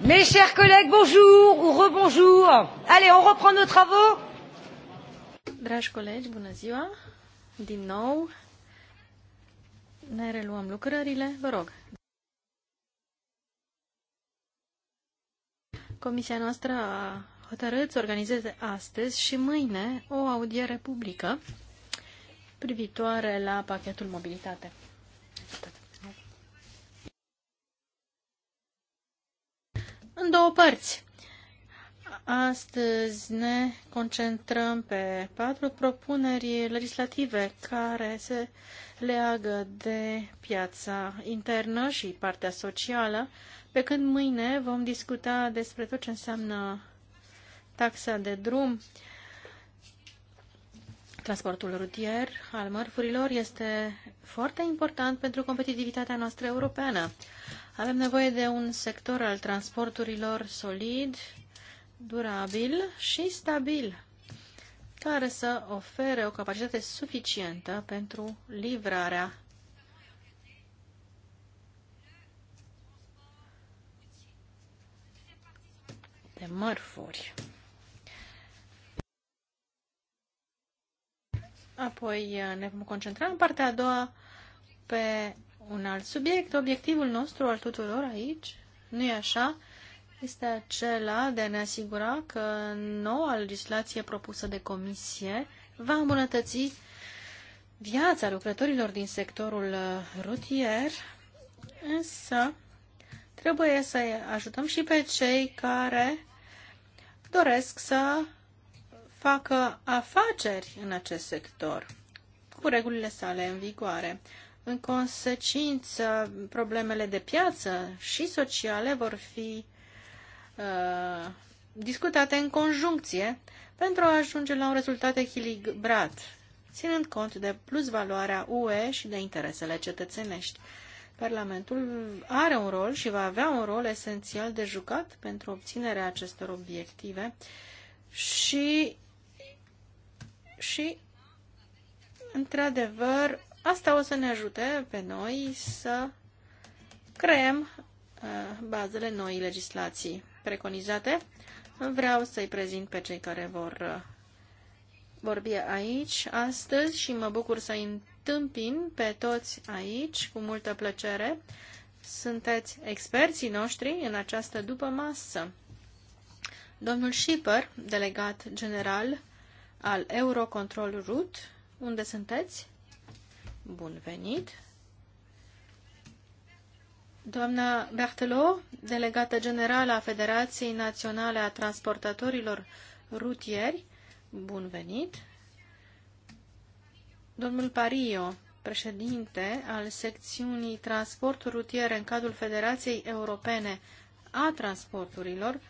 Mes chers collègues, bonjour ou rebonjour. Allez, on reprend nos travaux. Dragi colegi, bună ziua. Din nou ne reluăm lucrările, vă rog. Comisia noastră a hotărât să organizeze astăzi și mâine o audiere publică privitoare la pachetul mobilitate. în două părți. Astăzi ne concentrăm pe patru propuneri legislative care se leagă de piața internă și partea socială, pe când mâine vom discuta despre tot ce înseamnă taxa de drum. Transportul rutier al mărfurilor este foarte important pentru competitivitatea noastră europeană. Avem nevoie de un sector al transporturilor solid, durabil și stabil, care să ofere o capacitate suficientă pentru livrarea de mărfuri. Apoi ne vom concentra în partea a doua pe un alt subiect. Obiectivul nostru al tuturor aici, nu e așa, este acela de a ne asigura că noua legislație propusă de comisie va îmbunătăți viața lucrătorilor din sectorul uh, rutier, însă trebuie să ajutăm și pe cei care doresc să facă afaceri în acest sector cu regulile sale în vigoare. În consecință, problemele de piață și sociale vor fi uh, discutate în conjuncție pentru a ajunge la un rezultat echilibrat, ținând cont de plus valoarea UE și de interesele cetățenești. Parlamentul are un rol și va avea un rol esențial de jucat pentru obținerea acestor obiective și, și într-adevăr, Asta o să ne ajute pe noi să creăm uh, bazele noii legislații preconizate. Vreau să-i prezint pe cei care vor uh, vorbi aici astăzi și mă bucur să-i întâmpin pe toți aici cu multă plăcere. Sunteți experții noștri în această după masă. Domnul Schipper, delegat general al Eurocontrol RUT, unde sunteți? Bun venit! Doamna Bertelo, delegată generală a Federației Naționale a Transportatorilor Rutieri, bun venit! Domnul Pario, președinte al secțiunii Transport Rutier în cadrul Federației Europene a Transporturilor,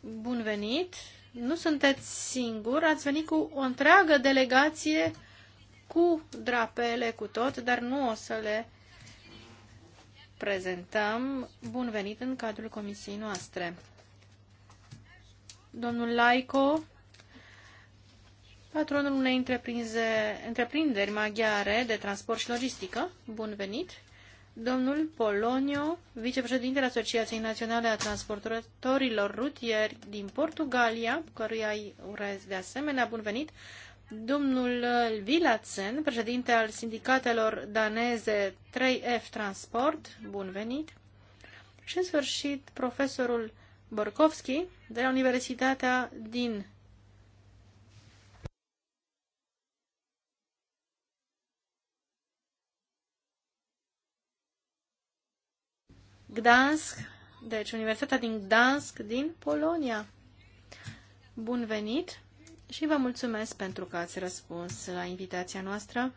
bun venit! Nu sunteți singur, ați venit cu o întreagă delegație cu drapele, cu tot, dar nu o să le prezentăm. Bun venit în cadrul comisiei noastre. Domnul Laico, patronul unei întreprinderi maghiare de transport și logistică, bun venit. Domnul Polonio, vicepreședintele Asociației Naționale a Transportatorilor Rutieri din Portugalia, căruia îi urez de asemenea bun venit. Domnul uh, Vilatsen, președinte al sindicatelor daneze 3F Transport, bun venit. Și în sfârșit, profesorul Borkovski de la Universitatea din Gdansk, deci Universitatea din Gdansk, din Polonia. Bun venit! și vă mulțumesc pentru că ați răspuns la invitația noastră.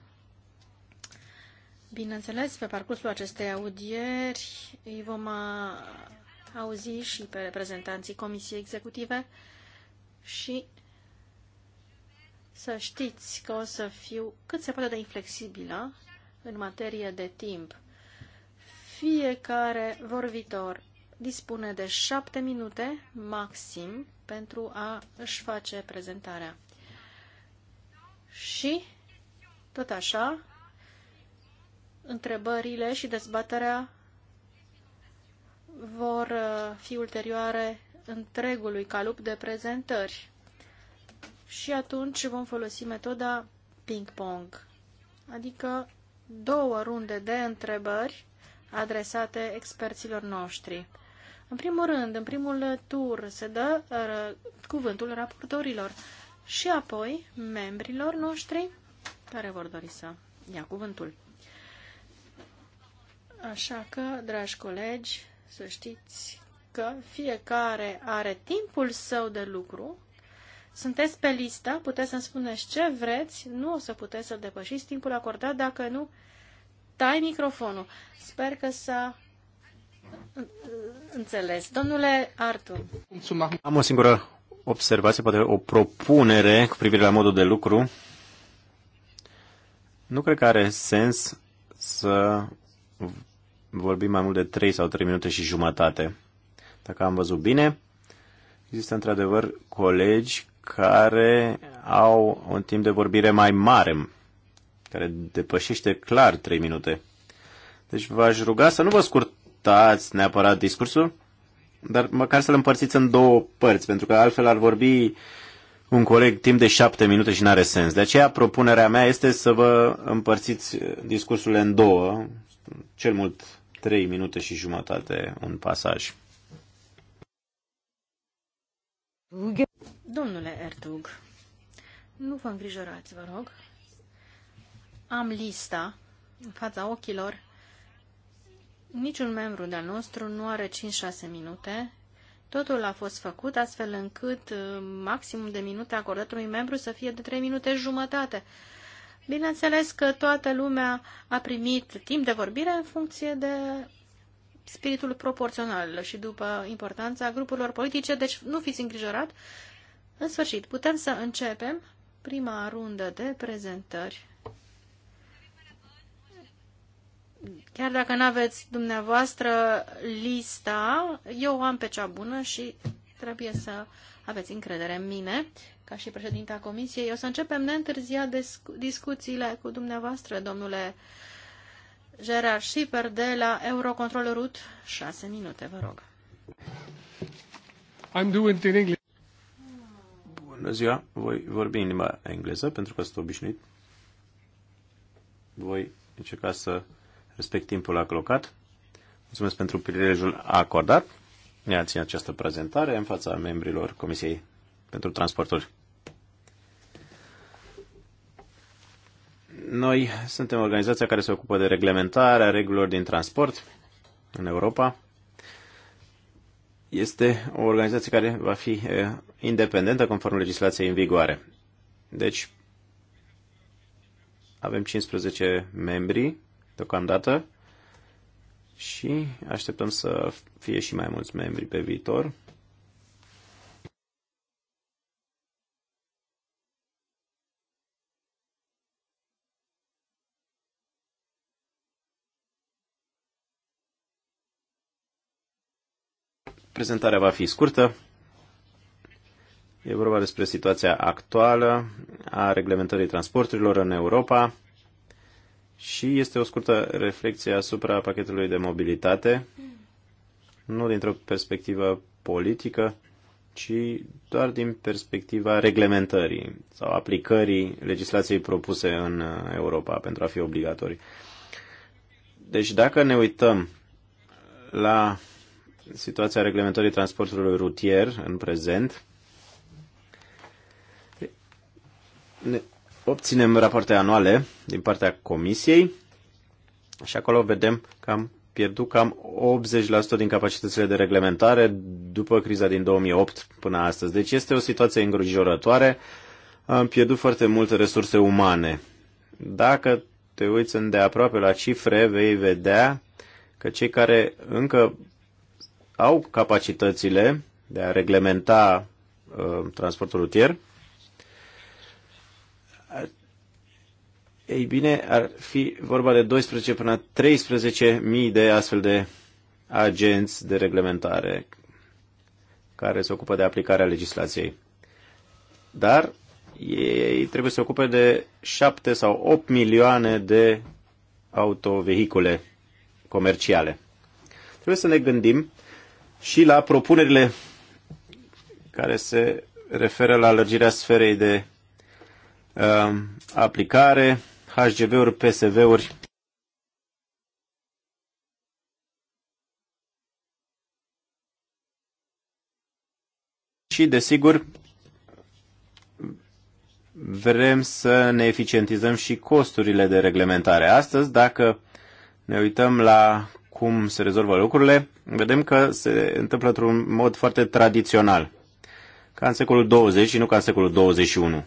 Bineînțeles, pe parcursul acestei audieri îi vom auzi și pe reprezentanții Comisiei Executive și să știți că o să fiu cât se poate de inflexibilă în materie de timp. Fiecare vorbitor dispune de șapte minute maxim pentru a își face prezentarea. Și, tot așa, întrebările și dezbaterea vor uh, fi ulterioare întregului calup de prezentări. Și atunci vom folosi metoda ping-pong, adică două runde de întrebări adresate experților noștri. În primul rând, în primul tur se dă uh, cuvântul raportorilor și apoi membrilor noștri care vor dori să ia cuvântul. Așa că, dragi colegi, să știți că fiecare are timpul său de lucru. Sunteți pe listă, puteți să-mi spuneți ce vreți, nu o să puteți să depășiți timpul acordat, dacă nu, tai microfonul. Sper că s-a Înțeles. Domnule Artu. Am o singură observație, poate o propunere cu privire la modul de lucru. Nu cred că are sens să vorbim mai mult de 3 sau 3 minute și jumătate. Dacă am văzut bine, există într-adevăr colegi care au un timp de vorbire mai mare, care depășește clar 3 minute. Deci v-aș ruga să nu vă scurt citați neapărat discursul, dar măcar să-l împărțiți în două părți, pentru că altfel ar vorbi un coleg timp de șapte minute și n-are sens. De aceea propunerea mea este să vă împărțiți discursurile în două, cel mult trei minute și jumătate un pasaj. Domnule Ertug, nu vă îngrijorați, vă rog. Am lista în fața ochilor Niciun membru de-al nostru nu are 5-6 minute. Totul a fost făcut astfel încât uh, maximum de minute acordat unui membru să fie de 3 minute jumătate. Bineînțeles că toată lumea a primit timp de vorbire în funcție de spiritul proporțional și după importanța grupurilor politice, deci nu fiți îngrijorat. În sfârșit, putem să începem prima rundă de prezentări Chiar dacă nu aveți dumneavoastră lista, eu am pe cea bună și trebuie să aveți încredere în mine, ca și președinta comisiei. O să începem neîntârziat discuțiile cu dumneavoastră, domnule Gerard Schipper, de la Eurocontrol RUT. 6 minute, vă rog. I'm doing in English. Bună ziua, voi vorbi în limba engleză, pentru că sunt obișnuit. Voi încerca să respect timpul alocat. Mulțumesc pentru prilejul acordat. Ne-a ținut această prezentare în fața membrilor Comisiei pentru Transporturi. Noi suntem organizația care se ocupă de reglementarea regulilor din transport în Europa. Este o organizație care va fi independentă conform legislației în vigoare. Deci, avem 15 membri deocamdată și așteptăm să fie și mai mulți membri pe viitor. Prezentarea va fi scurtă. E vorba despre situația actuală a reglementării transporturilor în Europa și este o scurtă reflexie asupra pachetului de mobilitate, nu dintr-o perspectivă politică, ci doar din perspectiva reglementării sau aplicării legislației propuse în Europa pentru a fi obligatorii. Deci dacă ne uităm la situația reglementării transportului rutier în prezent, ne, obținem rapoarte anuale din partea comisiei și acolo vedem că am pierdut cam 80% din capacitățile de reglementare după criza din 2008 până astăzi. Deci este o situație îngrijorătoare. Am pierdut foarte multe resurse umane. Dacă te uiți îndeaproape la cifre, vei vedea că cei care încă au capacitățile de a reglementa uh, transportul rutier Ei bine, ar fi vorba de 12 până 13.000 de astfel de agenți de reglementare care se ocupă de aplicarea legislației. Dar ei trebuie să se ocupe de 7 sau 8 milioane de autovehicule comerciale. Trebuie să ne gândim și la propunerile care se referă la lărgirea sferei de uh, aplicare, HGV-uri, PSV-uri. Și, desigur, vrem să ne eficientizăm și costurile de reglementare. Astăzi, dacă ne uităm la cum se rezolvă lucrurile, vedem că se întâmplă într-un mod foarte tradițional, ca în secolul 20 și nu ca în secolul 21.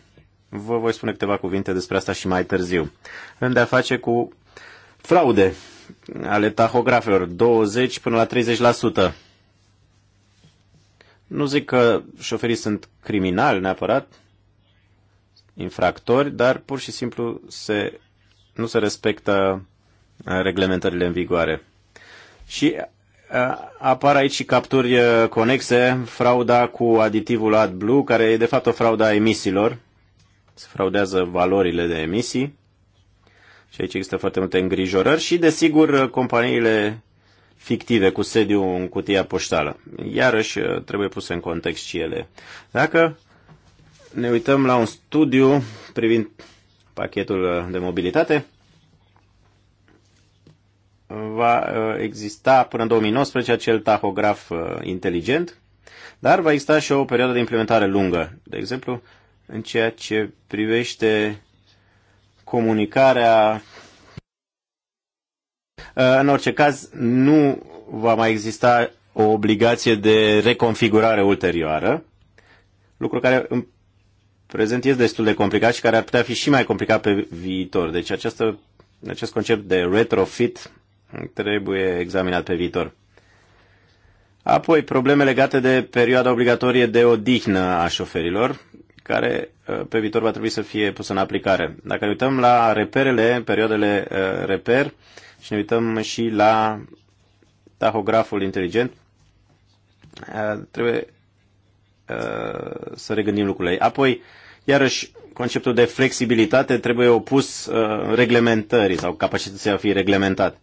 Vă voi spune câteva cuvinte despre asta și mai târziu. În de-a face cu fraude ale tahografelor, 20 până la 30%. Nu zic că șoferii sunt criminali neapărat, infractori, dar pur și simplu se, nu se respectă uh, reglementările în vigoare. Și uh, apar aici și capturi uh, conexe, frauda cu aditivul AdBlue, care e de fapt o frauda emisiilor, se fraudează valorile de emisii și aici există foarte multe îngrijorări și, desigur, companiile fictive cu sediu în cutia poștală. Iarăși trebuie puse în context și ele. Dacă ne uităm la un studiu privind pachetul de mobilitate, va uh, exista până în 2019 acel tahograf uh, inteligent, dar va exista și o perioadă de implementare lungă. De exemplu, în ceea ce privește comunicarea. Uh, în orice caz, nu va mai exista o obligație de reconfigurare ulterioară, lucru care în prezent este destul de complicat și care ar putea fi și mai complicat pe viitor. Deci această, acest concept de retrofit trebuie examinat pe viitor. Apoi, probleme legate de perioada obligatorie de odihnă a șoferilor care uh, pe viitor va trebui să fie pusă în aplicare. Dacă ne uităm la reperele, perioadele uh, reper și ne uităm și la tahograful inteligent, uh, trebuie să regândim lucrurile. Apoi, iarăși, conceptul de flexibilitate trebuie opus reglementării sau capacității a fi reglementat.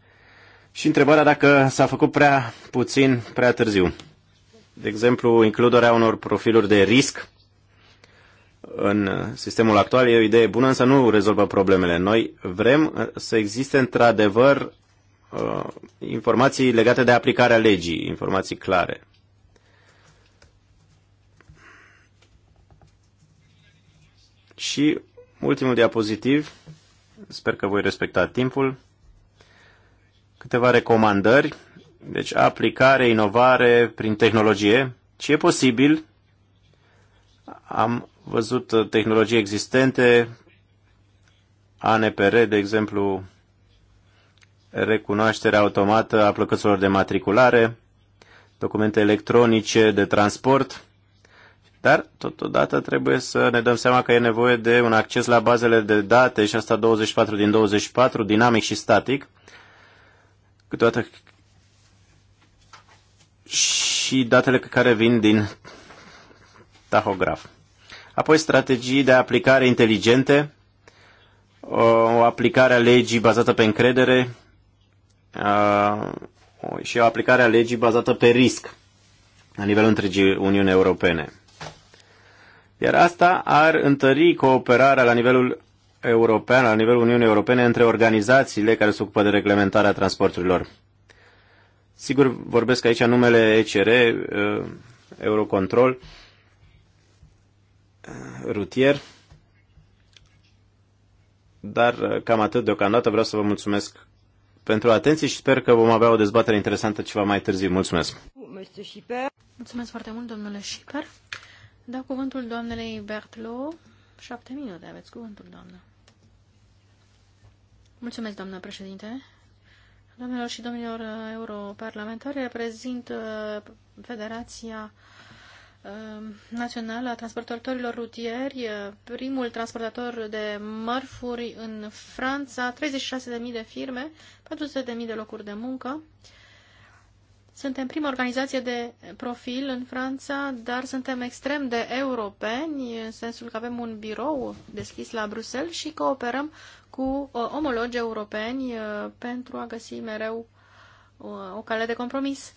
Și întrebarea dacă s-a făcut prea puțin, prea târziu. De exemplu, includerea unor profiluri de risc în sistemul actual e o idee bună, însă nu rezolvă problemele. Noi vrem uh, să existe într-adevăr uh, informații legate de aplicarea legii, informații clare. Și ultimul diapozitiv, sper că voi respecta timpul, câteva recomandări, deci aplicare, inovare prin tehnologie, ce e posibil, am văzut uh, tehnologii existente, ANPR, de exemplu, recunoașterea automată a plăcăților de matriculare, documente electronice de transport, dar totodată trebuie să ne dăm seama că e nevoie de un acces la bazele de date și asta 24 din 24, dinamic și static, câteodată și datele care vin din tahograf apoi strategii de aplicare inteligente, o aplicare a legii bazată pe încredere și o aplicare a legii bazată pe risc la nivelul întregii Uniuni Europene. Iar asta ar întări cooperarea la nivelul european, la nivelul Uniunii Europene, între organizațiile care se ocupă de reglementarea transporturilor. Sigur, vorbesc aici numele ECR, uh, Eurocontrol, rutier. Dar uh, cam atât deocamdată. Vreau să vă mulțumesc pentru atenție și sper că vom avea o dezbatere interesantă ceva mai târziu. Mulțumesc! Mulțumesc foarte mult, domnule Schipper. Dau cuvântul doamnei Bertlo. Șapte minute aveți cuvântul, doamnă. Mulțumesc, doamnă președinte. Doamnelor și domnilor uh, europarlamentari, reprezint uh, Federația Ehm, național a transportatorilor rutieri, eh, primul transportator de mărfuri în Franța, 36.000 de firme, 400.000 de locuri de muncă. Suntem prima organizație de profil în Franța, dar suntem extrem de europeni, în sensul că avem un birou deschis la Bruxelles și cooperăm cu eh, omologi europeni eh, pentru a găsi mereu o cale de compromis.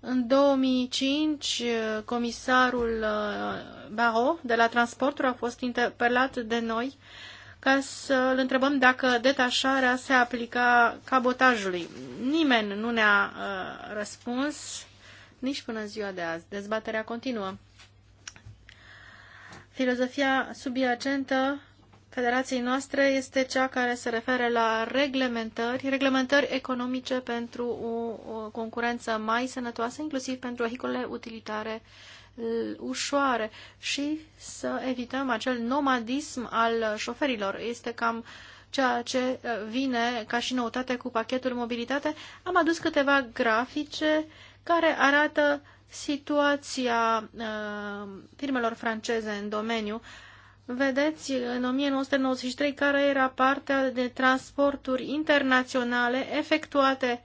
În 2005, comisarul uh, Barrot de la transporturi a fost interpelat de noi ca să îl întrebăm dacă detașarea se aplica cabotajului. Nimeni nu ne-a uh, răspuns nici până ziua de azi. Dezbaterea continuă. Filozofia subiacentă federației noastre este cea care se referă la reglementări, reglementări economice pentru o, o concurență mai sănătoasă, inclusiv pentru vehicule utilitare ușoare și să evităm acel nomadism al șoferilor. Este cam ceea ce uh, vine ca și noutate cu pachetul mobilitate. Am adus câteva grafice care arată situația uh, firmelor franceze în domeniu. Uh, Vedeți în 1993 care era partea de transporturi internaționale efectuate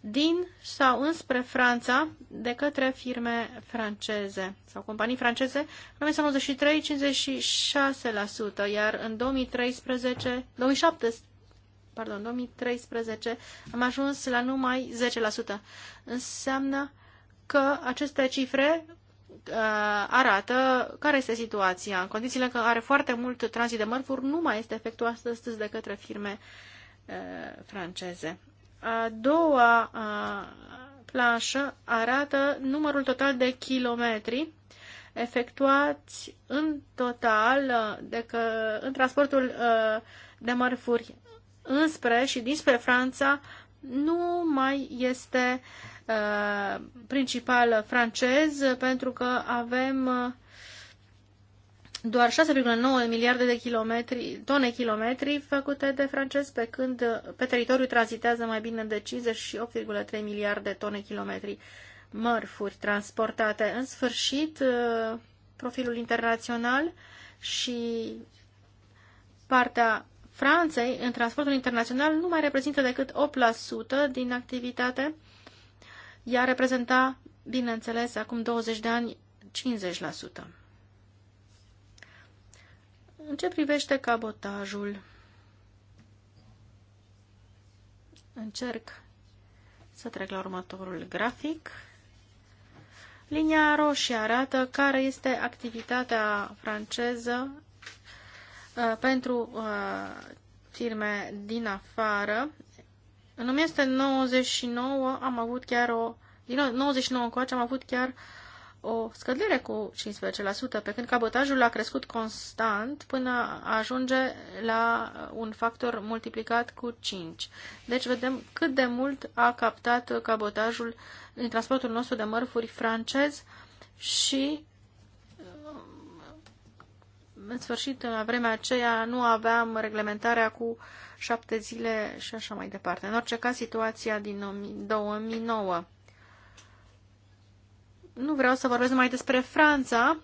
din sau înspre Franța de către firme franceze sau companii franceze, în 1993 56%, iar în 2013, 2017, pardon, 2013 am ajuns la numai 10%. Înseamnă că aceste cifre Uh, arată care este situația. În condițiile în care are foarte mult tranzit de mărfuri, nu mai este efectuat astăzi de către firme uh, franceze. A doua uh, planșă arată numărul total de kilometri efectuați în total de că, în transportul de mărfuri înspre și dinspre Franța nu mai este uh, Uh, principal francez, pentru că avem uh, doar 6,9 miliarde de kilometri, tone kilometri făcute de francezi, pe când pe teritoriu tranzitează mai bine de 58,3 miliarde tone kilometri mărfuri transportate. În sfârșit, uh, profilul internațional și partea Franței în transportul internațional nu mai reprezintă decât 8% din activitate ea reprezenta, bineînțeles, acum 20 de ani, 50%. În ce privește cabotajul, încerc să trec la următorul grafic. Linia roșie arată care este activitatea franceză uh, pentru uh, firme din afară în 1999 am avut chiar o, din 99 încoace am avut chiar o scădere cu 15%, pe când cabotajul a crescut constant până ajunge la un factor multiplicat cu 5. Deci vedem cât de mult a captat cabotajul din transportul nostru de mărfuri francez și în sfârșit, în vremea aceea, nu aveam reglementarea cu șapte zile și așa mai departe. În orice caz, situația din 2009. Nu vreau să vorbesc mai despre Franța,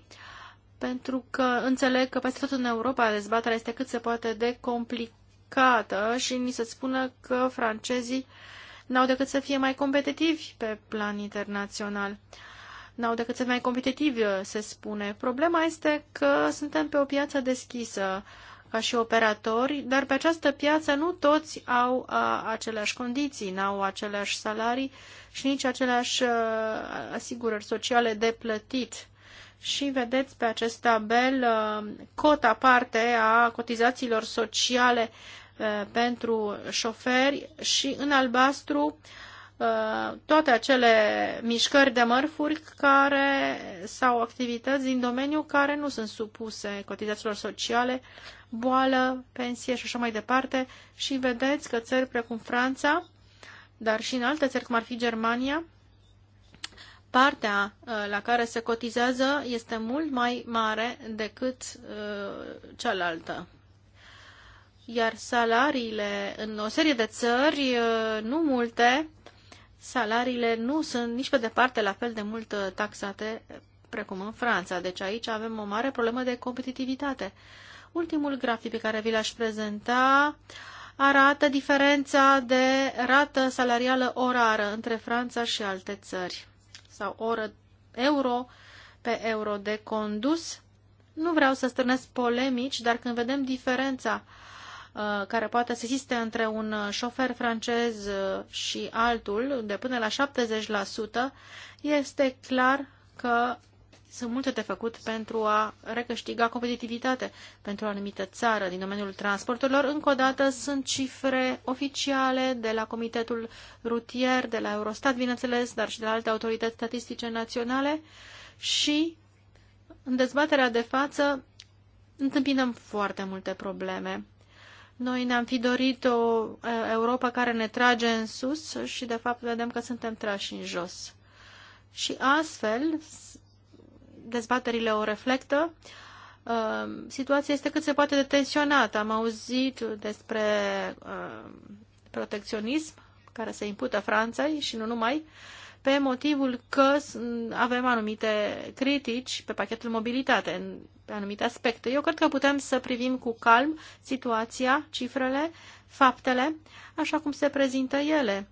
pentru că înțeleg că peste tot în Europa dezbaterea este cât se poate de complicată și ni se spune că francezii n-au decât să fie mai competitivi pe plan internațional. N-au decât să fie mai competitivi, se spune. Problema este că suntem pe o piață deschisă ca și operatori, dar pe această piață nu toți au a, aceleași condiții, nu au aceleași salarii și nici aceleași a, asigurări sociale de plătit. Și vedeți pe acest tabel a, cota parte a cotizațiilor sociale a, pentru șoferi și în albastru toate acele mișcări de mărfuri care, sau activități din domeniu care nu sunt supuse cotizațiilor sociale boală, pensie și așa mai departe și vedeți că țări precum Franța, dar și în alte țări cum ar fi Germania, partea uh, la care se cotizează este mult mai mare decât uh, cealaltă. Iar salariile în o serie de țări, uh, nu multe, salariile nu sunt nici pe departe la fel de mult taxate precum în Franța. Deci aici avem o mare problemă de competitivitate. Ultimul grafic pe care vi l-aș prezenta arată diferența de rată salarială orară între Franța și alte țări sau oră euro pe euro de condus. Nu vreau să strânesc polemici, dar când vedem diferența uh, care poate să existe între un șofer francez uh, și altul, de până la 70%, este clar că sunt multe de făcut pentru a recâștiga competitivitate pentru o anumită țară din domeniul transporturilor. Încă o dată sunt cifre oficiale de la Comitetul Rutier, de la Eurostat, bineînțeles, dar și de la alte autorități statistice naționale și în dezbaterea de față întâmpinăm foarte multe probleme. Noi ne-am fi dorit o Europa care ne trage în sus și, de fapt, vedem că suntem trași în jos. Și astfel dezbaterile o reflectă. Uh, situația este cât se poate de tensionată. Am auzit despre uh, protecționism care se impută Franței și nu numai, pe motivul că avem anumite critici pe pachetul mobilitate, pe anumite aspecte. Eu cred că putem să privim cu calm situația, cifrele, faptele, așa cum se prezintă ele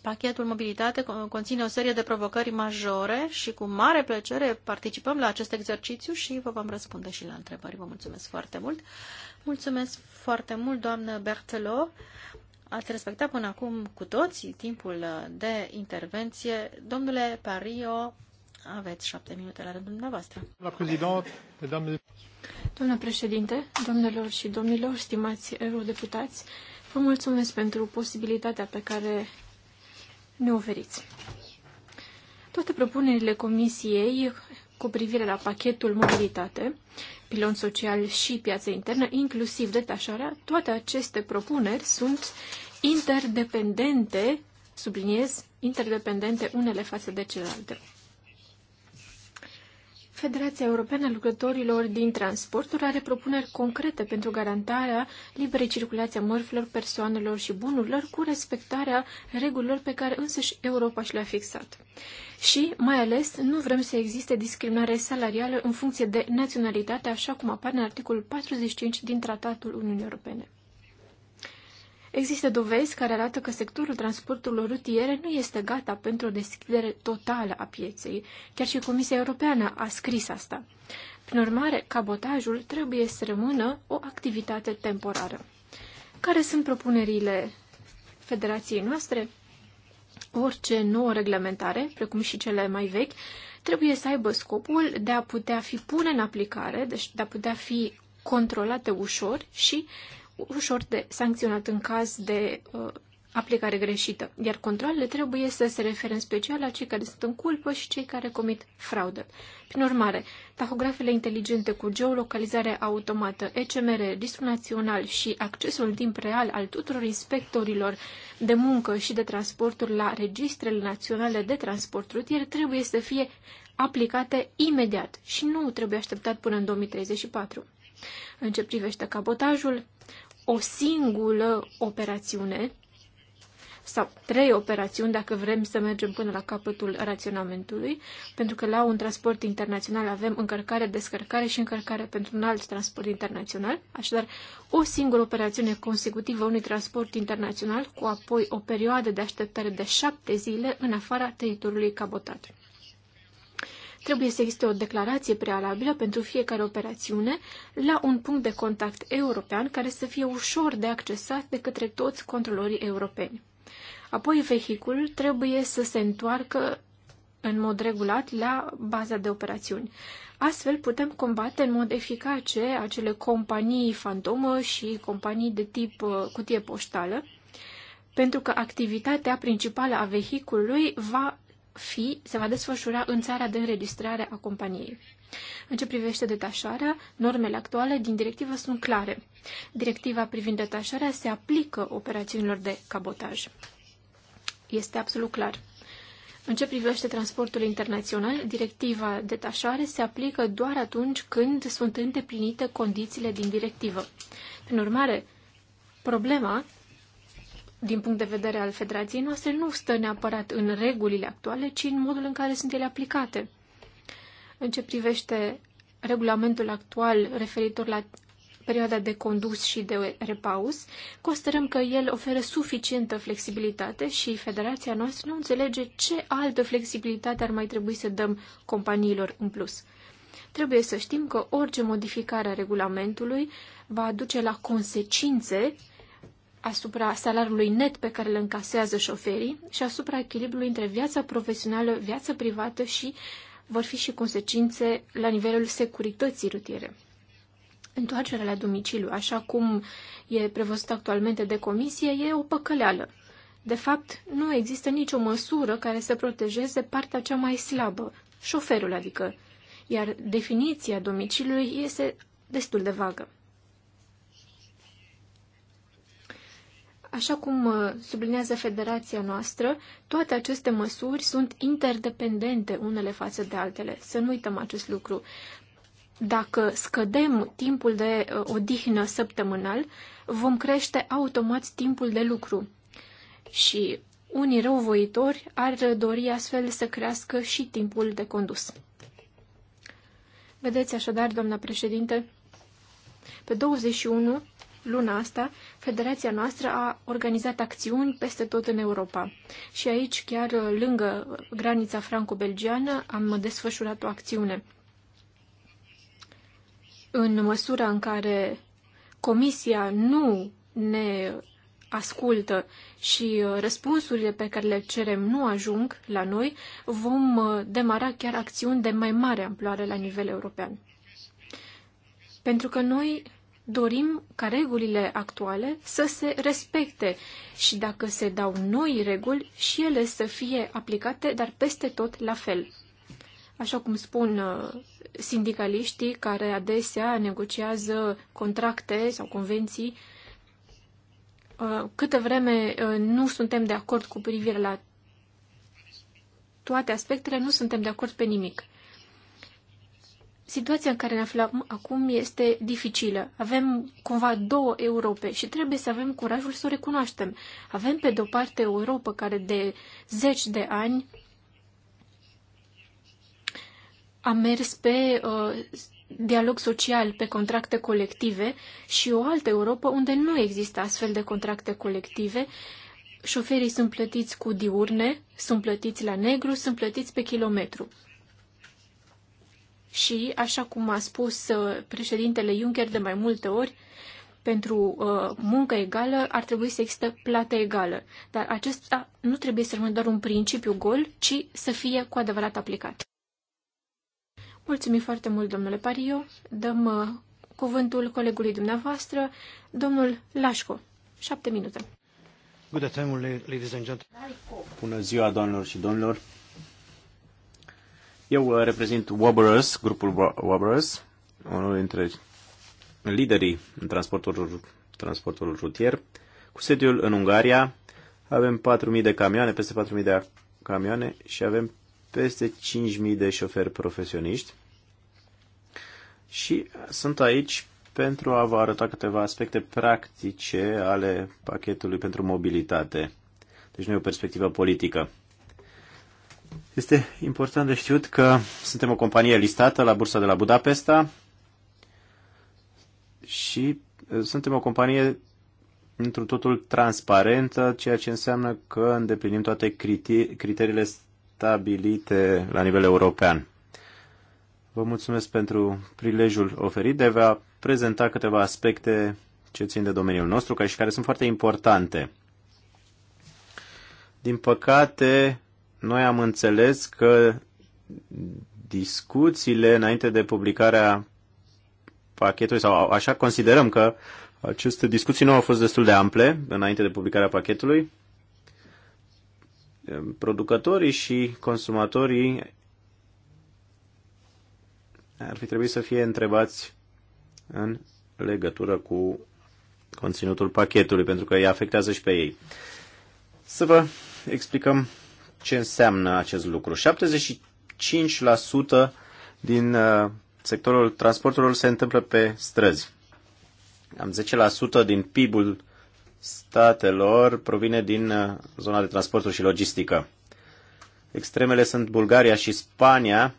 Pachetul mobilitate conține o serie de provocări majore și cu mare plăcere participăm la acest exercițiu și vă vom răspunde și la întrebări. Vă mulțumesc foarte mult. Mulțumesc foarte mult, doamnă Bertelo. Ați respectat până acum cu toții timpul de intervenție. Domnule Pario, aveți șapte minute la rândul dumneavoastră. La doamne... Doamna președinte, domnilor și domnilor, stimați eurodeputați, vă mulțumesc pentru posibilitatea pe care ne oferiți. Toate propunerile Comisiei cu privire la pachetul mobilitate, pilon social și piață internă, inclusiv detașarea, toate aceste propuneri sunt interdependente, subliniez, interdependente unele față de celelalte. Federația Europeană a Lucrătorilor din Transporturi are propuneri concrete pentru garantarea liberei circulației mărfilor, persoanelor și bunurilor cu respectarea regulilor pe care însăși Europa și le-a fixat. Și, mai ales, nu vrem să existe discriminare salarială în funcție de naționalitate, așa cum apare în articolul 45 din Tratatul Uniunii Europene. Există dovezi care arată că sectorul transporturilor rutiere nu este gata pentru o deschidere totală a pieței. Chiar și Comisia Europeană a scris asta. Prin urmare, cabotajul trebuie să rămână o activitate temporară. Care sunt propunerile federației noastre? Orice nouă reglementare, precum și cele mai vechi, trebuie să aibă scopul de a putea fi pune în aplicare, deci de a putea fi controlate ușor și ușor de sancționat în caz de uh, aplicare greșită, iar controlele trebuie să se refere în special la cei care sunt în culpă și cei care comit fraudă. Prin urmare, tahografele inteligente cu geolocalizare automată, ECMR, listul național și accesul în timp real al tuturor inspectorilor de muncă și de transporturi la registrele naționale de transport rutier trebuie să fie aplicate imediat și nu trebuie așteptat până în 2034. În ce privește cabotajul, o singură operațiune sau trei operațiuni dacă vrem să mergem până la capătul raționamentului, pentru că la un transport internațional avem încărcare, descărcare și încărcare pentru un alt transport internațional, așadar o singură operațiune consecutivă unui transport internațional cu apoi o perioadă de așteptare de șapte zile în afara teritoriului cabotat. Trebuie să existe o declarație prealabilă pentru fiecare operațiune la un punct de contact european care să fie ușor de accesat de către toți controlorii europeni. Apoi, vehiculul trebuie să se întoarcă în mod regulat la baza de operațiuni. Astfel putem combate în mod eficace acele companii fantomă și companii de tip uh, cutie poștală, pentru că activitatea principală a vehiculului va fi, se va desfășura în țara de înregistrare a companiei. În ce privește detașarea, normele actuale din directivă sunt clare. Directiva privind detașarea se aplică operațiunilor de cabotaj. Este absolut clar. În ce privește transportul internațional, directiva detașare se aplică doar atunci când sunt îndeplinite condițiile din directivă. Prin urmare, problema din punct de vedere al federației noastre, nu stă neapărat în regulile actuale, ci în modul în care sunt ele aplicate. În ce privește regulamentul actual referitor la perioada de condus și de repaus, considerăm că el oferă suficientă flexibilitate și federația noastră nu înțelege ce altă flexibilitate ar mai trebui să dăm companiilor în plus. Trebuie să știm că orice modificare a regulamentului va aduce la consecințe asupra salariului net pe care îl încasează șoferii și asupra echilibrului între viața profesională, viața privată și vor fi și consecințe la nivelul securității rutiere. Întoarcerea la domiciliu, așa cum e prevăzut actualmente de comisie, e o păcăleală. De fapt, nu există nicio măsură care să protejeze partea cea mai slabă, șoferul adică, iar definiția domiciliului este destul de vagă. Așa cum uh, sublinează federația noastră, toate aceste măsuri sunt interdependente unele față de altele. Să nu uităm acest lucru. Dacă scădem timpul de uh, odihnă săptămânal, vom crește automat timpul de lucru. Și unii răuvoitori ar dori astfel să crească și timpul de condus. Vedeți așadar, doamna președinte, pe 21 luna asta, federația noastră a organizat acțiuni peste tot în Europa. Și aici, chiar uh, lângă granița franco-belgiană, am desfășurat o acțiune. În măsura în care Comisia nu ne ascultă și uh, răspunsurile pe care le cerem nu ajung la noi, vom uh, demara chiar acțiuni de mai mare amploare la nivel european. Pentru că noi dorim ca regulile actuale să se respecte și dacă se dau noi reguli și ele să fie aplicate, dar peste tot la fel. Așa cum spun uh, sindicaliștii care adesea negociază contracte sau convenții, uh, câtă vreme uh, nu suntem de acord cu privire la toate aspectele, nu suntem de acord pe nimic situația în care ne aflăm acum este dificilă. Avem cumva două Europe și trebuie să avem curajul să o recunoaștem. Avem pe de-o parte o Europa care de zeci de ani a mers pe uh, dialog social, pe contracte colective și o altă Europa unde nu există astfel de contracte colective. Șoferii sunt plătiți cu diurne, sunt plătiți la negru, sunt plătiți pe kilometru și, așa cum a spus uh, președintele Juncker de mai multe ori, pentru uh, muncă egală ar trebui să existe plată egală. Dar acesta nu trebuie să rămână doar un principiu gol, ci să fie cu adevărat aplicat. Mulțumim foarte mult, domnule Pariu, Dăm uh, cuvântul colegului dumneavoastră, domnul Lașco. Șapte minute. Bună ziua, doamnelor și domnilor. Eu uh, reprezint Wobbers, grupul Wobbers, unul dintre liderii în transportul, transportul rutier, cu sediul în Ungaria. Avem 4.000 de camioane, peste 4.000 de camioane și avem peste 5.000 de șoferi profesioniști. Și sunt aici pentru a vă arăta câteva aspecte practice ale pachetului pentru mobilitate. Deci nu e o perspectivă politică. Este important de știut că suntem o companie listată la bursa de la Budapesta și suntem o companie într un totul transparentă, ceea ce înseamnă că îndeplinim toate criteri criteriile stabilite la nivel european. Vă mulțumesc pentru prilejul oferit de a prezenta câteva aspecte ce țin de domeniul nostru, ca și care sunt foarte importante. Din păcate, noi am înțeles că discuțiile înainte de publicarea pachetului, sau așa considerăm că aceste discuții nu au fost destul de ample înainte de publicarea pachetului. Producătorii și consumatorii ar fi trebuit să fie întrebați în legătură cu conținutul pachetului, pentru că îi afectează și pe ei. Să vă explicăm ce înseamnă acest lucru. 75% din uh, sectorul transporturilor se întâmplă pe străzi. Am 10% din PIB-ul statelor provine din uh, zona de transporturi și logistică. Extremele sunt Bulgaria și Spania,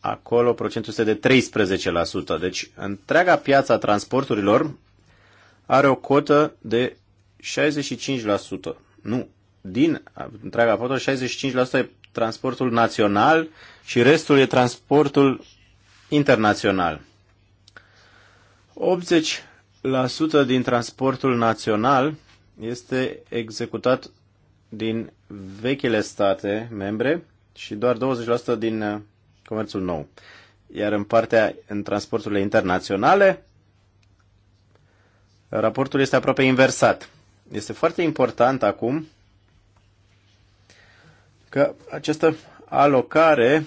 acolo procentul este de 13%. Deci întreaga piața transporturilor are o cotă de 65%. Nu, din întreaga flotă, 65% e transportul național și restul e transportul internațional. 80% din transportul național este executat din vechile state membre și doar 20% din uh, comerțul nou. Iar în partea în transporturile internaționale, raportul este aproape inversat. Este foarte important acum că această alocare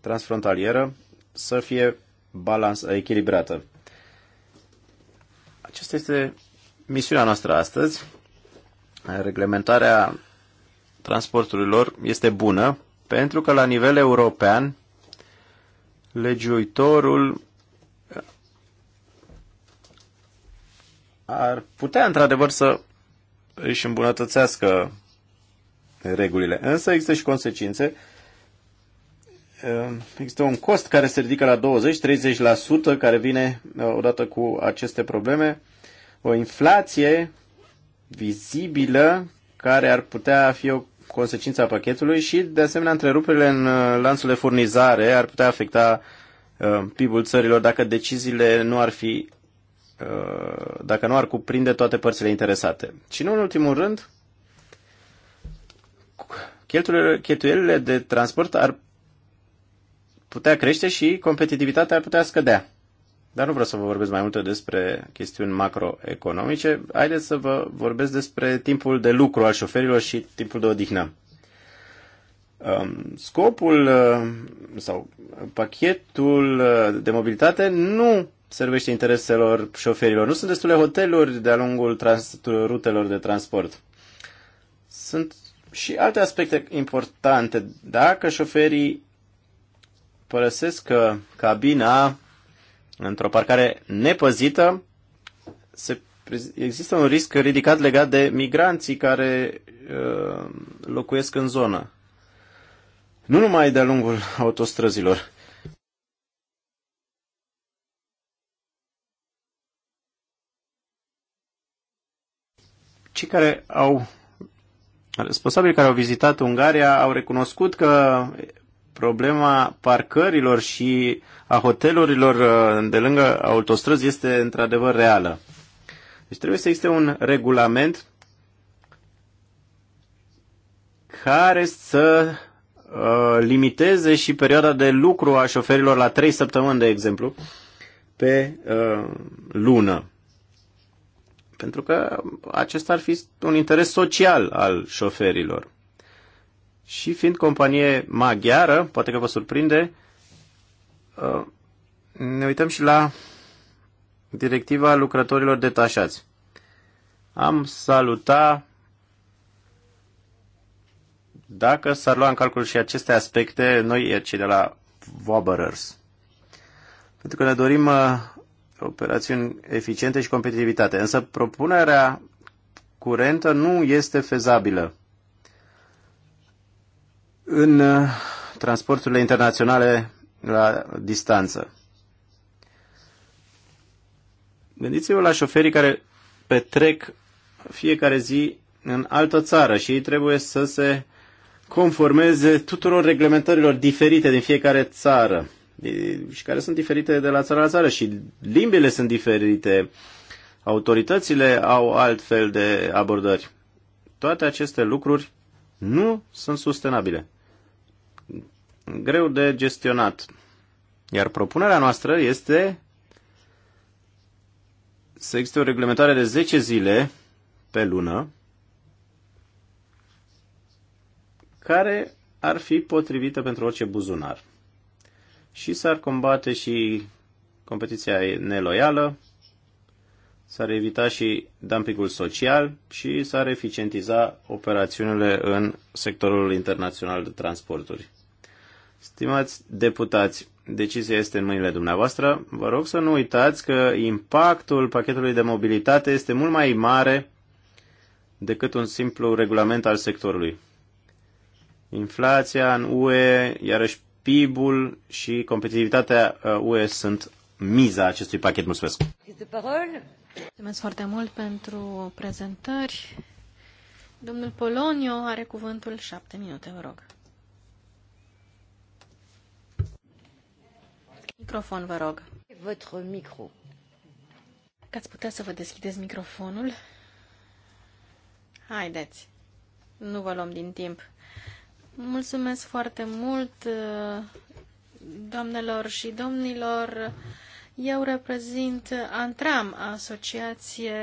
transfrontalieră să fie balans, echilibrată. Aceasta este misiunea noastră astăzi. Reglementarea transporturilor este bună pentru că la nivel european legiuitorul ar putea într-adevăr să își îmbunătățească regulile. Însă există și consecințe. Ehm, există un cost care se ridică la 20-30% care vine eh, odată cu aceste probleme. O inflație vizibilă care ar putea fi o consecință a pachetului și, de asemenea, întreruperile în eh, lanțul de furnizare ar putea afecta eh, PIB-ul țărilor dacă deciziile nu ar fi dacă nu ar cuprinde toate părțile interesate. Și nu în ultimul rând, cheltuielile de transport ar putea crește și competitivitatea ar putea scădea. Dar nu vreau să vă vorbesc mai multe despre chestiuni macroeconomice. Haideți să vă vorbesc despre timpul de lucru al șoferilor și timpul de odihnă. Um, scopul uh, sau pachetul uh, de mobilitate nu servește intereselor șoferilor. Nu sunt destule hoteluri de-a lungul trans- rutelor de transport. Sunt și alte aspecte importante. Dacă șoferii părăsesc uh, cabina într-o parcare nepăzită, se, există un risc ridicat legat de migranții care uh, locuiesc în zonă. Nu numai de-a lungul autostrăzilor. Cei care au Responsabilii care au vizitat Ungaria au recunoscut că problema parcărilor și a hotelurilor uh, de lângă autostrăzi este într-adevăr reală. Deci trebuie să existe un regulament care să uh, limiteze și perioada de lucru a șoferilor la 3 săptămâni, de exemplu, pe uh, lună pentru că acesta ar fi un interes social al șoferilor. Și fiind companie maghiară, poate că vă surprinde, uh, ne uităm și la directiva lucrătorilor detașați. Am saluta dacă s-ar lua în calcul și aceste aspecte, noi cei de la Wobberers. Pentru că ne dorim uh, operațiuni eficiente și competitivitate. Însă propunerea curentă nu este fezabilă. În uh, transporturile internaționale la distanță. Gândiți-vă la șoferii care petrec fiecare zi în altă țară și ei trebuie să se conformeze tuturor reglementărilor diferite din fiecare țară și care sunt diferite de la țară la țară și limbile sunt diferite, autoritățile au alt fel de abordări. Toate aceste lucruri nu sunt sustenabile. Greu de gestionat. Iar propunerea noastră este să existe o reglementare de 10 zile pe lună care ar fi potrivită pentru orice buzunar și s-ar combate și competiția neloială, s-ar evita și dumpingul social și s-ar eficientiza operațiunile în sectorul internațional de transporturi. Stimați deputați, decizia este în mâinile dumneavoastră. Vă rog să nu uitați că impactul pachetului de mobilitate este mult mai mare decât un simplu regulament al sectorului. Inflația în UE iarăși PIB-ul și competitivitatea UE uh, sunt miza acestui pachet. Mulțumesc! Mulțumesc foarte mult pentru prezentări. Domnul Polonio are cuvântul șapte minute, vă rog. Microfon, vă rog. Votre micro. Că ați putea să vă deschideți microfonul? Haideți. Nu vă luăm din timp. Mulțumesc foarte mult, uh, doamnelor și domnilor. Eu reprezint Antram, asociație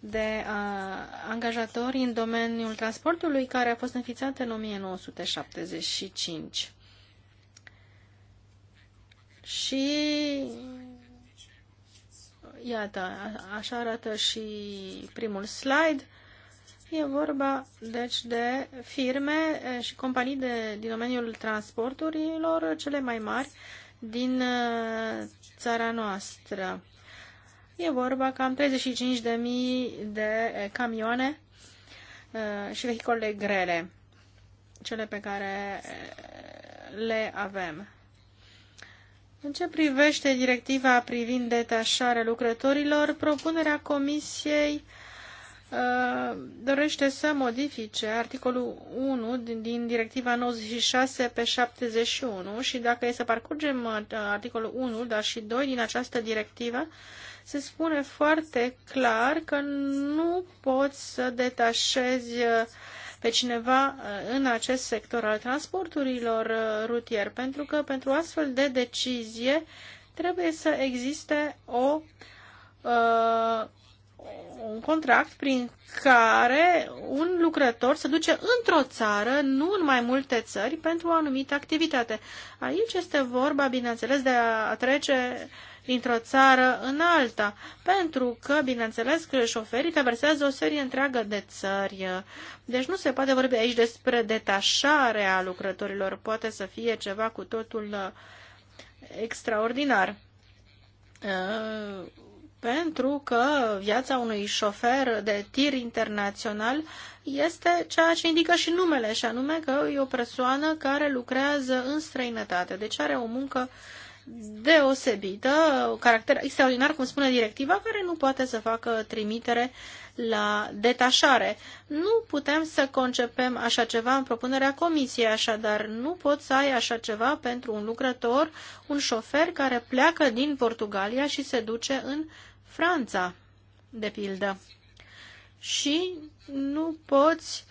de uh, angajatori în domeniul transportului, care a fost înființată în 1975. Și iată, așa arată și primul slide. E vorba, deci, de firme și companii de, din domeniul transporturilor cele mai mari din țara noastră. E vorba cam 35.000 de camioane și vehicole grele, cele pe care le avem. În ce privește directiva privind detașarea lucrătorilor, propunerea Comisiei Uh, dorește să modifice articolul 1 din, directiva 96 pe 71 și dacă e să parcurgem uh, articolul 1, dar și 2 din această directivă, se spune foarte clar că nu poți să detașezi uh, pe cineva în acest sector al transporturilor rutier, pentru că pentru astfel de decizie trebuie să existe o uh, un contract prin care un lucrător se duce într-o țară, nu în mai multe țări, pentru o anumită activitate. Aici este vorba, bineînțeles, de a trece dintr-o țară în alta, pentru că, bineînțeles, că șoferii traversează o serie întreagă de țări. Deci nu se poate vorbi aici despre detașarea lucrătorilor, poate să fie ceva cu totul uh, extraordinar uh, pentru că viața unui șofer de tir internațional este ceea ce indică și numele, și anume că e o persoană care lucrează în străinătate, deci are o muncă deosebită, caracter extraordinar, cum spune directiva, care nu poate să facă trimitere la detașare. Nu putem să concepem așa ceva în propunerea comisiei, așadar nu poți să ai așa ceva pentru un lucrător, un șofer care pleacă din Portugalia și se duce în Franța, de pildă. Și nu poți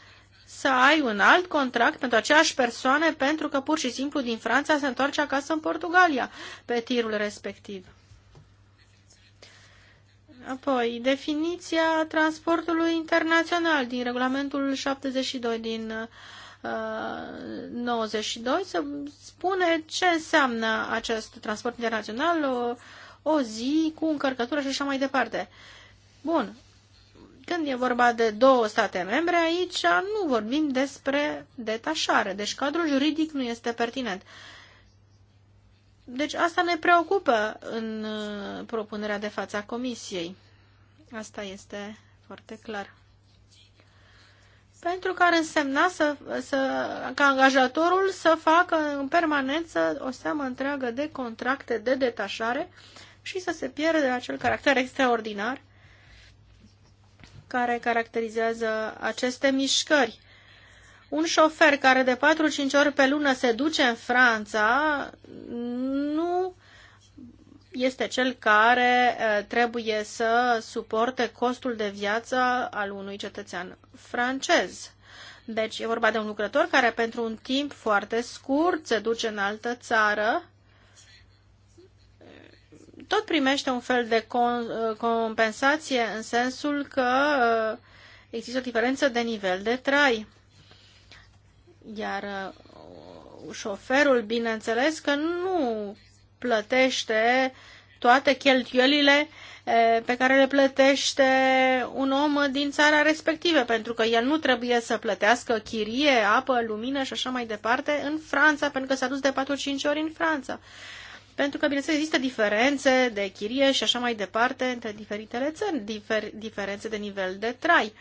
să ai un alt contract pentru aceeași persoană pentru că pur și simplu din Franța se întoarce acasă în Portugalia pe tirul respectiv. Apoi, definiția transportului internațional din regulamentul 72 din uh, 92 se spune ce înseamnă acest transport internațional, o, o zi cu încărcătură și așa mai departe. Bun, când e vorba de două state membre, aici nu vorbim despre detașare, deci cadrul juridic nu este pertinent. Deci asta ne preocupă în uh, propunerea de fața Comisiei. Asta este foarte clar. Pentru că ar însemna să, să, ca angajatorul să facă în permanență o seamă întreagă de contracte de detașare, uh, și să se pierde acel caracter extraordinar care caracterizează aceste mișcări. Un șofer care de 4-5 ori pe lună se duce în Franța nu este cel care trebuie să suporte costul de viață al unui cetățean francez. Deci e vorba de un lucrător care pentru un timp foarte scurt se duce în altă țară tot primește un fel de uh, compensație în sensul că uh, există o diferență de nivel de trai. Iar uh, șoferul, bineînțeles, că nu plătește toate cheltuielile pe care le plătește un om din țara respectivă, pentru că el nu trebuie să plătească chirie, apă, lumină și așa mai departe în Franța, pentru că s-a dus de 4-5 ori în Franța pentru că, bineînțeles, există diferențe de chirie și așa mai departe între diferitele țări, difer, diferențe de nivel de trai.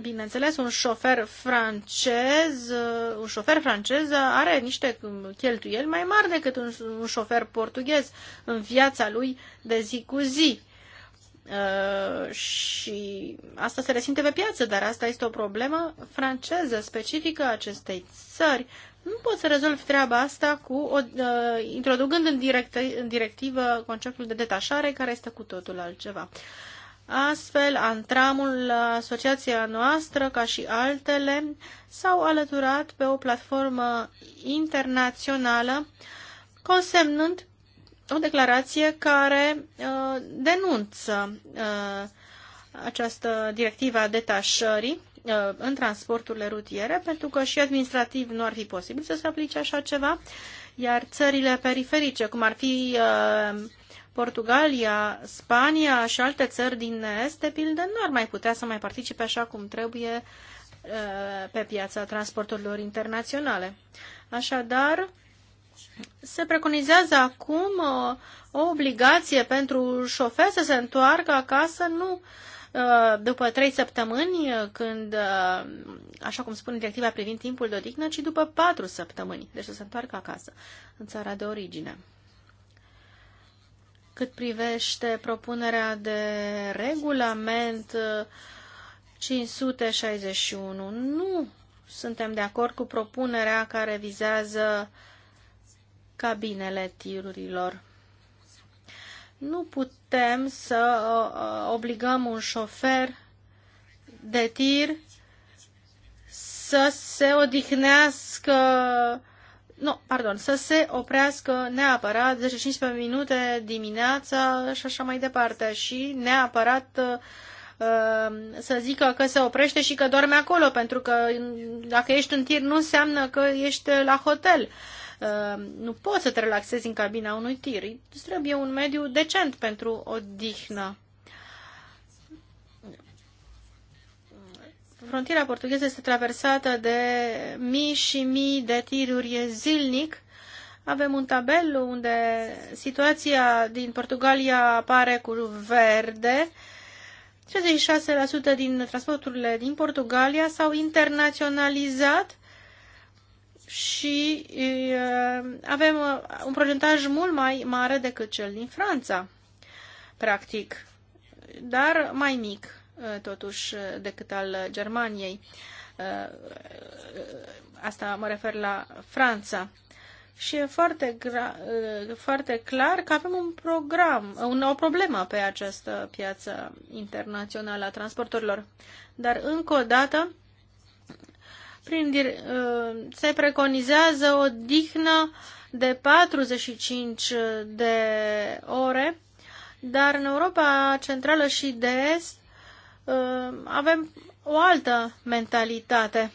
Bineînțeles, un șofer francez, uh, un șofer francez are niște cheltuieli mai mari decât un, un șofer portughez în viața lui de zi cu zi. Uh, și asta se resimte pe piață, dar asta este o problemă franceză specifică acestei țări. Nu poți să rezolvi treaba asta cu o, uh, introducând în, direct, în directivă conceptul de detașare, care este cu totul altceva. Astfel, antramul, asociația noastră, ca și altele, s-au alăturat pe o platformă internațională, consemnând o declarație care uh, denunță uh, această directivă a detașării Uh, în transporturile rutiere, pentru că și administrativ nu ar fi posibil să se aplice așa ceva, iar țările periferice, cum ar fi uh, Portugalia, Spania și alte țări din Est, de pildă, nu ar mai putea să mai participe așa cum trebuie uh, pe piața transporturilor internaționale. Așadar, se preconizează acum o obligație pentru șofer să se întoarcă acasă nu Uh, după trei săptămâni, uh, când, uh, așa cum spune directiva privind timpul de odihnă, ci după patru săptămâni, deci să se întoarcă acasă, în țara de origine. Cât privește propunerea de regulament 561, nu suntem de acord cu propunerea care vizează cabinele tirurilor. Nu putem să uh, uh, obligăm un șofer de tir să se odihnească nu, pardon, să se oprească neapărat 10-15 minute dimineața și așa mai departe și neapărat uh, să zică că se oprește și că dorme acolo, pentru că mm, dacă ești în tir nu înseamnă că ești la hotel. Uh, Uh, nu poți să te relaxezi în cabina unui tir. Îți trebuie un mediu decent pentru odihnă. Frontiera portugheză este traversată de mii și mii de tiruri zilnic. Avem un tabel unde situația din Portugalia apare cu verde. 36% din transporturile din Portugalia s-au internaționalizat și avem uh, un procentaj mult mai mare decât cel din Franța, practic, dar mai mic, uh, totuși, uh, decât al Germaniei. Asta mă refer la Franța. Și e foarte, foarte clar că avem un program, un, o problemă pe această piață internațională a transporturilor. Dar, încă o dată, prin, uh, se preconizează o dihnă de 45 de ore, dar în Europa Centrală și de Est uh, avem o altă mentalitate.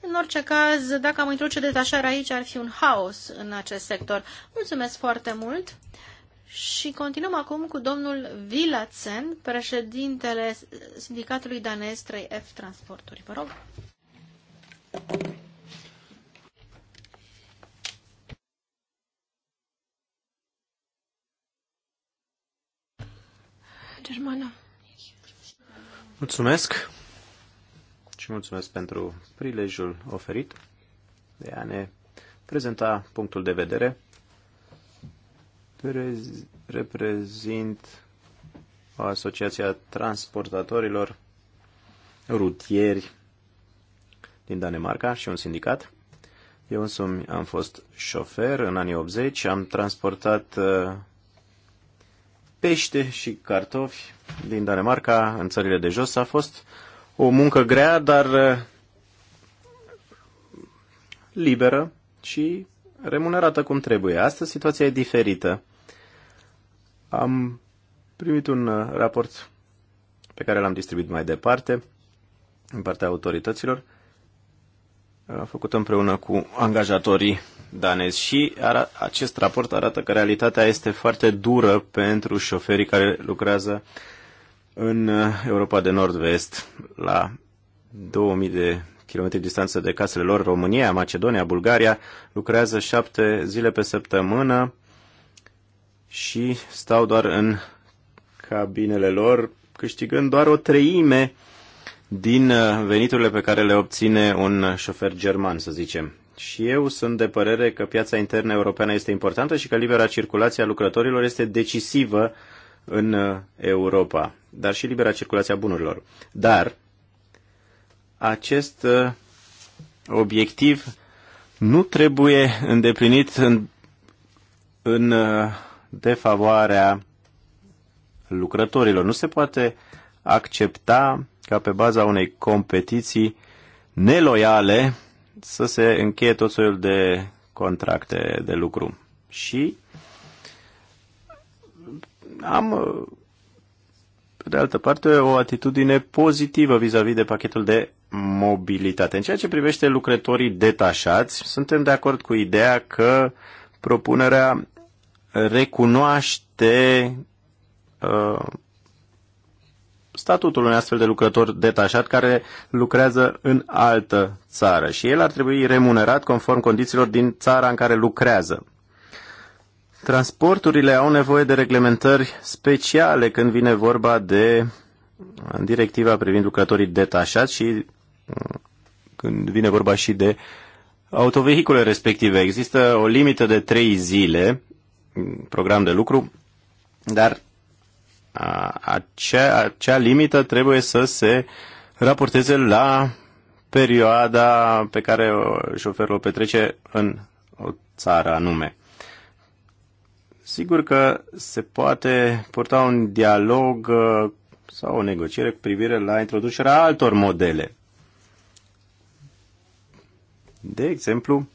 În orice caz, dacă am introduce detașarea aici, ar fi un haos în acest sector. Mulțumesc foarte mult și continuăm acum cu domnul Vilațen, președintele Sindicatului Danez 3F Transporturi. Vă rog. Germana. Mulțumesc și mulțumesc pentru prilejul oferit de a ne prezenta punctul de vedere. Reprezint o asociație a transportatorilor rutieri din Danemarca și un sindicat. Eu însumi am fost șofer în anii 80, am transportat uh, pește și cartofi din Danemarca în țările de jos. A fost o muncă grea, dar uh, liberă și remunerată cum trebuie. Astăzi situația e diferită. Am primit un uh, raport pe care l-am distribuit mai departe în partea autorităților făcută împreună cu angajatorii danezi și acest raport arată că realitatea este foarte dură pentru șoferii care lucrează în uh, Europa de Nord-Vest, la 2000 de kilometri distanță de casele lor, România, Macedonia, Bulgaria, lucrează șapte zile pe săptămână și stau doar în cabinele lor, câștigând doar o treime din uh, veniturile pe care le obține un șofer german, să zicem. Și eu sunt de părere că piața internă europeană este importantă și că libera circulație a lucrătorilor este decisivă în uh, Europa, dar și libera circulație a bunurilor. Dar acest uh, obiectiv nu trebuie îndeplinit în, în defavoarea lucrătorilor. Nu se poate accepta ca pe baza unei competiții neloiale să se încheie tot soiul de contracte de lucru. Și am, pe de altă parte, o atitudine pozitivă vis-a-vis -vis de pachetul de mobilitate. În ceea ce privește lucrătorii detașați, suntem de acord cu ideea că propunerea recunoaște uh, statutul unui astfel de lucrător detașat care lucrează în altă țară și el ar trebui remunerat conform condițiilor din țara în care lucrează. Transporturile au nevoie de reglementări speciale când vine vorba de directiva privind lucrătorii detașați și mm, când vine vorba și de autovehicule respective. Există o limită de trei zile, mm, program de lucru, dar acea, acea limită trebuie să se raporteze la perioada pe care șoferul o petrece în o țară anume. Sigur că se poate purta un dialog uh, sau o negociere cu privire la introducerea altor modele. De exemplu,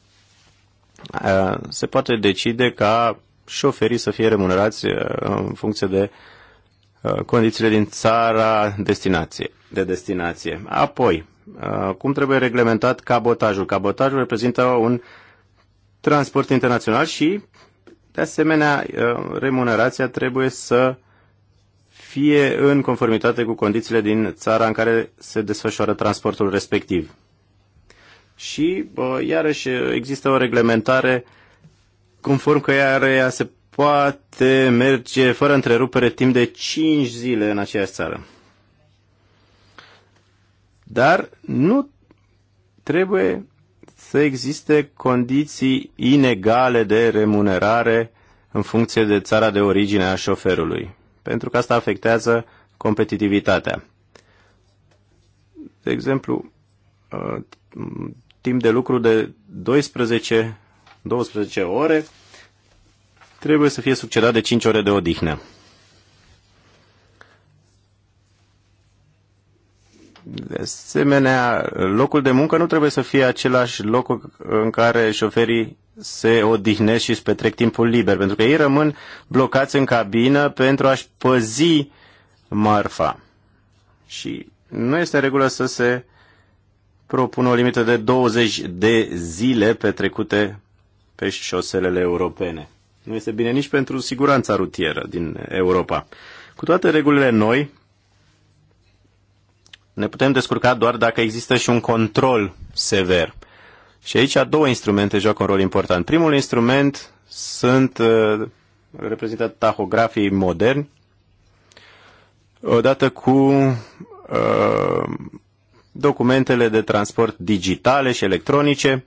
uh, se poate decide ca șoferii să fie remunerați uh, în funcție de Uh, condițiile din țara destinație, de destinație. Apoi, uh, cum trebuie reglementat cabotajul? Cabotajul reprezintă un transport internațional și, de asemenea, uh, remunerația trebuie să fie în conformitate cu condițiile din țara în care se desfășoară transportul respectiv. Și, iarăși, există o reglementare conform că ea se poate merge fără întrerupere timp de 5 zile în aceeași țară. Dar nu trebuie să existe condiții inegale de remunerare în funcție de țara de origine a șoferului, pentru că asta afectează competitivitatea. De exemplu, uh, timp de lucru de 12, 12 ore trebuie să fie succedat de 5 ore de odihnă. De asemenea, locul de muncă nu trebuie să fie același loc în care șoferii se odihnesc și își petrec timpul liber, pentru că ei rămân blocați în cabină pentru a-și păzi marfa. Și nu este în regulă să se propună o limită de 20 de zile petrecute pe șoselele europene. Nu este bine nici pentru siguranța rutieră din Europa. Cu toate regulile noi, ne putem descurca doar dacă există și un control sever. Și aici două instrumente joacă un rol important. Primul instrument sunt uh, reprezintă tahografii moderni, odată cu uh, documentele de transport digitale și electronice,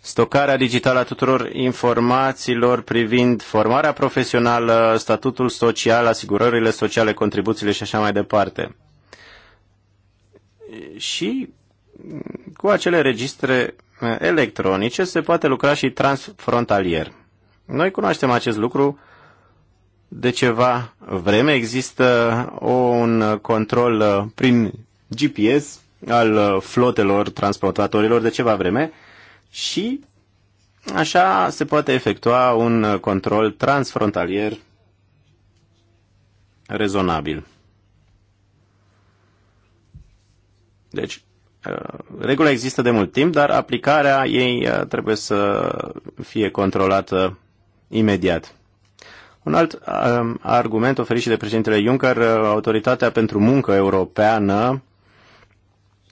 stocarea digitală a tuturor informațiilor privind formarea profesională, statutul social, asigurările sociale, contribuțiile și așa mai departe. Și cu acele registre eh, electronice se poate lucra și transfrontalier. Noi cunoaștem acest lucru de ceva vreme. Există un control eh, prin GPS al eh, flotelor transportatorilor de ceva vreme și așa se poate efectua un control transfrontalier rezonabil. Deci, uh, regula există de mult timp, dar aplicarea ei uh, trebuie să fie controlată imediat. Un alt uh, argument oferit și de președintele Juncker, Autoritatea pentru Muncă Europeană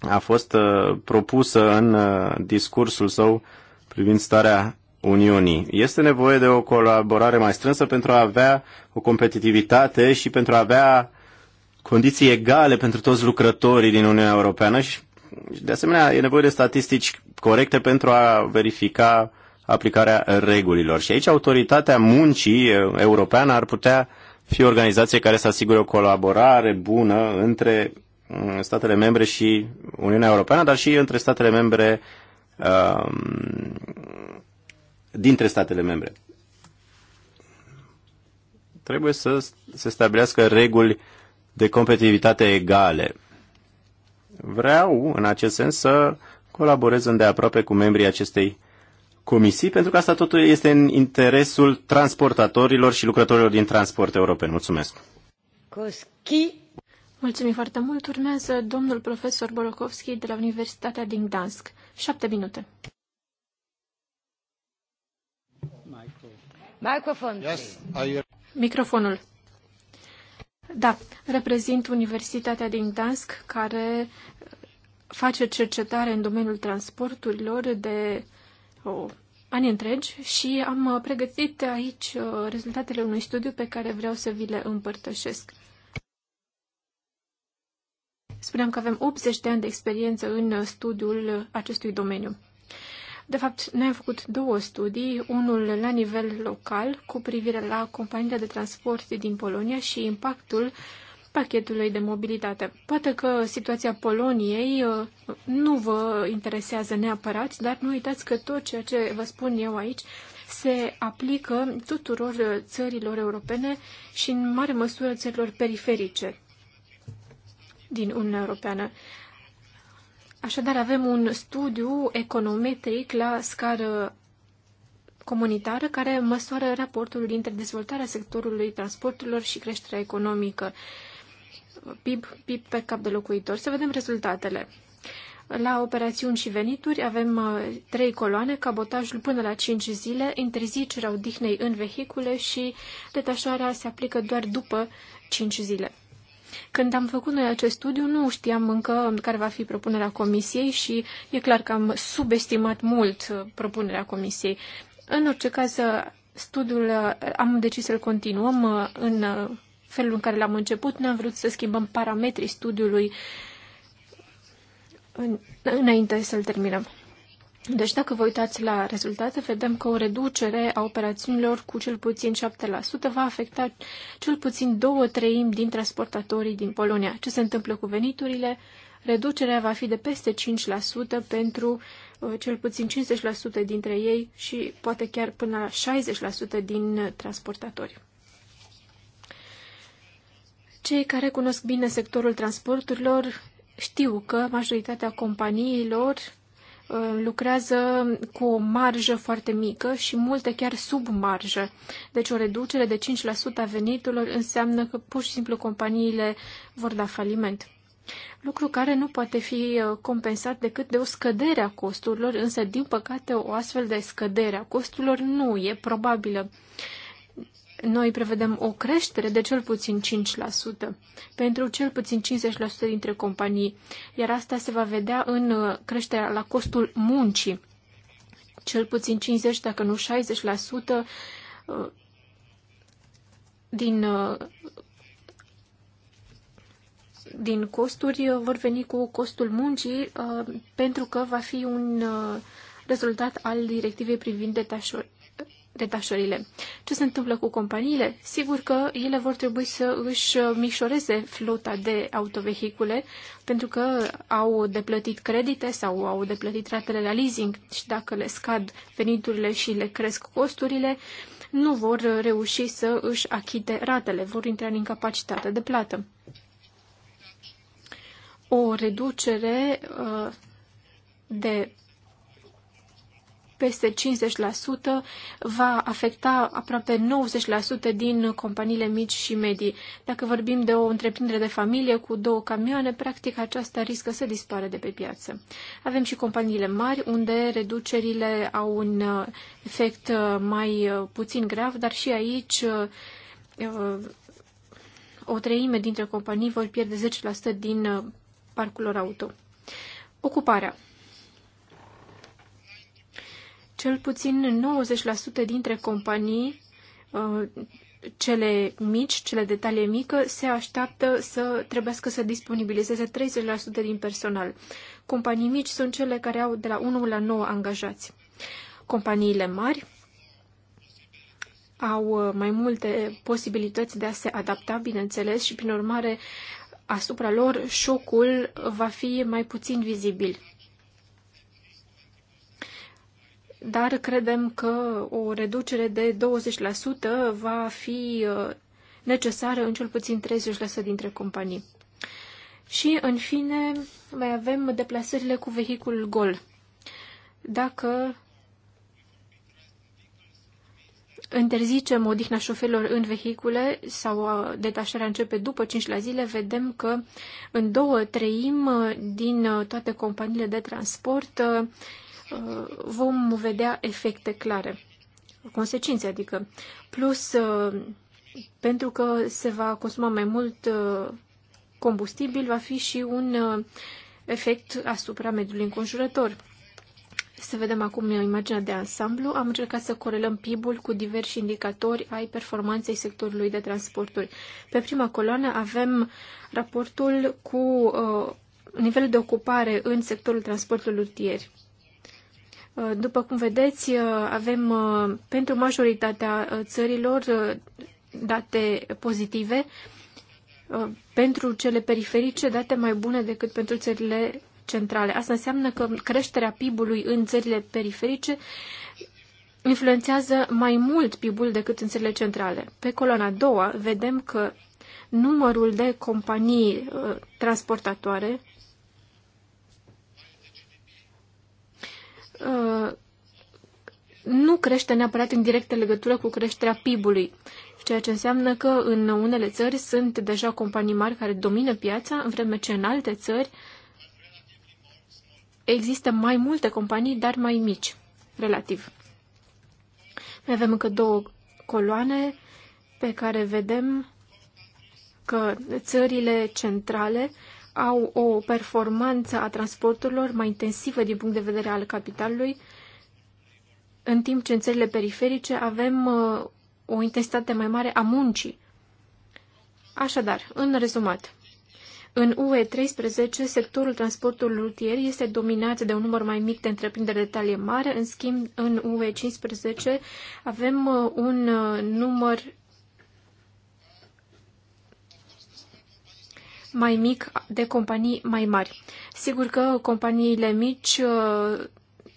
a fost uh, propusă în uh, discursul său privind starea Uniunii. Este nevoie de o colaborare mai strânsă pentru a avea o competitivitate și pentru a avea condiții egale pentru toți lucrătorii din Uniunea Europeană și de asemenea e nevoie de statistici corecte pentru a verifica aplicarea regulilor. Și aici autoritatea muncii uh, europeană ar putea fi o organizație care să asigure o colaborare bună între statele membre și Uniunea Europeană, dar și între statele membre um, dintre statele membre. Trebuie să se stabilească reguli de competitivitate egale. Vreau, în acest sens, să colaborez îndeaproape cu membrii acestei comisii, pentru că asta totul este în interesul transportatorilor și lucrătorilor din transport european. Mulțumesc! Coschi Mulțumim foarte mult. Urmează domnul profesor Bolokovski de la Universitatea din Gdansk. Șapte minute. Microfonul. Yes, Microfonul. Da, reprezint Universitatea din Gdansk, care face cercetare în domeniul transporturilor de o, ani întregi și am pregătit aici uh, rezultatele unui studiu pe care vreau să vi le împărtășesc. Spuneam că avem 80 de ani de experiență în studiul acestui domeniu. De fapt, noi am făcut două studii, unul la nivel local cu privire la compania de transport din Polonia și impactul pachetului de mobilitate. Poate că situația Poloniei uh, nu vă interesează neapărat, dar nu uitați că tot ceea ce vă spun eu aici se aplică tuturor uh, țărilor europene și în mare măsură țărilor periferice din Uniunea Europeană. Așadar, avem un studiu econometric la scară comunitară care măsoară raportul dintre dezvoltarea sectorului transporturilor și creșterea economică. PIB, PIB pe cap de locuitor. Să vedem rezultatele. La operațiuni și venituri avem uh, trei coloane, cabotajul până la 5 zile, interzicerea odihnei în vehicule și detașarea se aplică doar după 5 zile. Când am făcut noi acest studiu, nu știam încă care va fi propunerea comisiei și e clar că am subestimat mult uh, propunerea comisiei. În orice caz, uh, studiul uh, am decis să-l continuăm în felul în care l-am început. Ne-am vrut să schimbăm parametrii studiului în, înainte să-l terminăm. Deci dacă vă uitați la rezultate, vedem că o reducere a operațiunilor cu cel puțin 7% va afecta cel puțin două treimi din transportatorii din Polonia. Ce se întâmplă cu veniturile? Reducerea va fi de peste 5% pentru uh, cel puțin 50% dintre ei și poate chiar până la 60% din transportatori. Cei care cunosc bine sectorul transporturilor știu că majoritatea companiilor Uh, lucrează cu o marjă foarte mică și multe chiar sub marjă. Deci o reducere de 5% a veniturilor înseamnă că pur și simplu companiile vor da faliment. Lucru care nu poate fi uh, compensat decât de o scădere a costurilor, însă, din păcate, o astfel de scădere a costurilor nu e probabilă noi prevedem o creștere de cel puțin 5% pentru cel puțin 50% dintre companii, iar asta se va vedea în uh, creșterea la costul muncii. Cel puțin 50, dacă nu 60% uh, din, uh, din costuri vor veni cu costul muncii pentru că va fi un rezultat al directivei privind detașările. Ce se întâmplă cu companiile? Sigur că ele vor trebui să își mișoreze flota de autovehicule pentru că au deplătit credite sau au deplătit ratele la leasing și dacă le scad veniturile și le cresc costurile, nu vor reuși să își achite ratele, vor intra în incapacitate de plată. O reducere uh, de peste 50%, va afecta aproape 90% din companiile mici și medii. Dacă vorbim de o întreprindere de familie cu două camioane, practic aceasta riscă să dispară de pe piață. Avem și companiile mari, unde reducerile au un uh, efect uh, mai uh, puțin grav, dar și aici o treime dintre companii vor pierde 10% din parcul lor auto. Ocuparea. Cel puțin 90% dintre companii, uh, cele mici, cele de talie mică, se așteaptă să trebuiască să disponibilizeze 30% din personal. Companii mici sunt cele care au de la 1 la 9 angajați. Companiile mari au uh, mai multe posibilități de a se adapta, bineînțeles, și prin urmare asupra lor șocul va fi mai puțin vizibil. dar credem că o reducere de 20% va fi uh, necesară în cel puțin 30% dintre companii. Și, în fine, mai avem deplasările cu vehicul gol. Dacă interzicem odihna șoferilor în vehicule sau uh, detașarea începe după 5 la zile, vedem că în două treim din uh, toate companiile de transport Uh, vom vedea efecte clare, consecințe, adică. Plus, uh, pentru că se va consuma mai mult uh, combustibil, va fi și un efect asupra mediului înconjurător. Să vedem acum imaginea de ansamblu. Am încercat să corelăm PIB-ul cu diversi indicatori ai performanței sectorului de transporturi. Pe prima coloană avem raportul cu uh, nivelul de ocupare în sectorul transportului rutier. Uh, după cum vedeți, uh, avem uh, pentru majoritatea țărilor date pozitive, pentru cele periferice date mai bune decât pentru țările centrale. Asta înseamnă că creșterea PIB-ului în țările periferice influențează mai mult PIB-ul decât în țările centrale. Pe coloana a doua vedem că numărul de companii transportatoare Uh, nu crește neapărat în directă legătură cu creșterea PIB-ului, ceea ce înseamnă că în unele țări sunt deja companii mari care domină piața, în vreme ce în alte țări există mai multe companii, dar mai mici, relativ. Mai avem încă două coloane pe care vedem că țările centrale au o performanță a transporturilor mai intensivă din punct de vedere al capitalului, în timp ce în țările periferice avem uh, o intensitate mai mare a muncii. Așadar, în rezumat, în UE13, sectorul transportului rutier este dominat de un număr mai mic de întreprinderi de talie mare, în schimb, în UE15 avem uh, un uh, număr mai mic de companii mai mari. Sigur că companiile mici uh,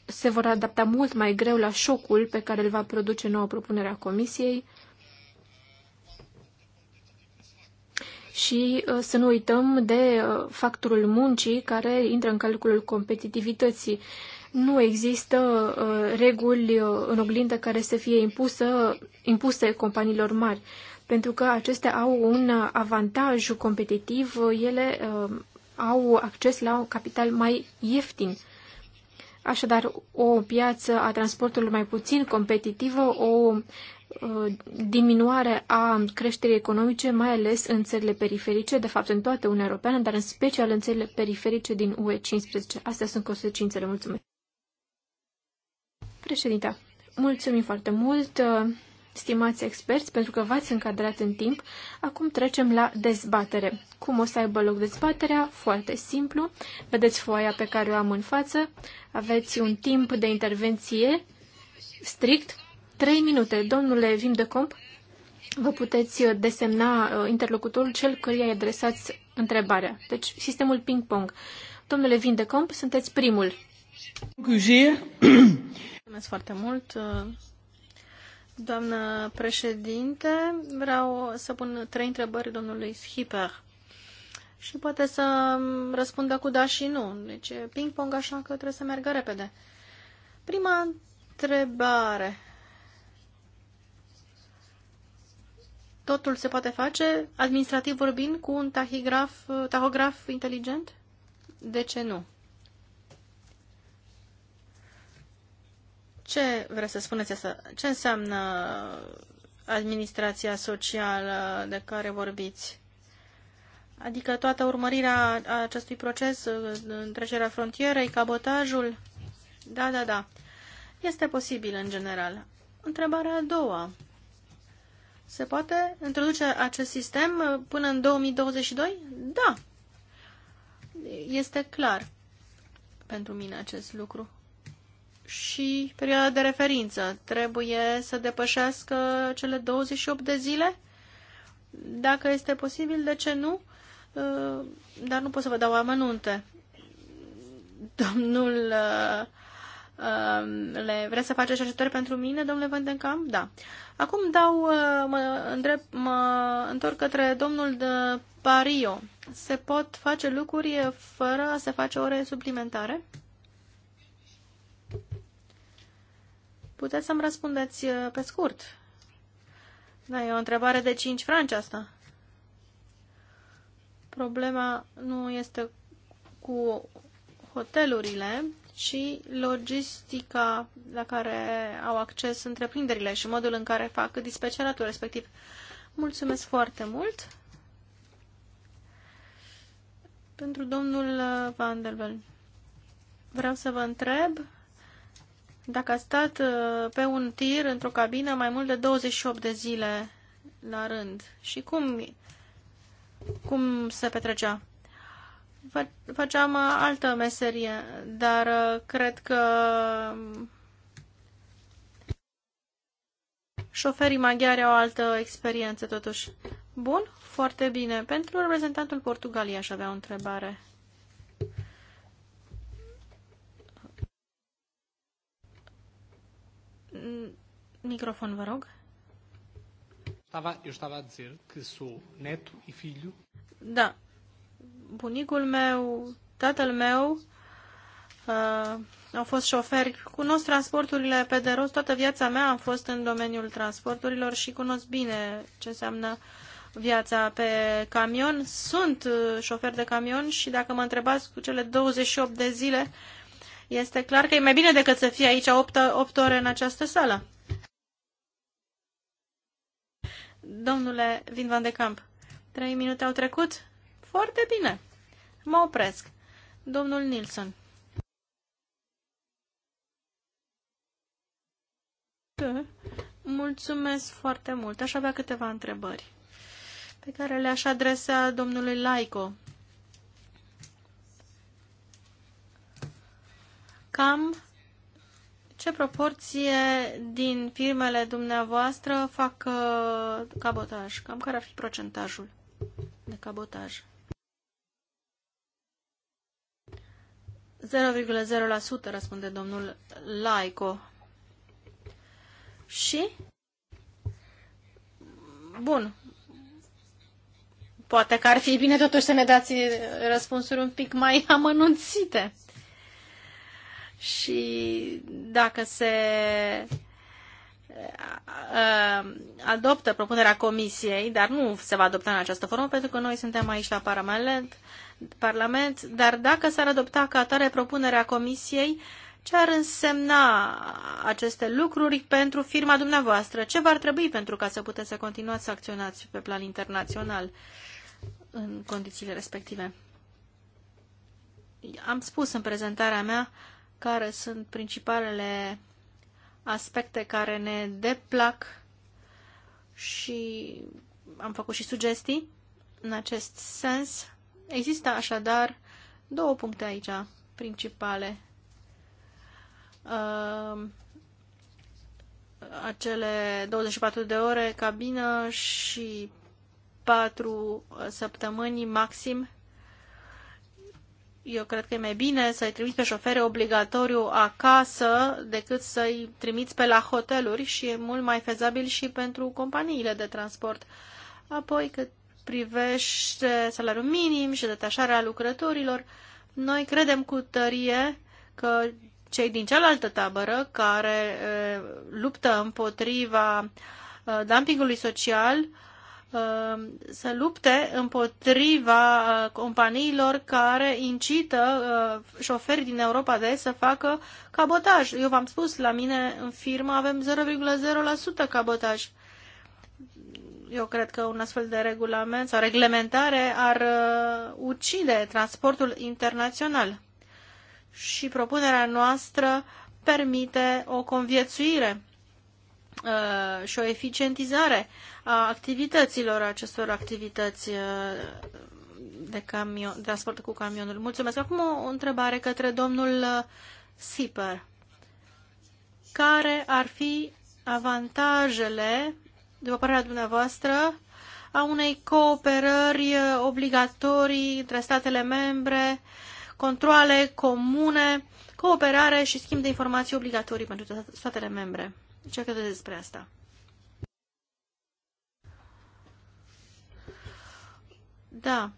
se vor adapta mult mai greu la șocul pe care îl va produce noua propunere a Comisiei. Și uh, să nu uităm de uh, factorul muncii care intră în calculul competitivității. Nu există reguli în oglindă care să fie impusă, impuse companiilor mari pentru că acestea au un avantaj competitiv, ele um, au acces la un capital mai ieftin. Așadar, o piață a transportului mai puțin competitivă, o uh, diminuare a creșterii economice, mai ales în țările periferice, de fapt în toată Uniunea Europeană, dar în special în țările periferice din UE 15. Astea sunt consecințele. Mulțumesc. Președinta, mulțumim foarte mult stimați experți, pentru că v-ați încadrat în timp. Acum trecem la dezbatere. Cum o să aibă loc dezbaterea? Foarte simplu. Vedeți foaia pe care o am în față. Aveți un timp de intervenție strict. 3 minute. Domnule Vim de Comp, vă puteți desemna uh, interlocutorul cel căruia îi adresați întrebarea. Deci, sistemul ping-pong. Domnule Vim de Comp, sunteți primul. Mulțumesc foarte mult. Doamnă președinte, vreau să pun trei întrebări domnului Schipper. Și poate să răspundă cu da și nu. Deci ping-pong așa că trebuie să meargă repede. Prima întrebare. Totul se poate face, administrativ vorbind, cu un tahigraf, tahograf inteligent? De ce nu? Ce vreți să spuneți asta? Ce înseamnă administrația socială de care vorbiți? Adică toată urmărirea acestui proces, trecerea frontierei, cabotajul? Da, da, da. Este posibil în general. Întrebarea a doua. Se poate introduce acest sistem până în 2022? Da. Este clar pentru mine acest lucru și perioada de referință trebuie să depășească cele 28 de zile? Dacă este posibil, de ce nu? Uh, dar nu pot să vă dau amănunte. Domnul uh, um, le vreți să faceți cercetări pentru mine, domnule Vandencam? Da. Acum dau, uh, mă, îndrept, mă întorc către domnul de Pario. Se pot face lucruri fără a se face ore suplimentare? Puteți să-mi răspundeți uh, pe scurt. Da, e o întrebare de 5 franci asta. Problema nu este cu hotelurile, ci logistica la care au acces întreprinderile și modul în care fac dispeceratul respectiv. Mulțumesc foarte mult pentru domnul uh, Vanderbilt. Vreau să vă întreb dacă a stat uh, pe un tir într-o cabină mai mult de 28 de zile la rând. Și cum, cum se petrecea? Făceam uh, altă meserie, dar uh, cred că șoferii maghiari au altă experiență totuși. Bun, foarte bine. Pentru reprezentantul Portugaliei aș avea o întrebare. Microfon, vă rog. Estava, eu estava a dizer că sou neto e filho. Da. Bunicul meu, tatăl meu, uh, au fost șoferi. Cunosc transporturile pe de rost. Toată viața mea am fost în domeniul transporturilor și cunosc bine ce înseamnă viața pe camion. Sunt uh, șofer de camion și dacă mă întrebați cu cele 28 de zile uh, este clar că e mai bine decât să fie aici 8, 8 ore în această sală. Domnule Vin Van de Camp, 3 minute au trecut? Foarte bine. Mă opresc. Domnul Nilsson. Mulțumesc foarte mult. Aș avea câteva întrebări pe care le-aș adresa domnului Laico. cam ce proporție din firmele dumneavoastră fac uh, cabotaj? Cam care ar fi procentajul de cabotaj? 0,0% răspunde domnul Laico. Și? Bun. Poate că ar fi bine totuși să ne dați răspunsuri un pic mai amănunțite și dacă se adoptă propunerea comisiei, dar nu se va adopta în această formă, pentru că noi suntem aici la Parlament, Parlament dar dacă s-ar adopta ca atare propunerea comisiei, ce ar însemna aceste lucruri pentru firma dumneavoastră? Ce v-ar trebui pentru ca să puteți să continuați să acționați pe plan internațional în condițiile respective? Am spus în prezentarea mea care sunt principalele aspecte care ne deplac și am făcut și sugestii în acest sens. Există așadar două puncte aici principale. Uh, acele 24 de ore cabină și 4 săptămâni maxim eu cred că e mai bine să-i trimiți pe șoferi obligatoriu acasă decât să-i trimiți pe la hoteluri și e mult mai fezabil și pentru companiile de transport. Apoi cât privește salariul minim și detașarea lucrătorilor, noi credem cu tărie că cei din cealaltă tabără care luptă împotriva dumpingului social Uh, să lupte împotriva uh, companiilor care incită uh, șoferi din Europa de Est să facă cabotaj. Eu v-am spus, la mine în firmă avem 0,0% cabotaj. Eu cred că un astfel de regulament sau reglementare ar ucide transportul internațional. Și propunerea noastră permite o conviețuire Uh, și o eficientizare a activităților, acestor activități uh, de camion, de transport cu camionul. Mulțumesc. Acum o întrebare către domnul uh, Siper. Care ar fi avantajele, după părerea dumneavoastră, a unei cooperări obligatorii între statele membre, controle comune, cooperare și schimb de informații obligatorii pentru statele membre? Ce credeți despre asta? Da,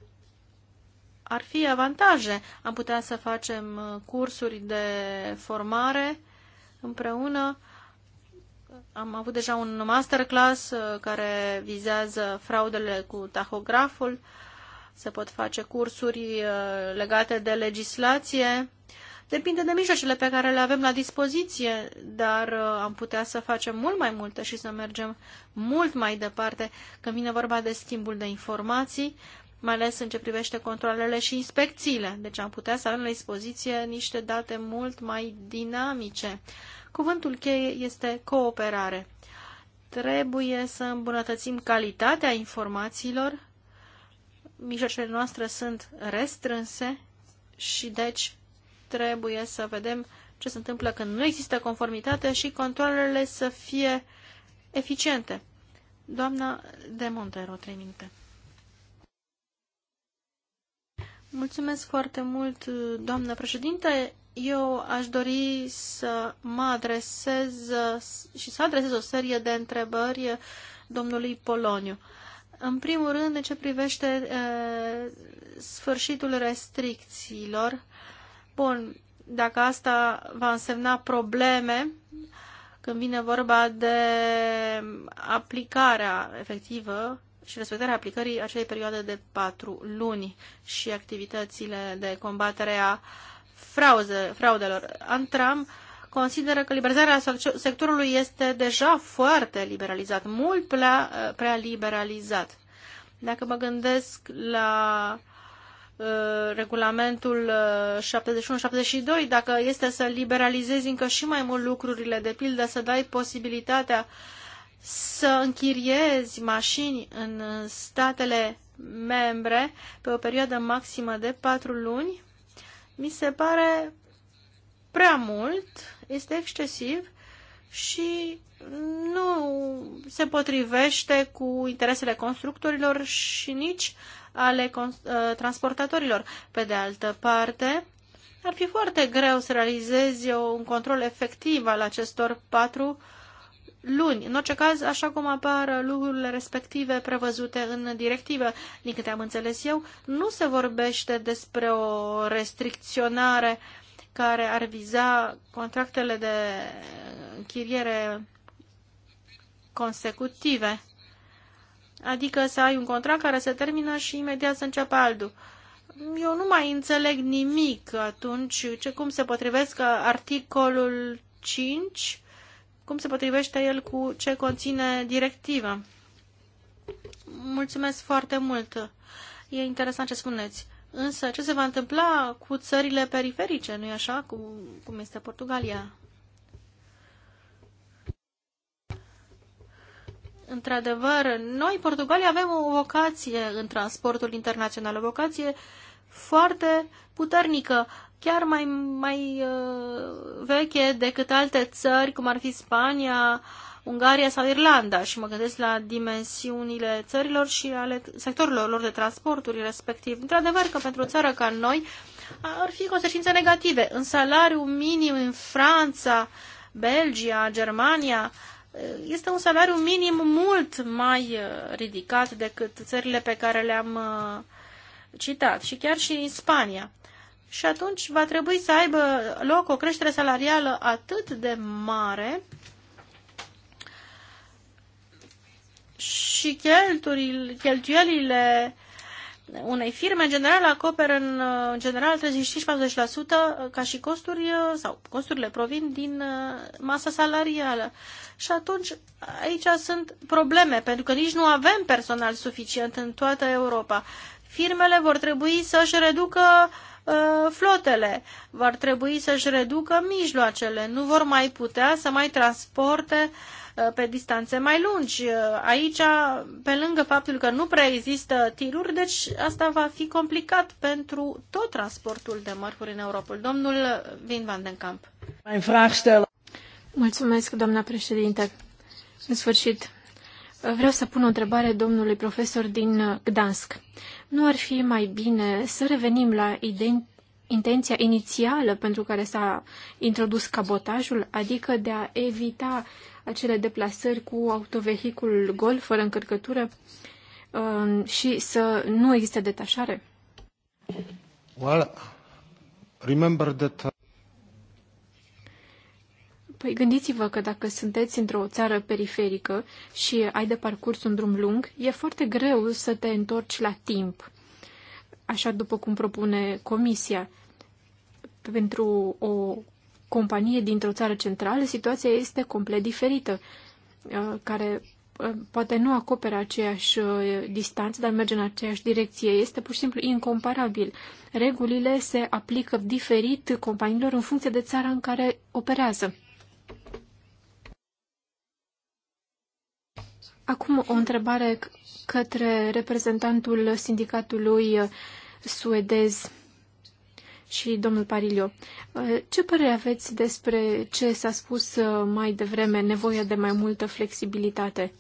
ar fi avantaje. Am putea să facem uh, cursuri de formare împreună. Am avut deja un masterclass uh, care vizează fraudele cu tahograful. Se pot face cursuri uh, legate de legislație Depinde de mijloacele pe care le avem la dispoziție, dar uh, am putea să facem mult mai multe și să mergem mult mai departe când vine vorba de schimbul de informații, mai ales în ce privește controlele și inspecțiile. Deci am putea să avem la dispoziție niște date mult mai dinamice. Cuvântul cheie este cooperare. Trebuie să îmbunătățim calitatea informațiilor, mijloacele noastre sunt restrânse și deci trebuie să vedem ce se întâmplă când nu există conformitate și controlele să fie eficiente. Doamna de Montero, trei minute. Mulțumesc foarte mult, doamnă președinte. Eu aș dori să mă adresez și să adresez o serie de întrebări domnului Poloniu. În primul rând, în ce privește e, eh, sfârșitul restricțiilor, Bun, dacă asta va însemna probleme când vine vorba de aplicarea efectivă și respectarea aplicării acelei perioade de patru luni și activitățile de combatere a frauze, fraudelor. Antram consideră că liberalizarea sectorului este deja foarte liberalizat, mult prea, prea liberalizat. Dacă mă gândesc la uh, Uh, regulamentul 71-72, uh, dacă este să liberalizezi încă și mai mult lucrurile, de pildă să dai posibilitatea să închiriezi mașini în statele membre pe o perioadă maximă de 4 luni, mi se pare prea mult, este excesiv și nu se potrivește cu interesele constructorilor și nici ale uh, transportatorilor. Pe de altă parte, ar fi foarte greu să realizezi un control efectiv al acestor patru luni. În orice caz, așa cum apar lucrurile respective prevăzute în directivă, din câte am înțeles eu, nu se vorbește despre o restricționare care ar viza contractele de închiriere consecutive. Adică să ai un contract care se termină și imediat să înceapă altul. Eu nu mai înțeleg nimic atunci ce, cum se potrivesc articolul 5, cum se potrivește el cu ce conține directiva. Mulțumesc foarte mult. E interesant ce spuneți. Însă, ce se va întâmpla cu țările periferice, nu-i așa, cu, cum este Portugalia? Într-adevăr, noi, Portugalia, avem o vocație în transportul internațional, o vocație foarte puternică, chiar mai, mai uh, veche decât alte țări, cum ar fi Spania, Ungaria sau Irlanda și mă gândesc la dimensiunile țărilor și ale sectorilor lor de transporturi respectiv. Într-adevăr că pentru o țară ca noi ar fi consecințe negative. În salariu minim în Franța, Belgia, Germania, este un salariu minim mult mai uh, ridicat decât țările pe care le-am uh, citat și chiar și în Spania. Și atunci va trebui să aibă loc o creștere salarială atât de mare și cheltuielile unei firme, în general, acoperă în, în general 35-40% ca și costuri, uh, sau costurile provin din uh, masa salarială. Și atunci aici sunt probleme, pentru că nici nu avem personal suficient în toată Europa. Firmele vor trebui să-și reducă uh, flotele, vor trebui să-și reducă mijloacele, nu vor mai putea să mai transporte uh, Uh, pe distanțe mai lungi. Uh, aici, pe lângă faptul că nu prea există tiruri, deci asta va fi complicat pentru tot transportul de mărfuri în Europa. Domnul Vin van den Kamp. Mulțumesc, doamna președinte. În sfârșit, vreau să pun o întrebare domnului profesor din Gdansk. Nu ar fi mai bine să revenim la ident intenția inițială pentru care s-a introdus cabotajul, adică de a evita acele deplasări cu autovehicul gol, fără încărcătură, um, și să nu existe detașare? Well, remember that... Uh, păi gândiți-vă că dacă sunteți într-o țară periferică și ai de parcurs un drum lung, e foarte greu să te întorci la timp așa după cum propune Comisia. Pentru o companie dintr-o țară centrală, situația este complet diferită, uh, care uh, poate nu acoperă aceeași uh, distanță, dar merge în aceeași direcție. Este pur și simplu incomparabil. Regulile se aplică diferit companiilor în funcție de țara în care operează. Acum o întrebare către reprezentantul sindicatului uh, suedez și domnul Parilio. Uh, ce părere aveți despre ce s-a spus uh, mai devreme, nevoia de mai multă flexibilitate?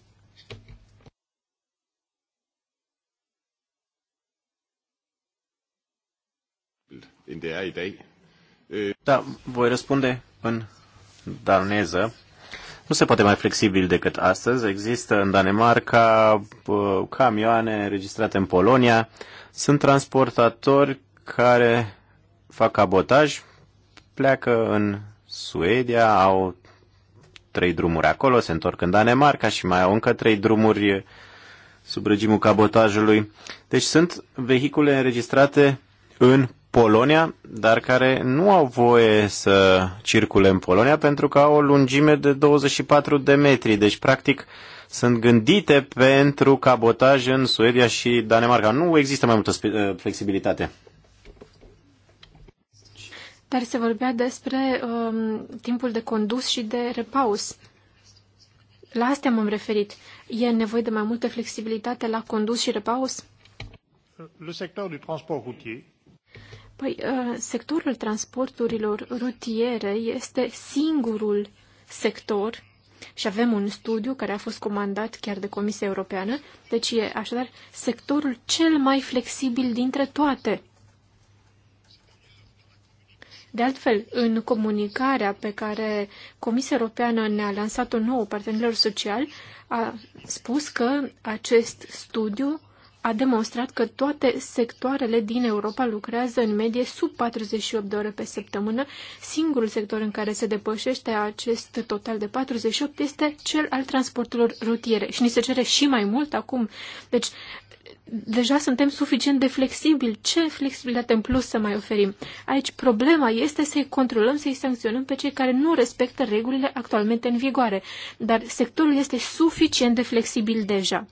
Da, voi răspunde în daneză nu se poate mai flexibil decât astăzi. Există în Danemarca camioane înregistrate în Polonia. Sunt transportatori care fac cabotaj, pleacă în Suedia, au trei drumuri acolo, se întorc în Danemarca și mai au încă trei drumuri sub regimul cabotajului. Deci sunt vehicule înregistrate în Polonia, dar care nu au voie să circule în Polonia pentru că au o lungime de 24 de metri. Deci, practic, sunt gândite pentru cabotaj în Suedia și Danemarca. Nu există mai multă uh, flexibilitate. Dar se vorbea despre um, timpul de condus și de repaus. La astea m-am referit. E nevoie de mai multă flexibilitate la condus și repaus? Le sector du transport routier Păi, uh, sectorul transporturilor rutiere este singurul sector și avem un studiu care a fost comandat chiar de Comisia Europeană, deci e așadar sectorul cel mai flexibil dintre toate. De altfel, în comunicarea pe care Comisia Europeană ne-a lansat-o nouă partenerilor social, a spus că acest studiu a demonstrat că toate sectoarele din Europa lucrează în medie sub 48 de ore pe săptămână. Singurul sector în care se depășește acest total de 48 este cel al transporturilor rutiere și ni se cere și mai mult acum. Deci, deja suntem suficient de flexibili. Ce flexibilitate în plus să mai oferim? Aici problema este să-i controlăm, să-i sancționăm pe cei care nu respectă regulile actualmente în vigoare. Dar sectorul este suficient de flexibil deja.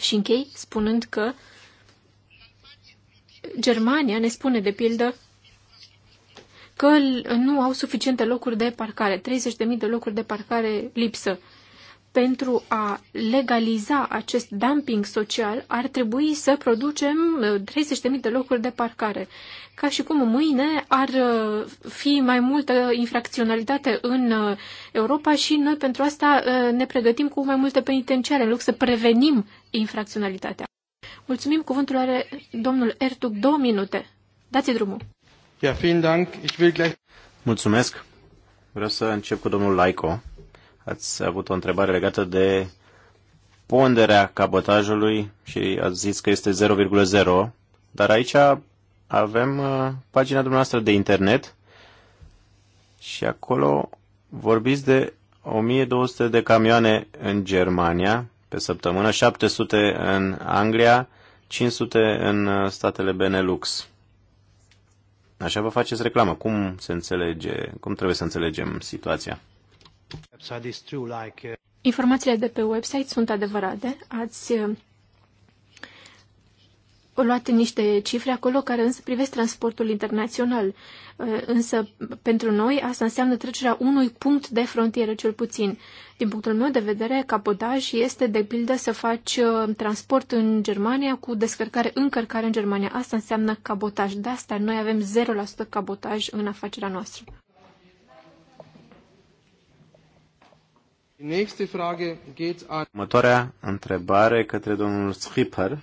Și închei spunând că Germania ne spune, de pildă, că nu au suficiente locuri de parcare, 30.000 de locuri de parcare lipsă pentru a legaliza acest dumping social, ar trebui să producem 30.000 uh, de locuri de parcare. Ca și cum mâine ar uh, fi mai multă infracționalitate în uh, Europa și noi pentru asta ne pregătim cu mai multe penitenciare în loc să prevenim infracționalitatea. Mulțumim, cuvântul are domnul Ertug, două minute. Dați drumul. Ja, vielen Dank. Ich will gleich... Mulțumesc. Vreau să încep cu domnul Laico. Ați avut o întrebare legată de ponderea cabotajului și ați zis că este 0,0, dar aici avem uh, pagina dumneavoastră de internet și acolo vorbiți de 1200 de camioane în Germania pe săptămână, 700 în Anglia, 500 în uh, statele Benelux. Așa vă faceți reclamă. Cum se înțelege, cum trebuie să înțelegem situația? Uh, Informațiile de pe website sunt adevărate. Ați uh, luat niște cifre acolo care însă privesc transportul internațional. Uh, însă, pentru noi, asta înseamnă trecerea unui punct de frontieră, cel puțin. Din punctul meu de vedere, capodaj este, de pildă, să faci transport în Germania cu descărcare, încărcare în Germania. Asta înseamnă cabotaj. De asta noi avem 0% cabotaj în afacerea noastră. Următoarea întrebare către domnul Schipper.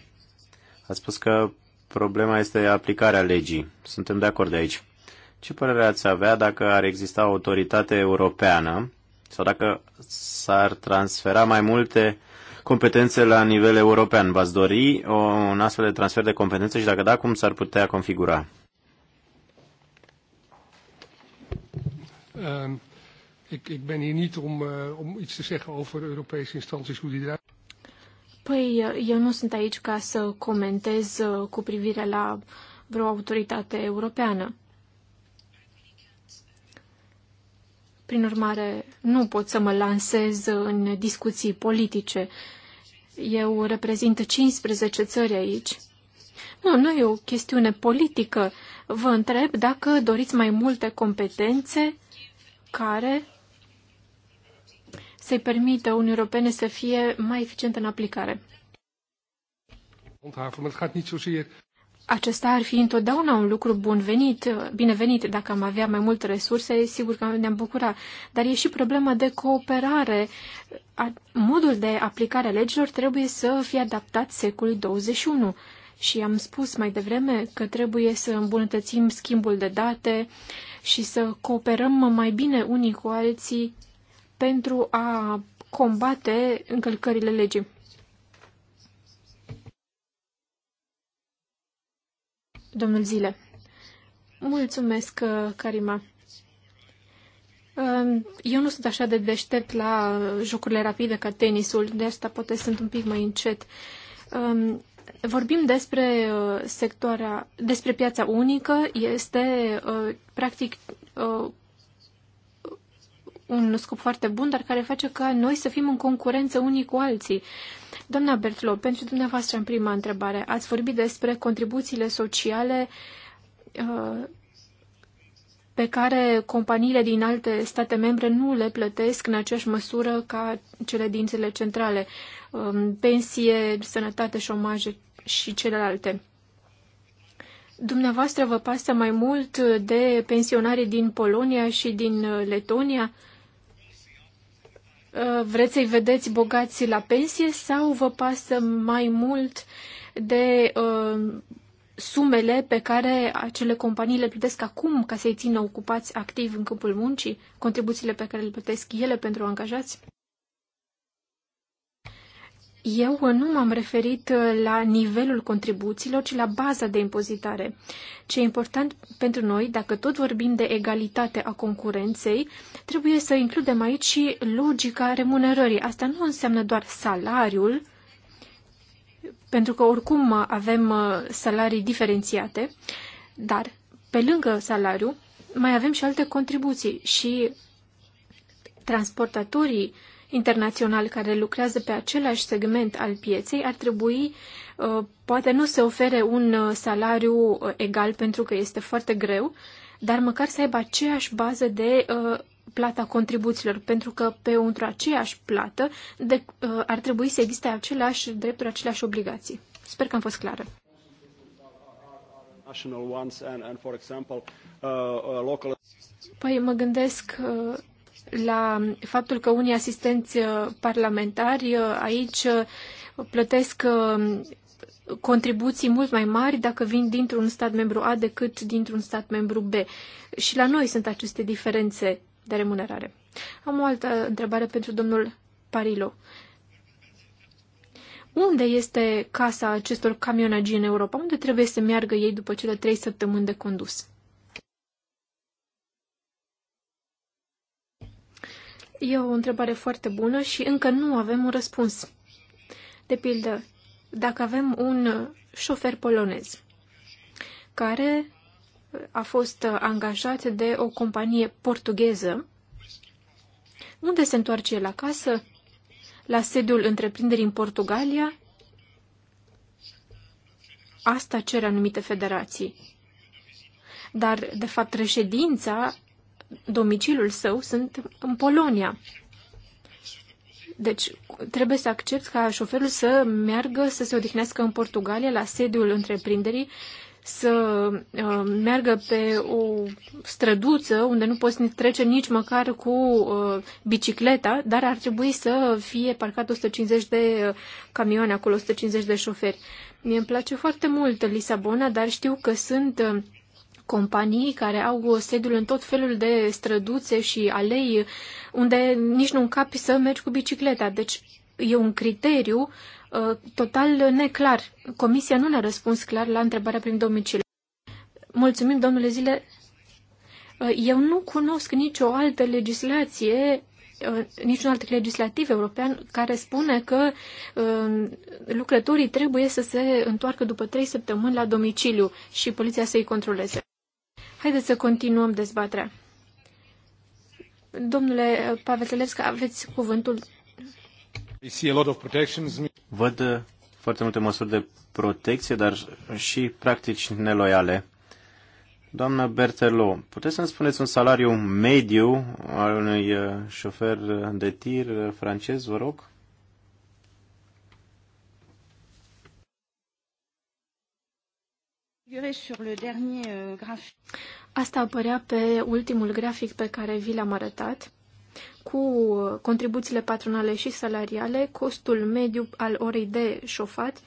A spus că problema este aplicarea legii. Suntem de acord de aici. Ce părere ați avea dacă ar exista o autoritate europeană sau dacă s-ar transfera mai multe competențe la nivel european? V-ați dori o, un astfel de transfer de competențe și dacă da, cum s-ar putea configura? Um, ik, ik ben hier niet om, uh, om iets te zeggen over Europese instanties, hoe die eruit... Păi, eh, eu nu sunt aici ca să comentez eh, cu privire la vreo autoritate europeană. Prin urmare, nu pot să mă lansez în discuții politice. Eu reprezint 15 țări aici. Nu, nu e o chestiune politică. Vă întreb dacă doriți mai multe competențe care să-i permită Uniunii Europene să fie mai eficientă în aplicare. Acesta ar fi întotdeauna un lucru bun venit, binevenit dacă am avea mai multe resurse, sigur că ne-am bucura. Dar e și problema de cooperare. Modul de aplicare a legilor trebuie să fie adaptat secolului 21. Și am spus mai devreme că trebuie să îmbunătățim schimbul de date și să cooperăm mai bine unii cu alții pentru a combate încălcările legii. Domnul Zile. Mulțumesc, uh, Karima. Um, eu nu sunt așa de deștept la jocurile rapide ca tenisul, de asta poate sunt un pic mai încet. Um, vorbim despre uh, sectoarea, despre piața unică, este uh, practic un scop foarte bun, dar care face ca noi să fim în concurență unii cu alții. Doamna Bertlo, pentru dumneavoastră în prima întrebare, ați vorbit despre contribuțiile sociale uh, pe care companiile din alte state membre nu le plătesc în aceeași măsură ca cele din țele centrale, um, pensie, sănătate, șomaje și celelalte. Dumneavoastră vă pasă mai mult de pensionarii din Polonia și din uh, Letonia? Uh, vreți să-i vedeți bogați la pensie sau vă pasă mai mult de uh, sumele pe care acele companii le plătesc acum ca să-i țină ocupați activ în câmpul muncii, contribuțiile pe care le plătesc ele pentru angajați? Eu uh, nu m-am referit uh, la nivelul contribuțiilor, ci la baza de impozitare. Ce e important pentru noi, dacă tot vorbim de egalitate a concurenței, trebuie să includem aici și logica remunerării. Asta nu înseamnă doar salariul, pentru că oricum uh, avem salarii diferențiate, dar pe lângă salariu mai avem și alte contribuții și transportatorii uh, internaționali care lucrează pe același segment al pieței ar trebui uh, poate nu se ofere un uh, salariu uh, egal pentru că este foarte greu, dar măcar să aibă aceeași bază de plata contribuțiilor, pentru că pe o aceeași plată de, ar trebui să existe aceleași drepturi, aceleași obligații. Sper că am fost clară. Păi mă gândesc la faptul că unii asistenți uh, parlamentari uh, aici uh, plătesc contribuții mult mai mari dacă vin dintr-un stat membru A decât dintr-un stat membru B. Și la noi sunt aceste diferențe de remunerare. Am o altă întrebare pentru domnul Parilo. Unde este casa acestor camionagi în Europa? Unde trebuie să meargă ei după cele trei săptămâni de condus? E o întrebare foarte bună și încă nu avem un răspuns. De pildă, dacă avem un șofer polonez care a fost angajat de o companie portugheză, unde se întoarce la casă? La sediul întreprinderii în Portugalia? Asta cere anumite federații. Dar, de fapt, reședința domiciliul său sunt în Polonia. Deci trebuie să accept ca șoferul să meargă să se odihnească în Portugalia la sediul întreprinderii, să uh, meargă pe o străduță unde nu poți trece nici măcar cu uh, bicicleta, dar ar trebui să fie parcat 150 de uh, camioane acolo, 150 de șoferi. Mie îmi place foarte mult Lisabona, dar știu că sunt uh, companii care au sediul în tot felul de străduțe și alei unde nici nu încapi să mergi cu bicicleta. Deci e un criteriu uh, total neclar. Comisia nu ne-a răspuns clar la întrebarea prin domiciliu. Mulțumim, domnule Zile. Uh, eu nu cunosc nicio altă legislație uh, niciun alt legislativ european care spune că uh, lucrătorii trebuie să se întoarcă după trei săptămâni la domiciliu și poliția să-i controleze. Haideți să continuăm dezbaterea. Domnule Paveselevska, aveți cuvântul. Văd uh, foarte multe măsuri de protecție, dar și practici neloiale. Doamna Bertelo, puteți să-mi spuneți un salariu mediu al unui uh, șofer de tir uh, francez, vă rog? Euh, Asta apărea pe ultimul grafic pe care vi l-am arătat. Cu uh, contribuțiile patronale și salariale, costul mediu al orei de șofat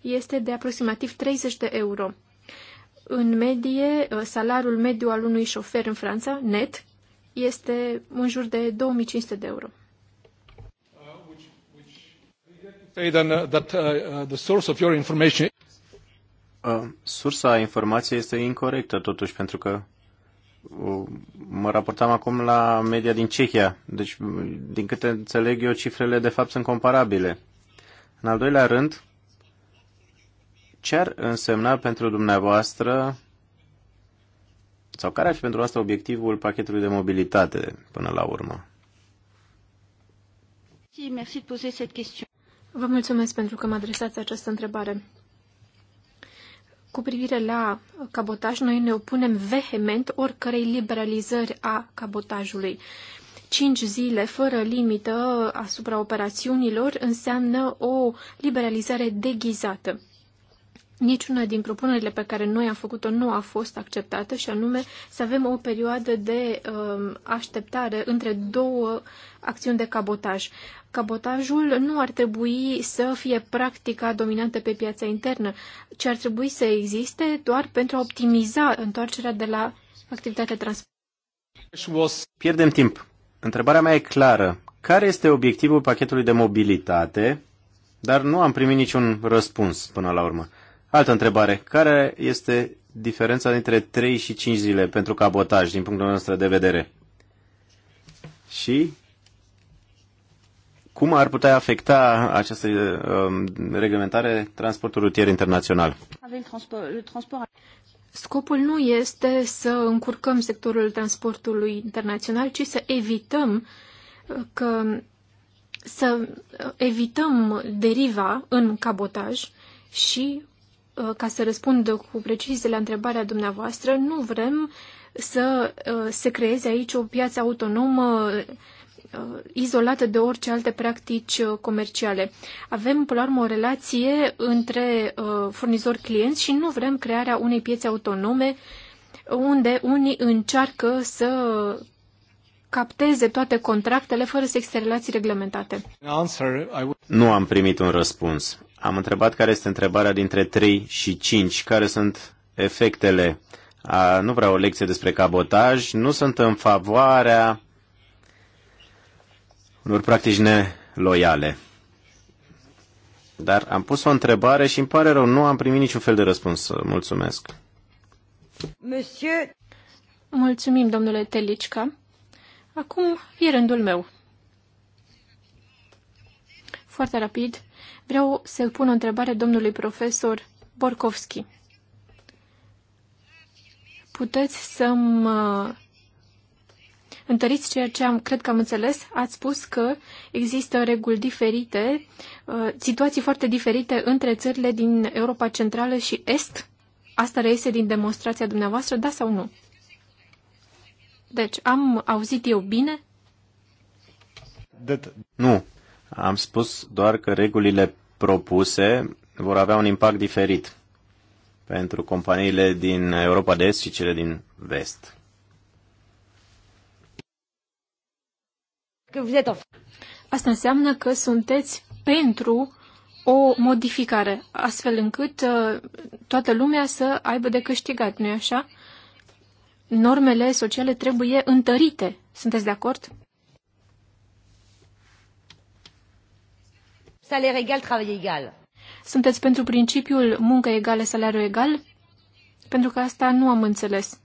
este de aproximativ 30 de euro. În medie, uh, salariul mediu al unui șofer în Franța, net, este în jur de 2500 de euro. Uh, which, which... That, uh, uh Sursa informației este incorrectă, totuși, pentru că mă raportam acum la media din Cehia. Deci, din câte înțeleg eu, cifrele de fapt sunt comparabile. În al doilea rând, ce ar însemna pentru dumneavoastră sau care ar fi pentru asta obiectivul pachetului de mobilitate până la urmă? Vă mulțumesc pentru că mă adresați această întrebare. Cu privire la cabotaj, noi ne opunem vehement oricărei liberalizări a cabotajului. Cinci zile fără limită asupra operațiunilor înseamnă o liberalizare deghizată. Niciuna din propunerile pe care noi am făcut-o nu a fost acceptată și anume să avem o perioadă de um, așteptare între două acțiuni de cabotaj. Cabotajul nu ar trebui să fie practica dominantă pe piața internă, ci ar trebui să existe doar pentru a optimiza întoarcerea de la activitatea transportului. Pierdem timp. Întrebarea mea e clară. Care este obiectivul pachetului de mobilitate? Dar nu am primit niciun răspuns până la urmă. Altă întrebare. Care este diferența dintre 3 și 5 zile pentru cabotaj din punctul nostru de vedere? Și cum ar putea afecta această uh, reglementare transportul rutier internațional? Scopul nu este să încurcăm sectorul transportului internațional, ci să evităm uh, că să uh, evităm deriva în cabotaj și, uh, ca să răspund cu precizie la întrebarea dumneavoastră, nu vrem să se creeze aici o piață autonomă Uh, izolată de orice alte practici uh, comerciale. Avem, până la urmă, o relație între uh, furnizori-clienți și nu vrem crearea unei piețe autonome unde unii încearcă să capteze toate contractele fără să existe relații reglementate. Nu am primit un răspuns. Am întrebat care este întrebarea dintre 3 și 5, care sunt efectele. A, nu vreau o lecție despre cabotaj, nu sunt în favoarea unor practici neloiale. Dar am pus o întrebare și îmi pare rău, nu am primit niciun fel de răspuns. Mulțumesc. Monsieur... Mulțumim, domnule Telicca. Acum e rândul meu. Foarte rapid, vreau să-l pun o întrebare domnului profesor Borkovski. Puteți să-mi uh, întăriți ceea ce am, cred că am înțeles. Ați spus că există reguli diferite, uh, situații foarte diferite între țările din Europa Centrală și Est. Asta reiese din demonstrația dumneavoastră, da sau nu? Deci, am auzit eu bine? Nu. Am spus doar că regulile propuse vor avea un impact diferit pentru companiile din Europa de Est și cele din Vest. Asta înseamnă că sunteți pentru o modificare, astfel încât uh, toată lumea să aibă de câștigat, nu-i așa? Normele sociale trebuie întărite. Sunteți de acord? Salariu egal, travail egal. Sunteți pentru principiul muncă egală, salariu egal? Pentru că asta nu am înțeles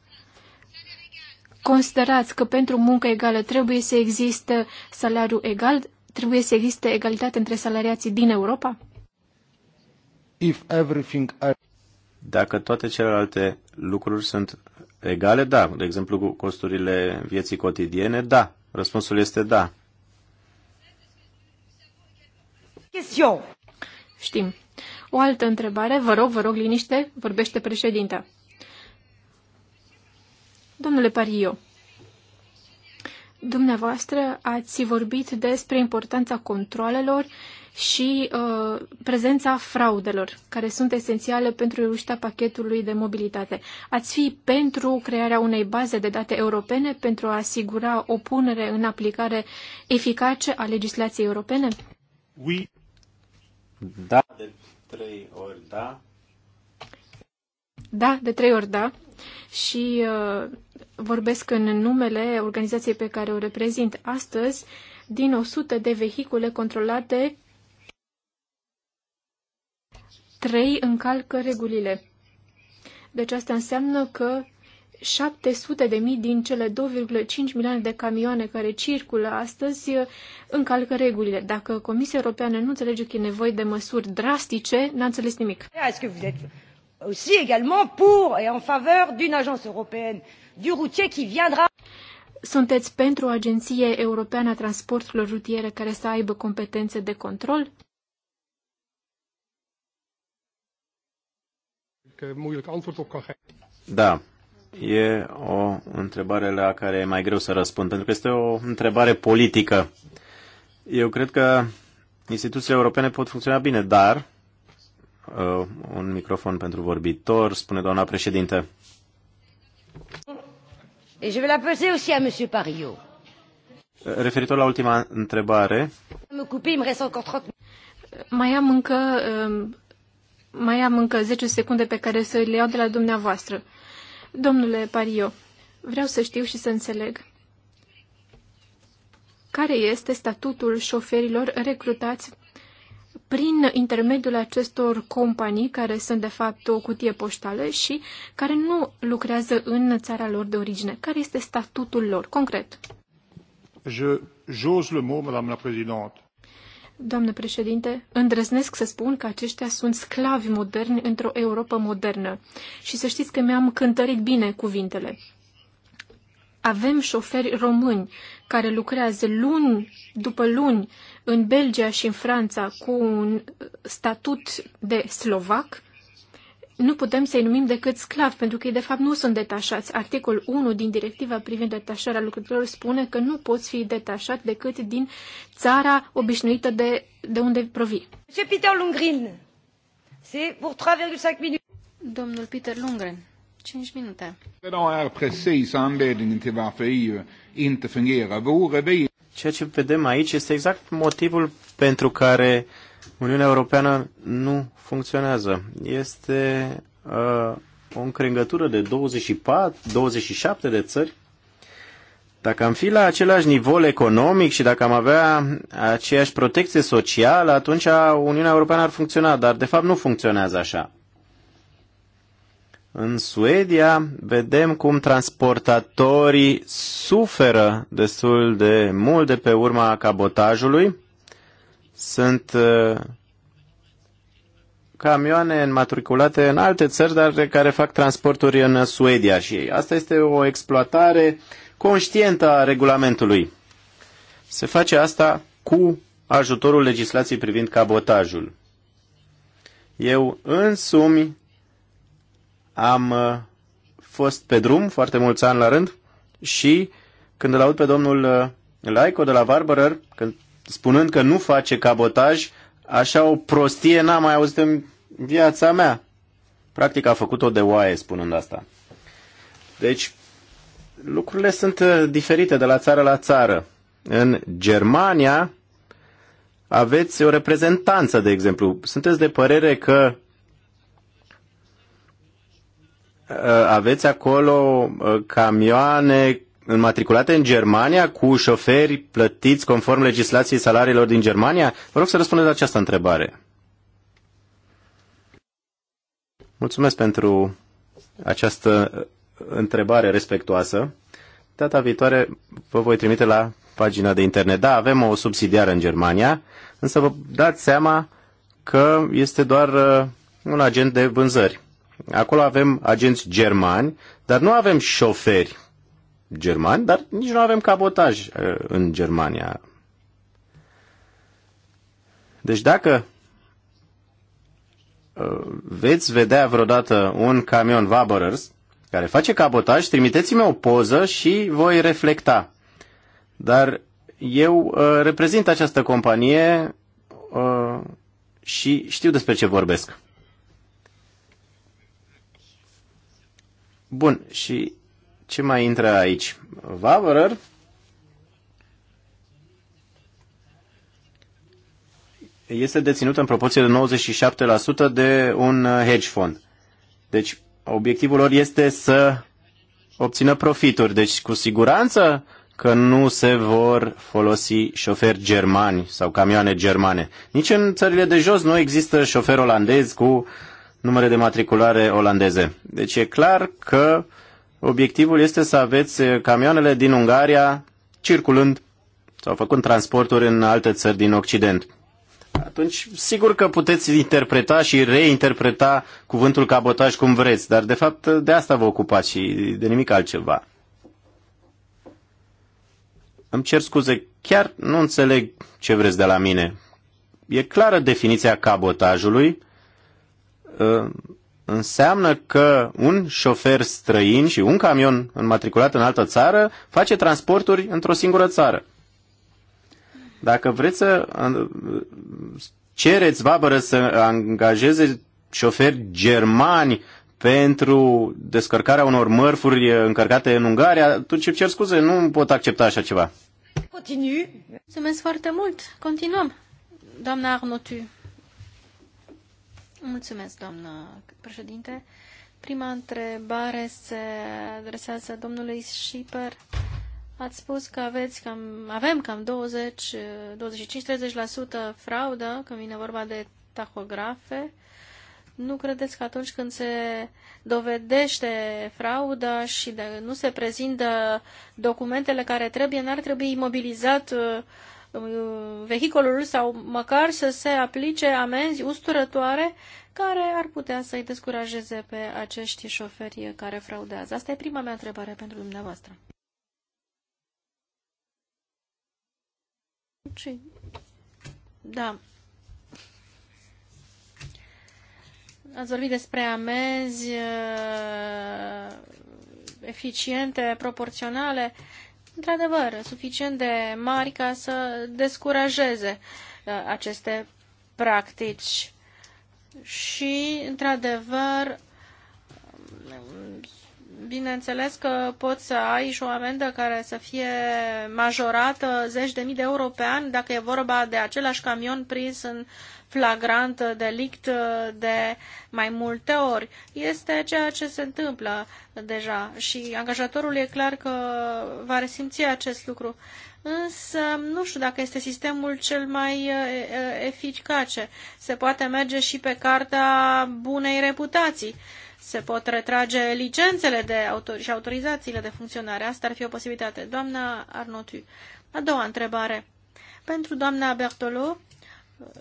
considerați că pentru muncă egală trebuie să existe salariu egal? Trebuie să existe egalitate între salariații din Europa? If everything are... Dacă toate celelalte lucruri sunt egale, da. De exemplu, cu costurile vieții cotidiene, da. Răspunsul este da. Știm. O altă întrebare, vă rog, vă rog liniște, vorbește președinta. Domnule Pariu, dumneavoastră ați vorbit despre importanța controlelor și uh, prezența fraudelor, care sunt esențiale pentru reușita pachetului de mobilitate. Ați fi pentru crearea unei baze de date europene pentru a asigura o punere în aplicare eficace a legislației europene? Oui. Da, de trei ori da, da, de trei ori da. Și uh, vorbesc în numele organizației pe care o reprezint astăzi. Din 100 de vehicule controlate, trei încalcă regulile. Deci asta înseamnă că 700 de mii din cele 2,5 milioane de camioane care circulă astăzi încalcă regulile. Dacă Comisia Europeană nu înțelege că e nevoie de măsuri drastice, n-a înțeles nimic aussi également pour et en faveur d'une agence européenne du routier qui viendra. Sunteți pentru o agenție europeană a transporturilor rutiere care să aibă competențe de control? Eh, da, e o întrebare la care e mai greu să răspund, pentru că este o întrebare politică. Eu cred că instituțiile europene pot funcționa bine, dar Uh, un microfon pentru vorbitor, spune doamna președinte. Et je vais la poser aussi à monsieur Pario. Uh, referitor la ultima întrebare. Mai am încă um, mai am încă 10 secunde pe care să le iau de la dumneavoastră. Domnule Pario, vreau să știu și să înțeleg. Care este statutul șoferilor recrutați prin intermediul acestor companii care sunt de fapt o cutie poștală și care nu lucrează în țara lor de origine. Care este statutul lor concret? Je, j'ose le mot, madame la présidente. Doamnă președinte, îndrăznesc să spun că aceștia sunt sclavi moderni într-o Europa modernă. Și să știți că mi-am cântărit bine cuvintele. Avem șoferi români care lucrează luni după luni în Belgia și în Franța cu un statut de slovac, nu putem să-i numim decât sclav, pentru că ei de fapt nu sunt detașați. Articolul 1 din directiva privind detașarea lucrătorilor spune că nu poți fi detașat decât din țara obișnuită de, de unde provii. Peter Domnul Peter Lundgren. 5 minute. Ceea ce vedem aici este exact motivul pentru care Uniunea Europeană nu funcționează. Este uh, o încrengătură de 24, 27 de țări. Dacă am fi la același nivel economic și dacă am avea aceeași protecție socială, atunci Uniunea Europeană ar funcționa, dar de fapt nu funcționează așa. În Suedia vedem cum transportatorii suferă destul de mult de pe urma cabotajului. Sunt uh, camioane înmatriculate în alte țări, dar care fac transporturi în Suedia și asta este o exploatare conștientă a regulamentului. Se face asta cu ajutorul legislației privind cabotajul. Eu însumi am uh, fost pe drum foarte mulți ani la rând și când îl aud pe domnul uh, Laico de la Barberer, când, spunând că nu face cabotaj, așa o prostie n-am mai auzit în viața mea. Practic a făcut-o de oaie spunând asta. Deci, lucrurile sunt uh, diferite de la țară la țară. În Germania aveți o reprezentanță, de exemplu. Sunteți de părere că Uh, aveți acolo uh, camioane înmatriculate în Germania cu șoferi plătiți conform legislației salariilor din Germania? Vă rog să răspundeți la această întrebare. Mulțumesc pentru această uh, întrebare respectuoasă. Data viitoare vă voi trimite la pagina de internet. Da, avem o subsidiară în Germania, însă vă dați seama că este doar un agent de vânzări. Acolo avem agenți germani, dar nu avem șoferi germani, dar nici nu avem cabotaj uh, în Germania. Deci dacă uh, veți vedea vreodată un camion Waberers care face cabotaj, trimiteți-mi o poză și voi reflecta. Dar eu uh, reprezint această companie uh, și știu despre ce vorbesc. Bun, și ce mai intră aici? Vavărăr? Este deținut în proporție de 97% de un uh, hedge fund. Deci, obiectivul lor este să obțină profituri. Deci, cu siguranță că nu se vor folosi șoferi germani sau camioane germane. Nici în țările de jos nu există șofer olandez cu numere de matriculare olandeze. Deci e clar că obiectivul este să aveți eh, camioanele din Ungaria circulând sau făcând transporturi în alte țări din Occident. Atunci, sigur că puteți interpreta și reinterpreta cuvântul cabotaj cum vreți, dar de fapt de asta vă ocupați și de nimic altceva. Îmi cer scuze, chiar nu înțeleg ce vreți de la mine. E clară definiția cabotajului, Uh, înseamnă că un șofer străin și un camion înmatriculat în altă țară face transporturi într-o singură țară. Dacă vreți să uh, cereți vabără să angajeze șoferi germani pentru descărcarea unor mărfuri uh, încărcate în Ungaria, atunci ce cer scuze, nu pot accepta așa ceva. Continui. Mulțumesc foarte mult. Continuăm. Doamna Arnotu. Mulțumesc, doamnă președinte. Prima întrebare se adresează domnului Schipper. Ați spus că aveți cam, avem cam 20, 25-30% fraudă când vine vorba de tahografe. Nu credeți că atunci când se dovedește frauda și de, nu se prezintă documentele care trebuie, n-ar trebui imobilizat uh, vehicolul sau măcar să se aplice amenzi usturătoare care ar putea să-i descurajeze pe acești șoferi care fraudează. Asta e prima mea întrebare pentru dumneavoastră. Ce? Da. Ați vorbit despre amenzi uh, eficiente, proporționale. Uh, într-adevăr, suficient de mari ca să descurajeze uh, aceste practici. Și, într-adevăr, um, bineînțeles că poți să ai și o amendă care să fie majorată zeci de mii de euro pe an dacă e vorba de același camion prins în flagrant delict uh, de mai multe ori. Este ceea ce se întâmplă deja și angajatorul e clar că va resimți acest lucru. Însă nu știu dacă este sistemul cel mai uh, uh, eficace. Se poate merge și pe cartea bunei reputații se pot retrage licențele de autor- și autorizațiile de funcționare. Asta ar fi o posibilitate. Doamna Arnotu, a doua întrebare. Pentru doamna Bertolo,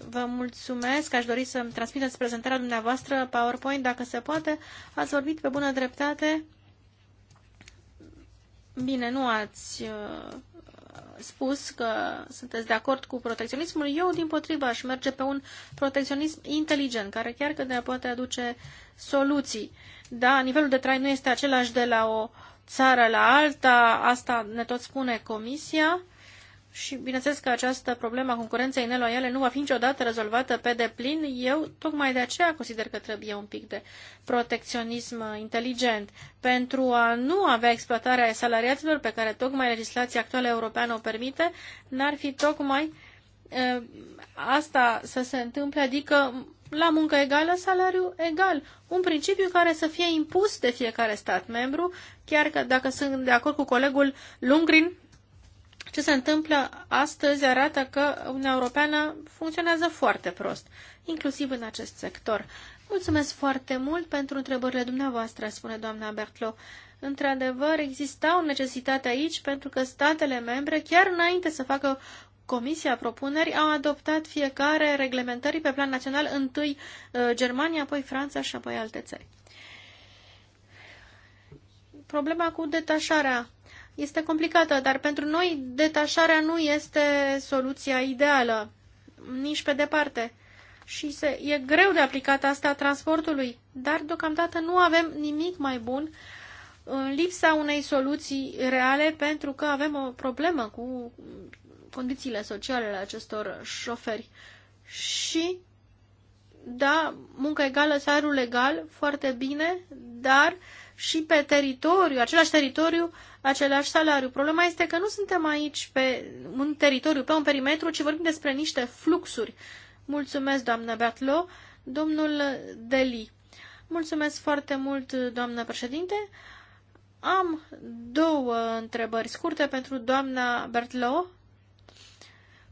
Vă mulțumesc, aș dori să-mi transmiteți prezentarea dumneavoastră PowerPoint, dacă se poate. Ați vorbit pe bună dreptate. Bine, nu ați uh, spus că sunteți de acord cu protecționismul. Eu, din potriva, aș merge pe un protecționism inteligent, care chiar că de poate aduce soluții. Da, nivelul de trai nu este același de la o țară la alta, asta ne tot spune Comisia. Uh, și bineînțeles că această problemă a concurenței neloiale nu va fi niciodată rezolvată pe deplin. Eu tocmai de aceea consider că trebuie un pic de protecționism inteligent pentru a nu avea exploatarea salariaților pe care tocmai legislația actuală europeană o permite, n-ar fi tocmai e, asta să se întâmple, adică la muncă egală, salariu egal. Un principiu care să fie impus de fiecare stat membru, chiar că dacă sunt de acord cu colegul Lungrin, ce se întâmplă astăzi arată că Uniunea Europeană funcționează foarte prost, inclusiv în acest sector. Mulțumesc foarte mult pentru întrebările dumneavoastră, spune doamna Bertlo. Într-adevăr, exista o necesitate aici pentru că statele membre, chiar înainte să facă Comisia propuneri, au adoptat fiecare reglementări pe plan național, întâi uh, Germania, apoi Franța și apoi alte țări. Problema cu detașarea este complicată, dar pentru noi detașarea nu este soluția ideală, nici pe departe. Și se, e greu de aplicat asta transportului, dar deocamdată nu avem nimic mai bun în lipsa unei soluții reale pentru că avem o problemă cu condițiile sociale ale acestor șoferi. Și, da, muncă egală, salariu legal, foarte bine, dar uh, și pe teritoriu, același teritoriu, același salariu. Problema este că nu suntem aici pe un teritoriu, pe un perimetru, ci vorbim despre niște fluxuri. Mulțumesc, doamnă Beatlo. Domnul Deli. Mulțumesc foarte mult, doamnă președinte. Am două întrebări scurte pentru doamna Bertlo.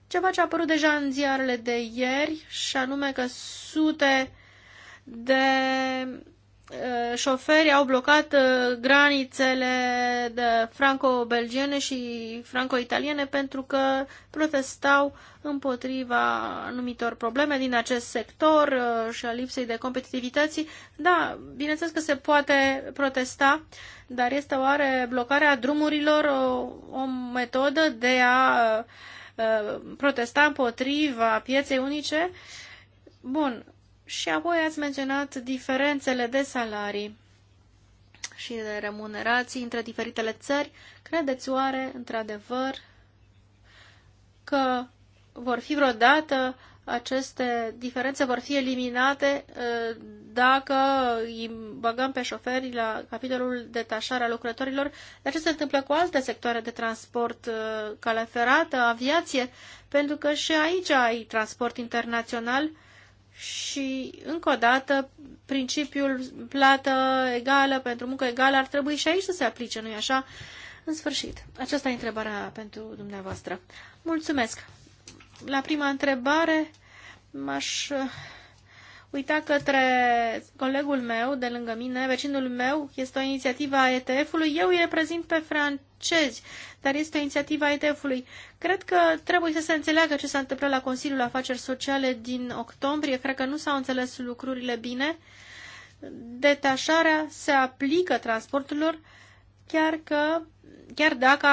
Ceva ce a apărut deja în ziarele de ieri, și anume că sute de Uh, șoferii au blocat uh, granițele de franco-belgiene și franco-italiene pentru că protestau împotriva anumitor probleme din acest sector uh, și a lipsei de competitivității. Da, bineînțeles că se poate protesta, dar este oare blocarea drumurilor o, o metodă de a protesta împotriva pieței unice? Bun, și apoi ați menționat diferențele de salarii și de remunerații între diferitele țări. Credeți oare, într-adevăr, că vor fi vreodată aceste diferențe vor fi eliminate uh, dacă îi băgăm pe șoferi la capitolul detașarea lucrătorilor, dar ce se întâmplă cu alte sectoare de transport, uh, cale ferată, aviație, pentru că și aici ai transport internațional și, încă o dată, principiul plată egală pentru muncă egală ar trebui și aici să se aplice, nu-i așa? În sfârșit, aceasta e întrebarea pentru dumneavoastră. Mulțumesc! La prima întrebare m-aș uh, uita către colegul meu de lângă mine, vecinul meu, este o inițiativă a ETF-ului. Eu îi reprezint pe Fran francezi, dar este o inițiativă a ETF-ului. Cred că trebuie să se înțeleagă ce s-a întâmplat la Consiliul Afaceri Sociale din octombrie. Cred că nu s-au înțeles lucrurile bine. Detașarea se aplică transporturilor, chiar că, chiar dacă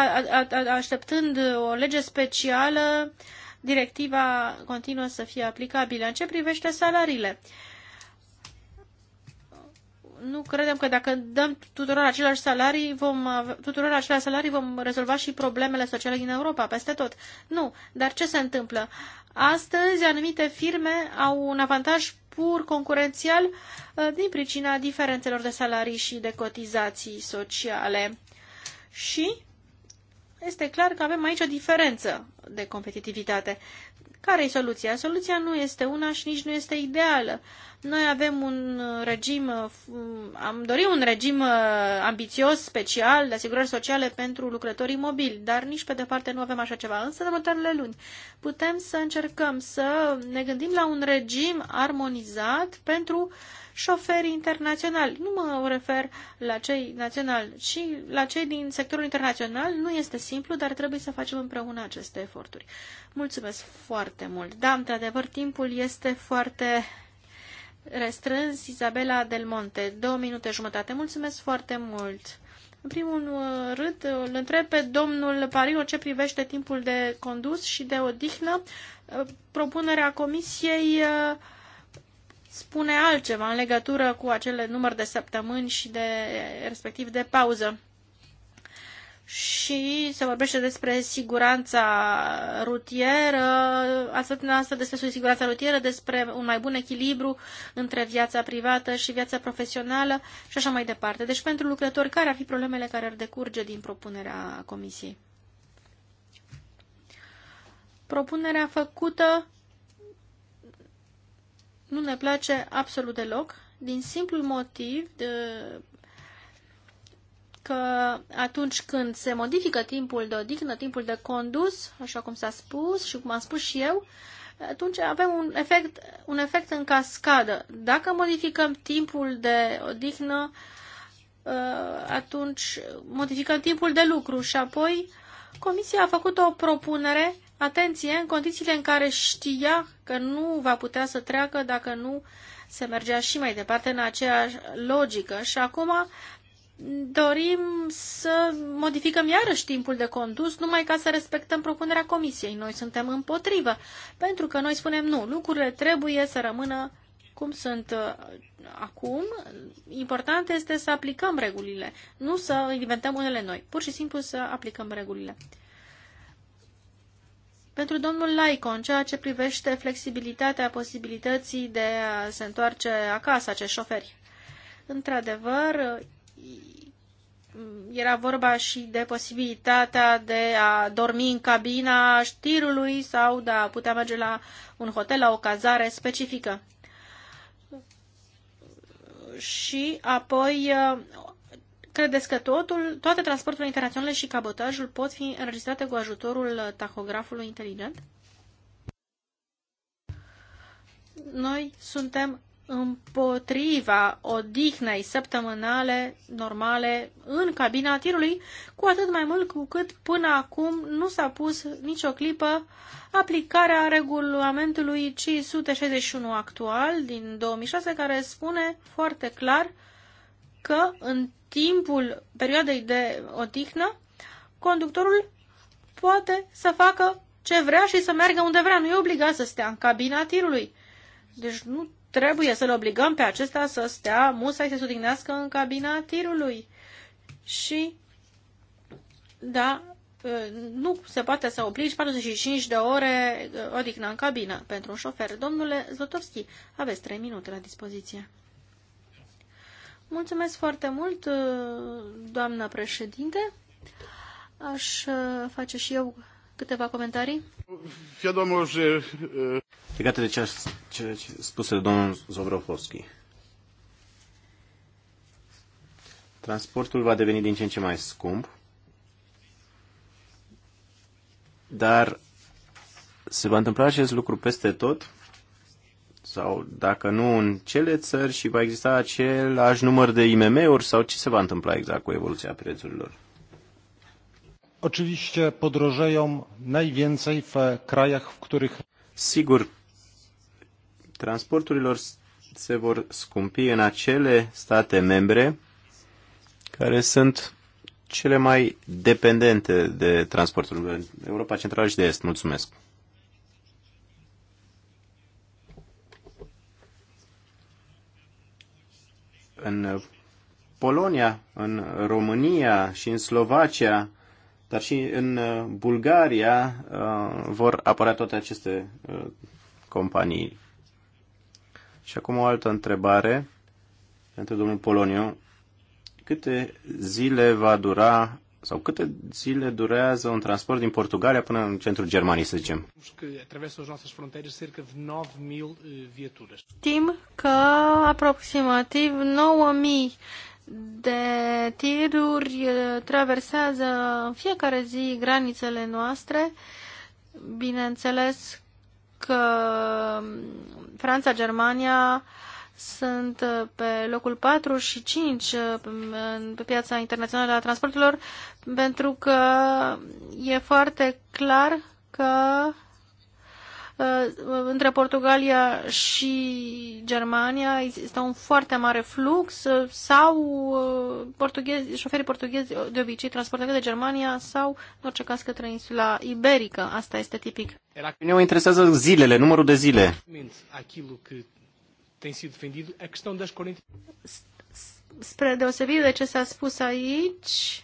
așteptând o lege specială, directiva continuă să fie aplicabilă. În ce privește salariile? nu credem că dacă dăm tuturor același salarii, vom, tuturor același salarii vom rezolva și problemele sociale din Europa, peste tot. Nu. Dar ce se întâmplă? Astăzi, anumite firme au un avantaj pur concurențial uh, din pricina diferențelor de salarii și de cotizații sociale. Și este clar că avem aici o diferență de competitivitate. Care e soluția? Soluția nu este una și nici nu este ideală. Noi avem un regim, uh, am dorit un regim uh, ambițios, special, de asigurări sociale pentru lucrătorii mobili, dar nici pe departe nu avem așa ceva. Însă, în următoarele luni, putem să încercăm să ne gândim la un regim armonizat pentru șoferi internaționali. Nu mă refer la cei naționali, ci la cei din sectorul internațional. Nu este simplu, dar trebuie să facem împreună aceste eforturi. Mulțumesc foarte mult. Da, într-adevăr, timpul este foarte restrâns. Isabela Del Monte, două minute jumătate. Mulțumesc foarte mult. În primul rând, îl întreb pe domnul Pariu ce privește timpul de condus și de odihnă. Propunerea comisiei uh, spune altceva în legătură cu acele număr de săptămâni și de respectiv de pauză. Și se vorbește despre siguranța rutieră, ați asta despre siguranța rutieră, despre un mai bun echilibru între viața privată și viața profesională și așa mai departe. Deci pentru lucrători, care ar fi problemele care ar decurge din propunerea comisiei? Propunerea făcută nu ne place absolut deloc, din simplul motiv de, că atunci când se modifică timpul de odihnă, timpul de condus, așa cum s-a spus și cum am spus și eu, atunci avem un efect, un efect în cascadă. Dacă modificăm timpul de odihnă, ă, atunci modificăm timpul de lucru și apoi Comisia a făcut o propunere atenție în condițiile în care știa că nu va putea să treacă dacă nu se mergea și mai departe în aceeași logică. Și acum dorim să modificăm iarăși timpul de condus numai ca să respectăm propunerea comisiei. Noi suntem împotrivă, pentru că noi spunem nu, lucrurile trebuie să rămână cum sunt uh, acum. Important este să aplicăm regulile, nu să inventăm unele noi, pur și simplu să aplicăm regulile. Pentru domnul Laico, în ceea ce privește flexibilitatea posibilității de a se întoarce acasă acești șoferi. Într-adevăr, era vorba și de posibilitatea de a dormi în cabina știrului sau de a putea merge la un hotel, la o cazare specifică. Și apoi Credeți că totul, toate transporturile internaționale și cabotajul pot fi înregistrate cu ajutorul tahografului inteligent? Noi suntem împotriva odihnei săptămânale normale în cabina tirului, cu atât mai mult cu cât până acum nu s-a pus nicio clipă aplicarea regulamentului 561 actual din 2006, care spune foarte clar că în timpul perioadei de odihnă, conductorul poate să facă ce vrea și să meargă unde vrea. Nu e obligat să stea în cabina tirului. Deci nu trebuie să-l obligăm pe acesta să stea musai să se odihnească în cabina tirului. Și, da, ă, nu se poate să oblige 45 de ore ă, odihnă în cabină pentru un șofer. Domnule Zlotovski, aveți 3 minute la dispoziție. Mulțumesc foarte mult, uh, doamna președinte. Aș uh, face și eu câteva comentarii. Wiadomo, że... Legate de ce a spus domnul Zobrofovski. Transportul va deveni din ce în ce mai scump, dar se va întâmpla acest lucru peste tot sau dacă nu în cele țări și va exista același număr de IMM-uri sau ce se va întâmpla exact cu evoluția prețurilor? Oczywiście podrożeją najwięcej w krajach, w których... Sigur, transporturilor se vor scumpi în acele state membre care sunt cele mai dependente de transportul Europa Centrală și de Est. Mulțumesc! în Polonia, în România și în Slovacia, dar și în uh, Bulgaria uh, vor apărea toate aceste uh, companii. Și acum o altă întrebare pentru domnul Poloniu. Câte zile va dura sau câte zile durează un transport din Portugalia până în centrul Germaniei, să zicem? Știm că uh, aproximativ 9.000 de tiruri uh, traversează în fiecare zi granițele noastre. Bineînțeles că um, Franța, Germania, uh, sunt uh, pe locul 4 și 5 uh, pe piața internațională a transporturilor, pentru că e foarte clar că uh, între Portugalia și Germania există un foarte mare flux sau portughezi, șoferii portughezi de obicei transportă de Germania sau în orice caz către insula iberică. Asta este tipic. Ne interesează zilele, numărul de zile tem sido defendido, a questão das 40... Spre deosebire de ce s-a spus aici,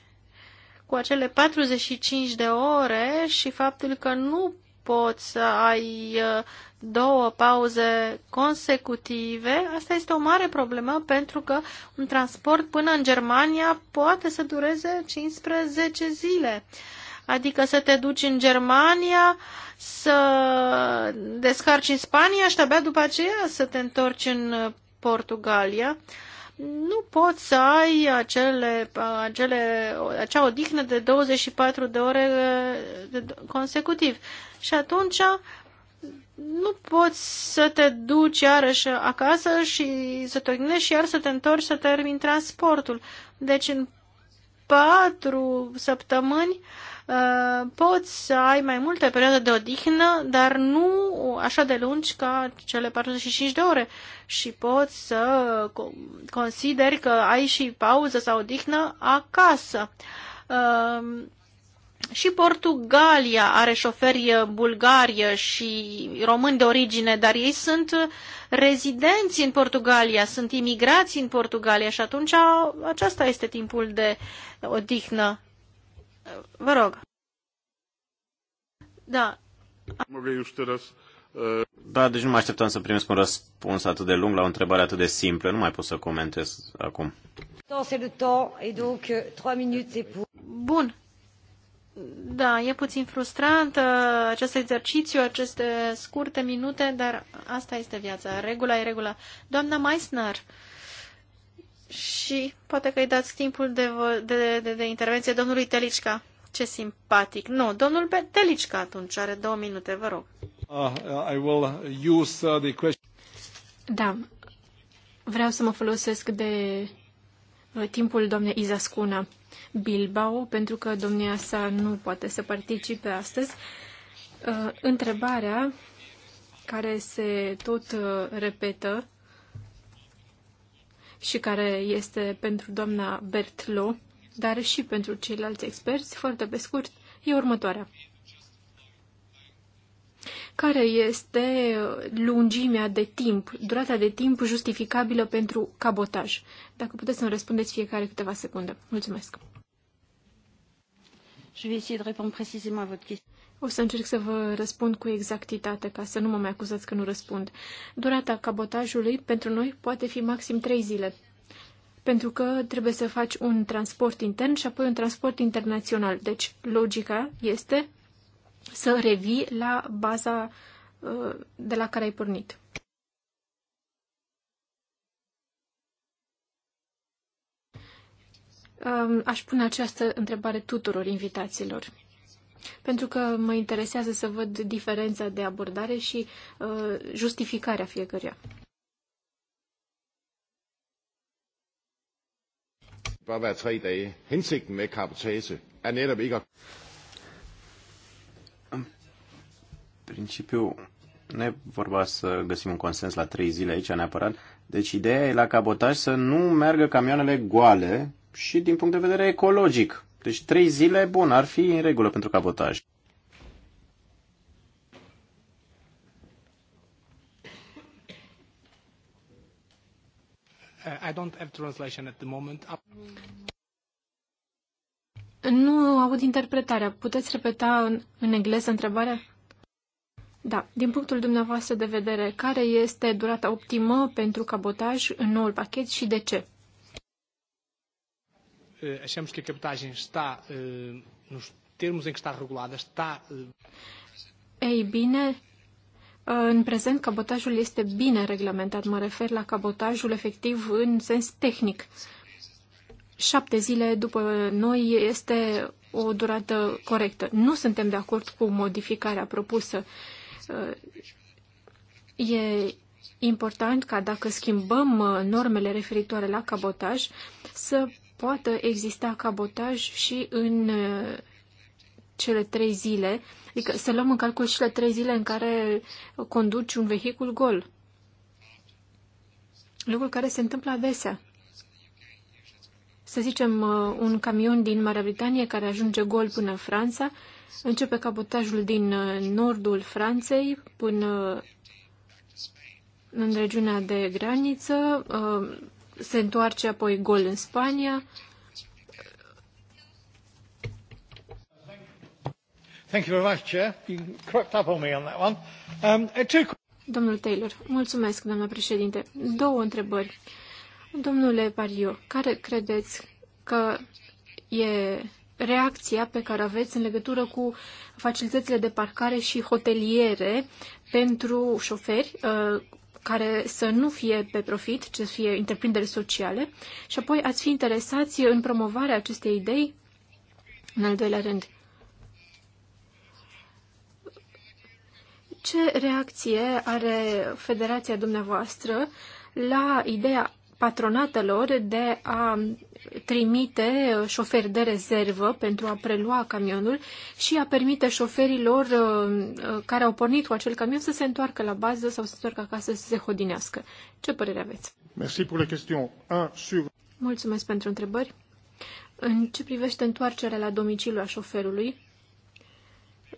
cu acele 45 de ore și faptul că nu poți să ai uh, două pauze consecutive, asta este o mare problemă pentru că un transport până în Germania poate să dureze 15 zile. Uh, Adică să te duci în Germania, să descarci în Spania și abia după aceea să te întorci în uh, Portugalia. Nu poți să ai acele, uh, acele, acea odihnă de 24 de ore uh, consecutiv. Și atunci nu poți să te duci iarăși acasă și să te odihnești și iar să te întorci să termini transportul. Deci în patru săptămâni uh, Uh, poți să ai mai multe perioade de odihnă, dar nu așa de lungi ca cele 45 de ore și poți să consideri că ai și pauză sau odihnă acasă. Uh, și Portugalia are șoferi bulgari și români de origine, dar ei sunt rezidenți în Portugalia, sunt imigrați în Portugalia și atunci aceasta este timpul de odihnă Vă rog. Da. Da, deci nu mă așteptam să primesc un răspuns atât de lung la o întrebare atât de simplă. Nu mai pot să comentez acum. Euh, Bun. Da, e puțin frustrant uh, acest exercițiu, aceste scurte minute, dar asta este viața. Regula e regula. Doamna Meissner, și poate că îi dați timpul de, de, de, de intervenție domnului Telicica. Ce simpatic. Nu, domnul Telicica atunci are două minute, vă rog. Uh, I will use uh, the question. Da. Vreau să mă folosesc de uh, timpul doamnei Izascuna Bilbao, pentru că domnia sa nu poate să participe astăzi. Uh, întrebarea care se tot repetă și care este pentru doamna Bertlo, dar și pentru ceilalți experți, foarte pe scurt, e următoarea. Care este lungimea de timp, durata de timp justificabilă pentru cabotaj? Dacă puteți să-mi răspundeți fiecare câteva secunde. Mulțumesc. Je vais essayer de répondre précisément à votre question. O să încerc să vă răspund cu exactitate, ca să nu mă mai acuzați că nu răspund. Durata cabotajului pentru noi poate fi maxim 3 zile, pentru că trebuie să faci un transport intern și apoi un transport internațional. Deci, logica este să revii la baza uh, de la care ai pornit. Um, aș pune această întrebare tuturor invitațiilor pentru că mă interesează să văd diferența de abordare și uh, justificarea fiecăruia. Er În principiu, nu e vorba să găsim un consens la trei zile aici neapărat. Deci ideea e la cabotaj să nu meargă camioanele goale și din punct de vedere ecologic. Deci trei zile, bun, ar fi în regulă pentru cabotaj. Uh, I don't have translation at the moment. Nu aud interpretarea. Puteți repeta în, în engleză întrebarea? Da. Din punctul dumneavoastră de vedere, care este durata optimă pentru cabotaj în noul pachet și de ce? Eh, achamos que a cabotagem está, eh, nos termos em que está regulada, está. Eh, Ei bine, în prezent cabotajul este bine reglementat. Mă refer la cabotajul efectiv în sens tehnic. Șapte zile după noi este o durată corectă. Nu suntem de acord cu modificarea propusă. E important ca dacă schimbăm normele referitoare la cabotaj să poată exista cabotaj și în uh, cele trei zile, adică să luăm în calcul și la trei zile în care conduci un vehicul gol. Lucrul care se întâmplă adesea. Să zicem, uh, un camion din Marea Britanie care ajunge gol până în Franța, începe cabotajul din uh, nordul Franței până în regiunea de graniță, se întoarce apoi gol în Spania. Thank you very much, Chair. You crept up on me on that one. Um, uh, two... Domnul Taylor, mulțumesc, domnule președinte. Două întrebări. Domnule Pariu, care credeți că e reacția pe care aveți în legătură cu facilitățile de parcare și hoteliere pentru șoferi uh, care să nu fie pe profit, ci să fie întreprinderi sociale și apoi ați fi interesați în promovarea acestei idei în al doilea rând. Ce reacție are federația dumneavoastră la ideea patronatelor de a trimite șoferi de rezervă pentru a prelua camionul și a permite șoferilor uh, uh, care au pornit cu acel camion să se întoarcă la bază sau să se întoarcă acasă să se hodinească. Ce părere aveți? Merci pour les questions. Un, sur... Mulțumesc pentru întrebări. În ce privește întoarcerea la domiciliu a șoferului,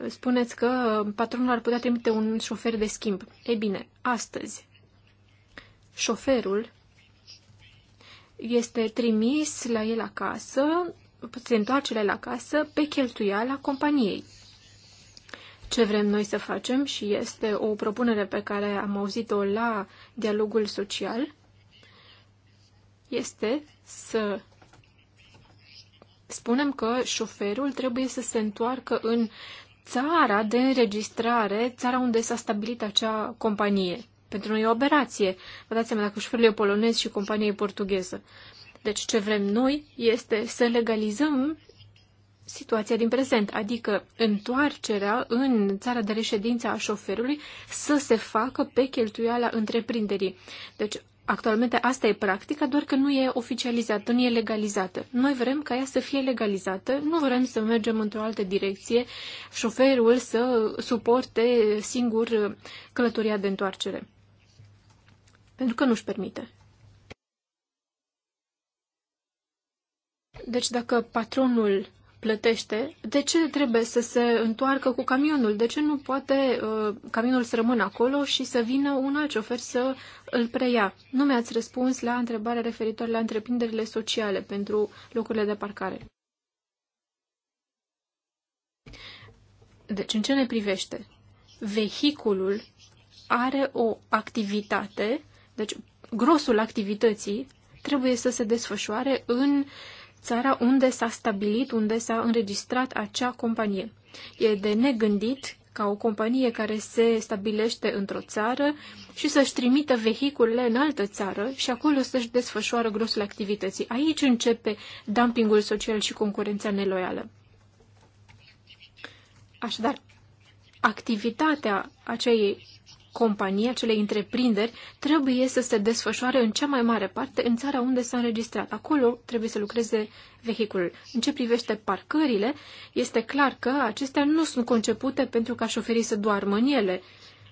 spuneți că patronul ar putea trimite un șofer de schimb. Ei bine, astăzi, șoferul este trimis la el acasă, se întoarce la el acasă pe cheltuiala companiei. Ce vrem noi să facem și este o propunere pe care am auzit-o la dialogul social, este să spunem că șoferul trebuie să se întoarcă în țara de înregistrare, țara unde s-a stabilit acea companie pentru noi e o operație. Vă dați seama dacă șoferul e polonez și compania e portugheză. Deci ce vrem noi este să legalizăm situația din prezent, adică întoarcerea în țara de reședință a șoferului să se facă pe cheltuiala întreprinderii. Deci Actualmente asta e practica, doar că nu e oficializată, nu e legalizată. Noi vrem ca ea să fie legalizată, nu vrem să mergem într-o altă direcție, șoferul să suporte singur călătoria de întoarcere pentru că nu-și permite. Deci dacă patronul plătește, de ce trebuie să se întoarcă cu camionul? De ce nu poate uh, camionul să rămână acolo și să vină un alt șofer să îl preia? Nu mi-ați răspuns la întrebarea referitoare la întreprinderile sociale pentru locurile de parcare. Deci, în ce ne privește? Vehiculul are o activitate deci, grosul activității trebuie să se desfășoare în țara unde s-a stabilit, unde s-a înregistrat acea companie. E de negândit ca o companie care se stabilește într-o țară și să-și trimită vehiculele în altă țară și acolo să-și desfășoară grosul activității. Aici începe dumpingul social și concurența neloială. Așadar, activitatea acei companii, acele întreprinderi, trebuie să se desfășoare în cea mai mare parte în țara unde s-a înregistrat. Acolo trebuie să lucreze vehiculul. În ce privește parcările, este clar că acestea nu sunt concepute pentru ca șoferii să doarmă în ele,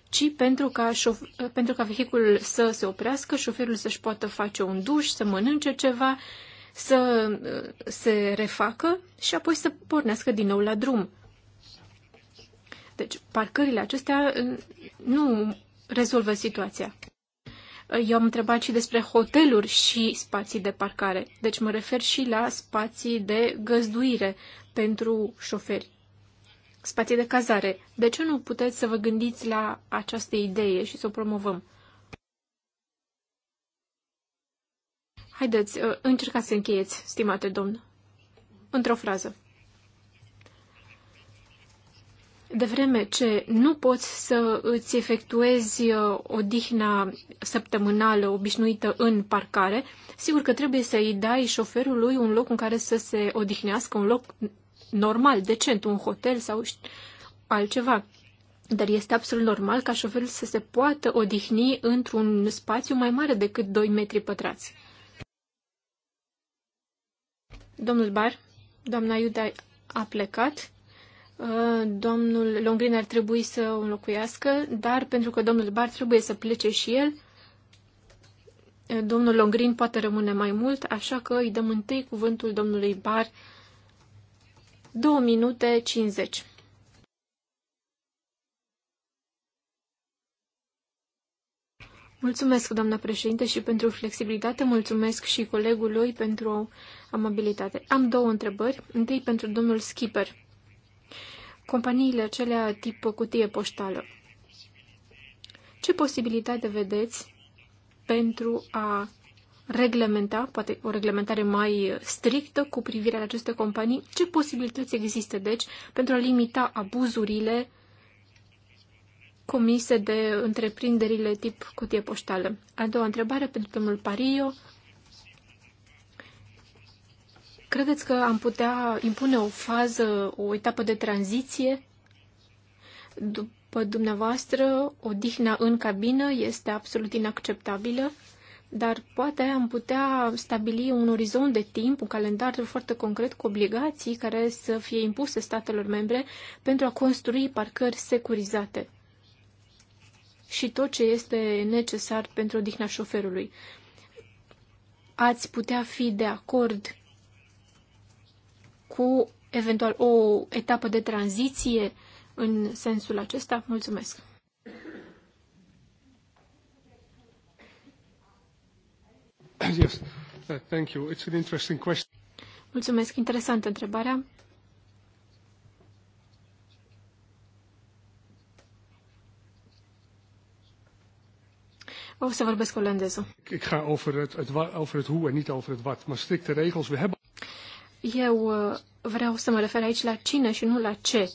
ci pentru ca, șof- pentru ca vehiculul să se oprească, șoferul să-și poată face un duș, să mănânce ceva, să se refacă și apoi să pornească din nou la drum. Deci, parcările acestea nu rezolvă situația. Eu am întrebat și despre hoteluri și spații de parcare. Deci mă refer și la spații de găzduire pentru șoferi, spații de cazare. De ce nu puteți să vă gândiți la această idee și să o promovăm? Haideți, uh, încercați să încheieți, stimate domn, într-o frază de vreme ce nu poți să îți efectuezi uh, odihna săptămânală obișnuită în parcare, sigur că trebuie să-i dai șoferului un loc în care să se odihnească, un loc normal, decent, un hotel sau altceva. Dar este absolut normal ca șoferul să se poată odihni într-un spațiu mai mare decât 2 metri pătrați. Domnul Bar, doamna Iuda a plecat. Uh, domnul Longrin ar trebui să o înlocuiască, dar pentru că domnul Bar trebuie să plece și el, uh, domnul Longrin poate rămâne mai mult, așa că îi dăm întâi cuvântul domnului Bar 2 minute 50. Mulțumesc, doamna președinte, și pentru flexibilitate. Mulțumesc și colegului pentru amabilitate. Am două întrebări. Întâi pentru domnul Skipper companiile acelea tip cutie poștală. Ce posibilitate vedeți pentru a reglementa, poate o reglementare mai strictă cu privire la aceste companii? Ce posibilități există, deci, pentru a limita abuzurile comise de întreprinderile tip cutie poștală? A doua întrebare pentru domnul Pario, Credeți că am putea impune o fază, o etapă de tranziție? După dumneavoastră, odihna în cabină este absolut inacceptabilă, dar poate am putea stabili un orizont de timp, un calendar foarte concret cu obligații care să fie impuse statelor membre pentru a construi parcări securizate și tot ce este necesar pentru odihna șoferului. Ați putea fi de acord cu eventual o etapă de tranziție în sensul acesta? Mulțumesc! Yes. Thank you. It's an interesting question. Mulțumesc, interesantă întrebarea. O să vorbesc olandeză. Ik ga over het, het, over het hoe en niet over het wat, maar strikte regels. We hebben... Eu uh, vreau să mă refer aici la cine și nu la ce.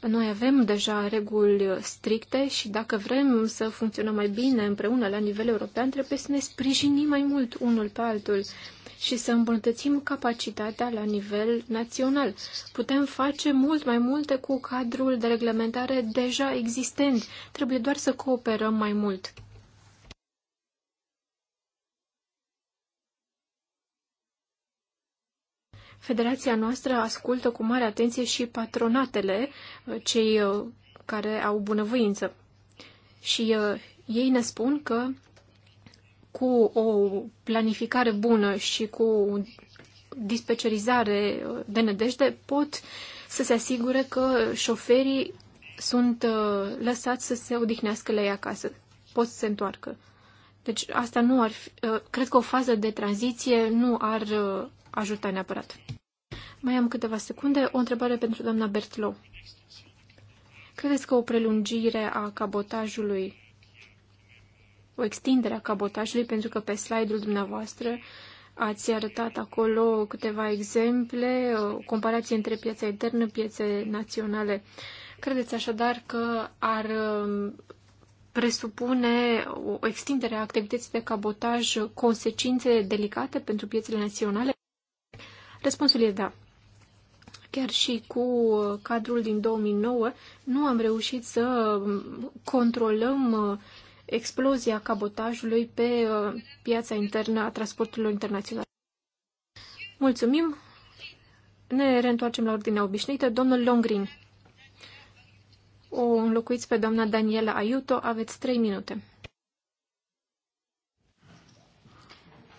Noi avem deja reguli uh, stricte și dacă vrem să funcționăm mai bine împreună la nivel european, trebuie să ne sprijinim mai mult unul pe altul și să îmbunătățim capacitatea la nivel național. Putem face mult mai multe cu cadrul de reglementare deja existent. Trebuie doar să cooperăm mai mult. Federația noastră ascultă cu mare atenție și patronatele, uh, cei uh, care au bunăvoință. Și uh, ei ne spun că cu o planificare bună și cu dispecerizare de nădejde pot să se asigure că șoferii sunt lăsați să se odihnească la ei acasă, pot să se întoarcă. Deci asta nu ar fi, cred că o fază de tranziție nu ar ajuta neapărat. Mai am câteva secunde. O întrebare pentru doamna Bertlow. Credeți că o prelungire a cabotajului, o extindere a cabotajului, pentru că pe slide-ul dumneavoastră ați arătat acolo câteva exemple, o comparație între piața internă, piețe naționale. Credeți așadar că ar um, presupune o extindere a activității de cabotaj consecințe delicate pentru piețele naționale? Răspunsul e da. Chiar și cu uh, cadrul din 2009 nu am reușit să um, controlăm uh, explozia cabotajului pe uh, piața internă a transporturilor internaționale. Mulțumim! Ne reîntoarcem la ordinea obișnuită. Domnul Longrin, o înlocuiți pe doamna Daniela Aiuto. Aveți trei minute.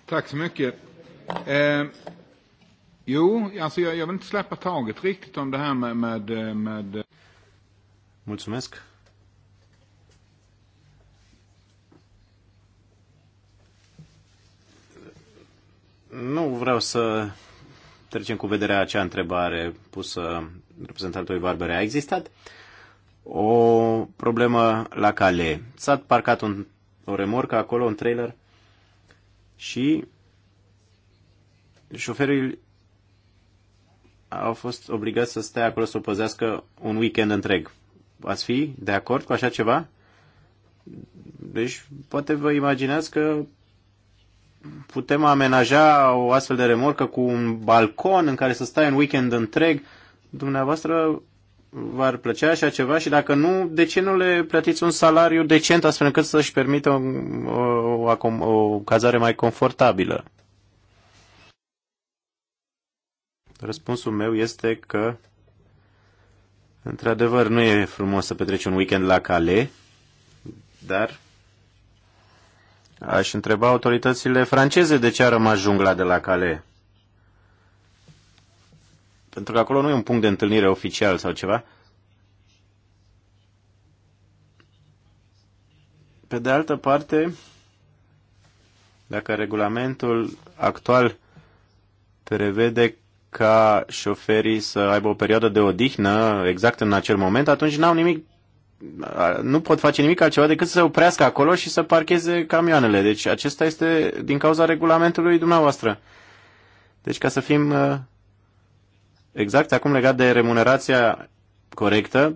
Tack så mycket. Eh, Jo, alltså jag, jag vill inte släppa taget riktigt om det här med... med, eh, med... Eh. Mulțumesc. Nu vreau să trecem cu vederea acea întrebare pusă reprezentantului Barbere. A existat o problemă la cale. S-a parcat un, o remorcă acolo, un trailer, și șoferul au fost obligați să stea acolo să păzească un weekend întreg. Ați fi de acord cu așa ceva? Deci, poate vă imaginați că putem amenaja o astfel de remorcă cu un balcon în care să stai un weekend întreg. Dumneavoastră v-ar plăcea așa ceva și dacă nu, de ce nu le plătiți un salariu decent astfel încât să-și permită o, o, o, o cazare mai confortabilă? Răspunsul meu este că, într-adevăr, nu e frumos să petreci un weekend la cale, dar aș întreba autoritățile franceze de ce a rămas jungla de la cale. Pentru că acolo nu e un punct de întâlnire oficial sau ceva. Pe de altă parte, dacă regulamentul actual prevede ca șoferii să aibă o perioadă de odihnă exact în acel moment, atunci n-au nimic nu pot face nimic altceva decât să se oprească acolo și să parcheze camioanele. Deci acesta este din cauza regulamentului dumneavoastră. Deci ca să fim uh, exact acum legat de remunerația corectă,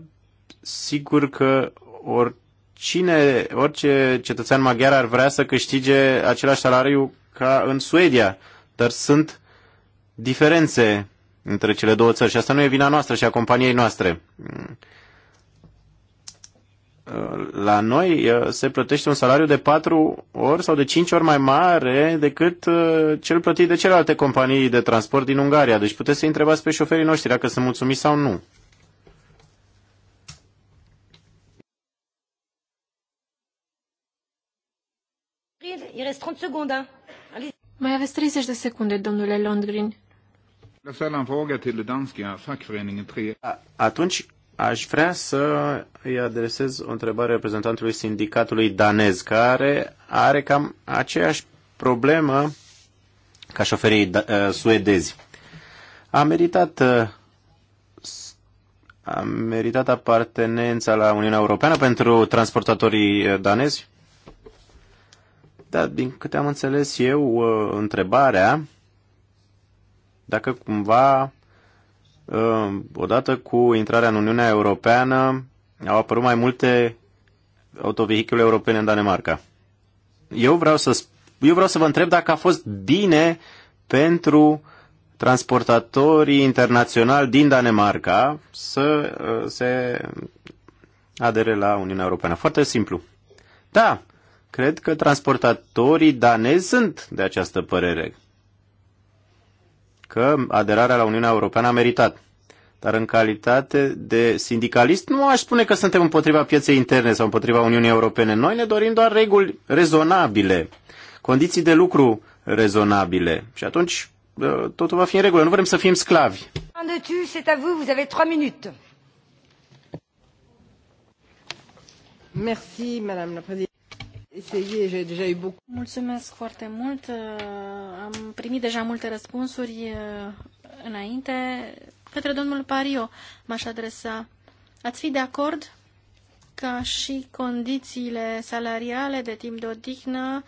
sigur că oricine, orice cetățean maghiar ar vrea să câștige același salariu ca în Suedia, dar sunt diferențe între cele două țări și asta nu e vina noastră și a companiei noastre. La noi uh, se plătește un salariu de 4 ori sau de 5 ori mai mare decât uh, cel plătit de celelalte companii de transport din Ungaria. Deci puteți să-i întrebați pe șoferii noștri dacă sunt mulțumiți sau nu. Mai aveți 30 de secunde, domnule Londgren. Atunci aș vrea să îi adresez o întrebare reprezentantului sindicatului danez, care are cam aceeași problemă ca șoferii da, uh, suedezi. A meritat uh, a meritat apartenența la Uniunea Europeană pentru transportatorii uh, danezi? Da, din câte am înțeles eu, întrebarea dacă cumva, uh, odată cu intrarea în Uniunea Europeană, au apărut mai multe autovehicule europene în Danemarca. Eu vreau să, eu vreau să vă întreb dacă a fost bine pentru transportatorii internaționali din Danemarca să uh, se adere la Uniunea Europeană. Foarte simplu. Da, cred că transportatorii danezi sunt de această părere că aderarea la Uniunea Europeană a meritat. Dar în calitate de sindicalist nu aș spune că suntem împotriva pieței interne sau împotriva Uniunii Europene. Noi ne dorim doar reguli rezonabile, condiții de lucru rezonabile. Și atunci ă, totul va fi în regulă. Nu vrem să fim sclavi. Merci, madame la Mulțumesc foarte mult. Uh, am primit deja multe răspunsuri uh, înainte. Către domnul Pario m-aș adresa. Ați fi de acord ca și condițiile salariale de timp de odihnă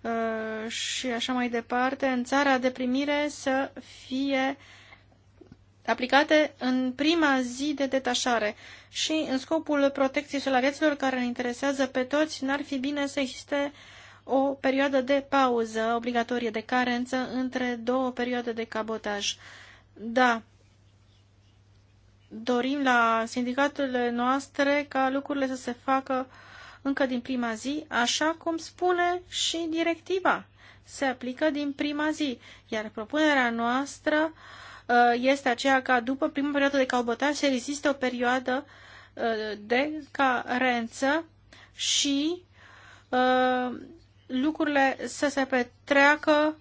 uh, și așa mai departe în țara de primire să fie uh, aplicate în prima zi de detașare și în scopul protecției salariaților care ne interesează pe toți, n-ar fi bine să existe o perioadă de pauză obligatorie de carență între două perioade de cabotaj. Da, dorim la sindicatele noastre ca lucrurile să se facă încă din prima zi, așa cum spune și directiva. Se aplică din prima zi, iar propunerea noastră Uh, este aceea ca după prima perioadă de caubătar se rezistă o perioadă uh, de carență și uh, lucrurile să se petreacă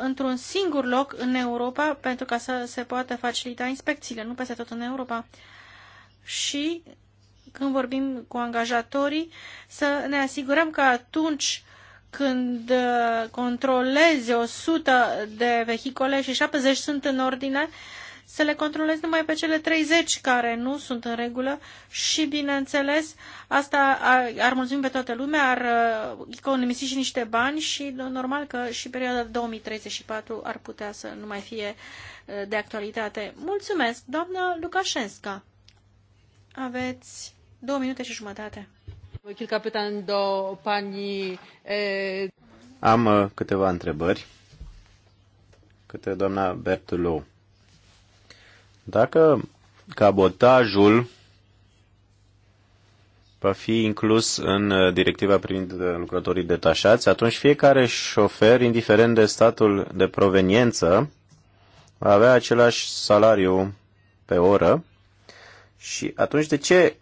într-un singur loc în Europa pentru ca să se poată facilita inspecțiile, nu peste tot în Europa. Și când vorbim cu angajatorii, să ne asigurăm că atunci când uh, controlezi 100 de vehicole și 70 sunt în ordine, să le controlezi numai pe cele 30 care nu sunt în regulă și, bineînțeles, asta ar, mulțumi pe toată lumea, ar uh, economisi și niște bani și normal că și perioada 2034 ar putea să nu mai fie uh, de actualitate. Mulțumesc, doamnă Lucașenska. Aveți două minute și jumătate. Am uh, câteva întrebări către doamna Bertulou. Dacă cabotajul va fi inclus în uh, directiva privind uh, lucrătorii detașați, atunci fiecare șofer, indiferent de statul de proveniență, va avea același salariu pe oră și atunci de ce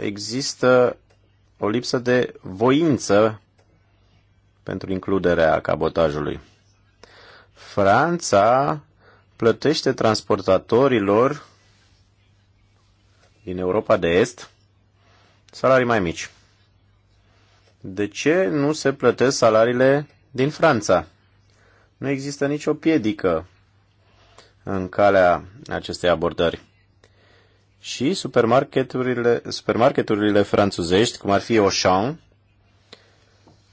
există o lipsă de voință pentru includerea cabotajului. Franța plătește transportatorilor din Europa de Est salarii mai mici. De ce nu se plătesc salariile din Franța? Nu există nicio piedică în calea acestei abordări și supermarketurile, supermarketurile franțuzești, cum ar fi Auchan,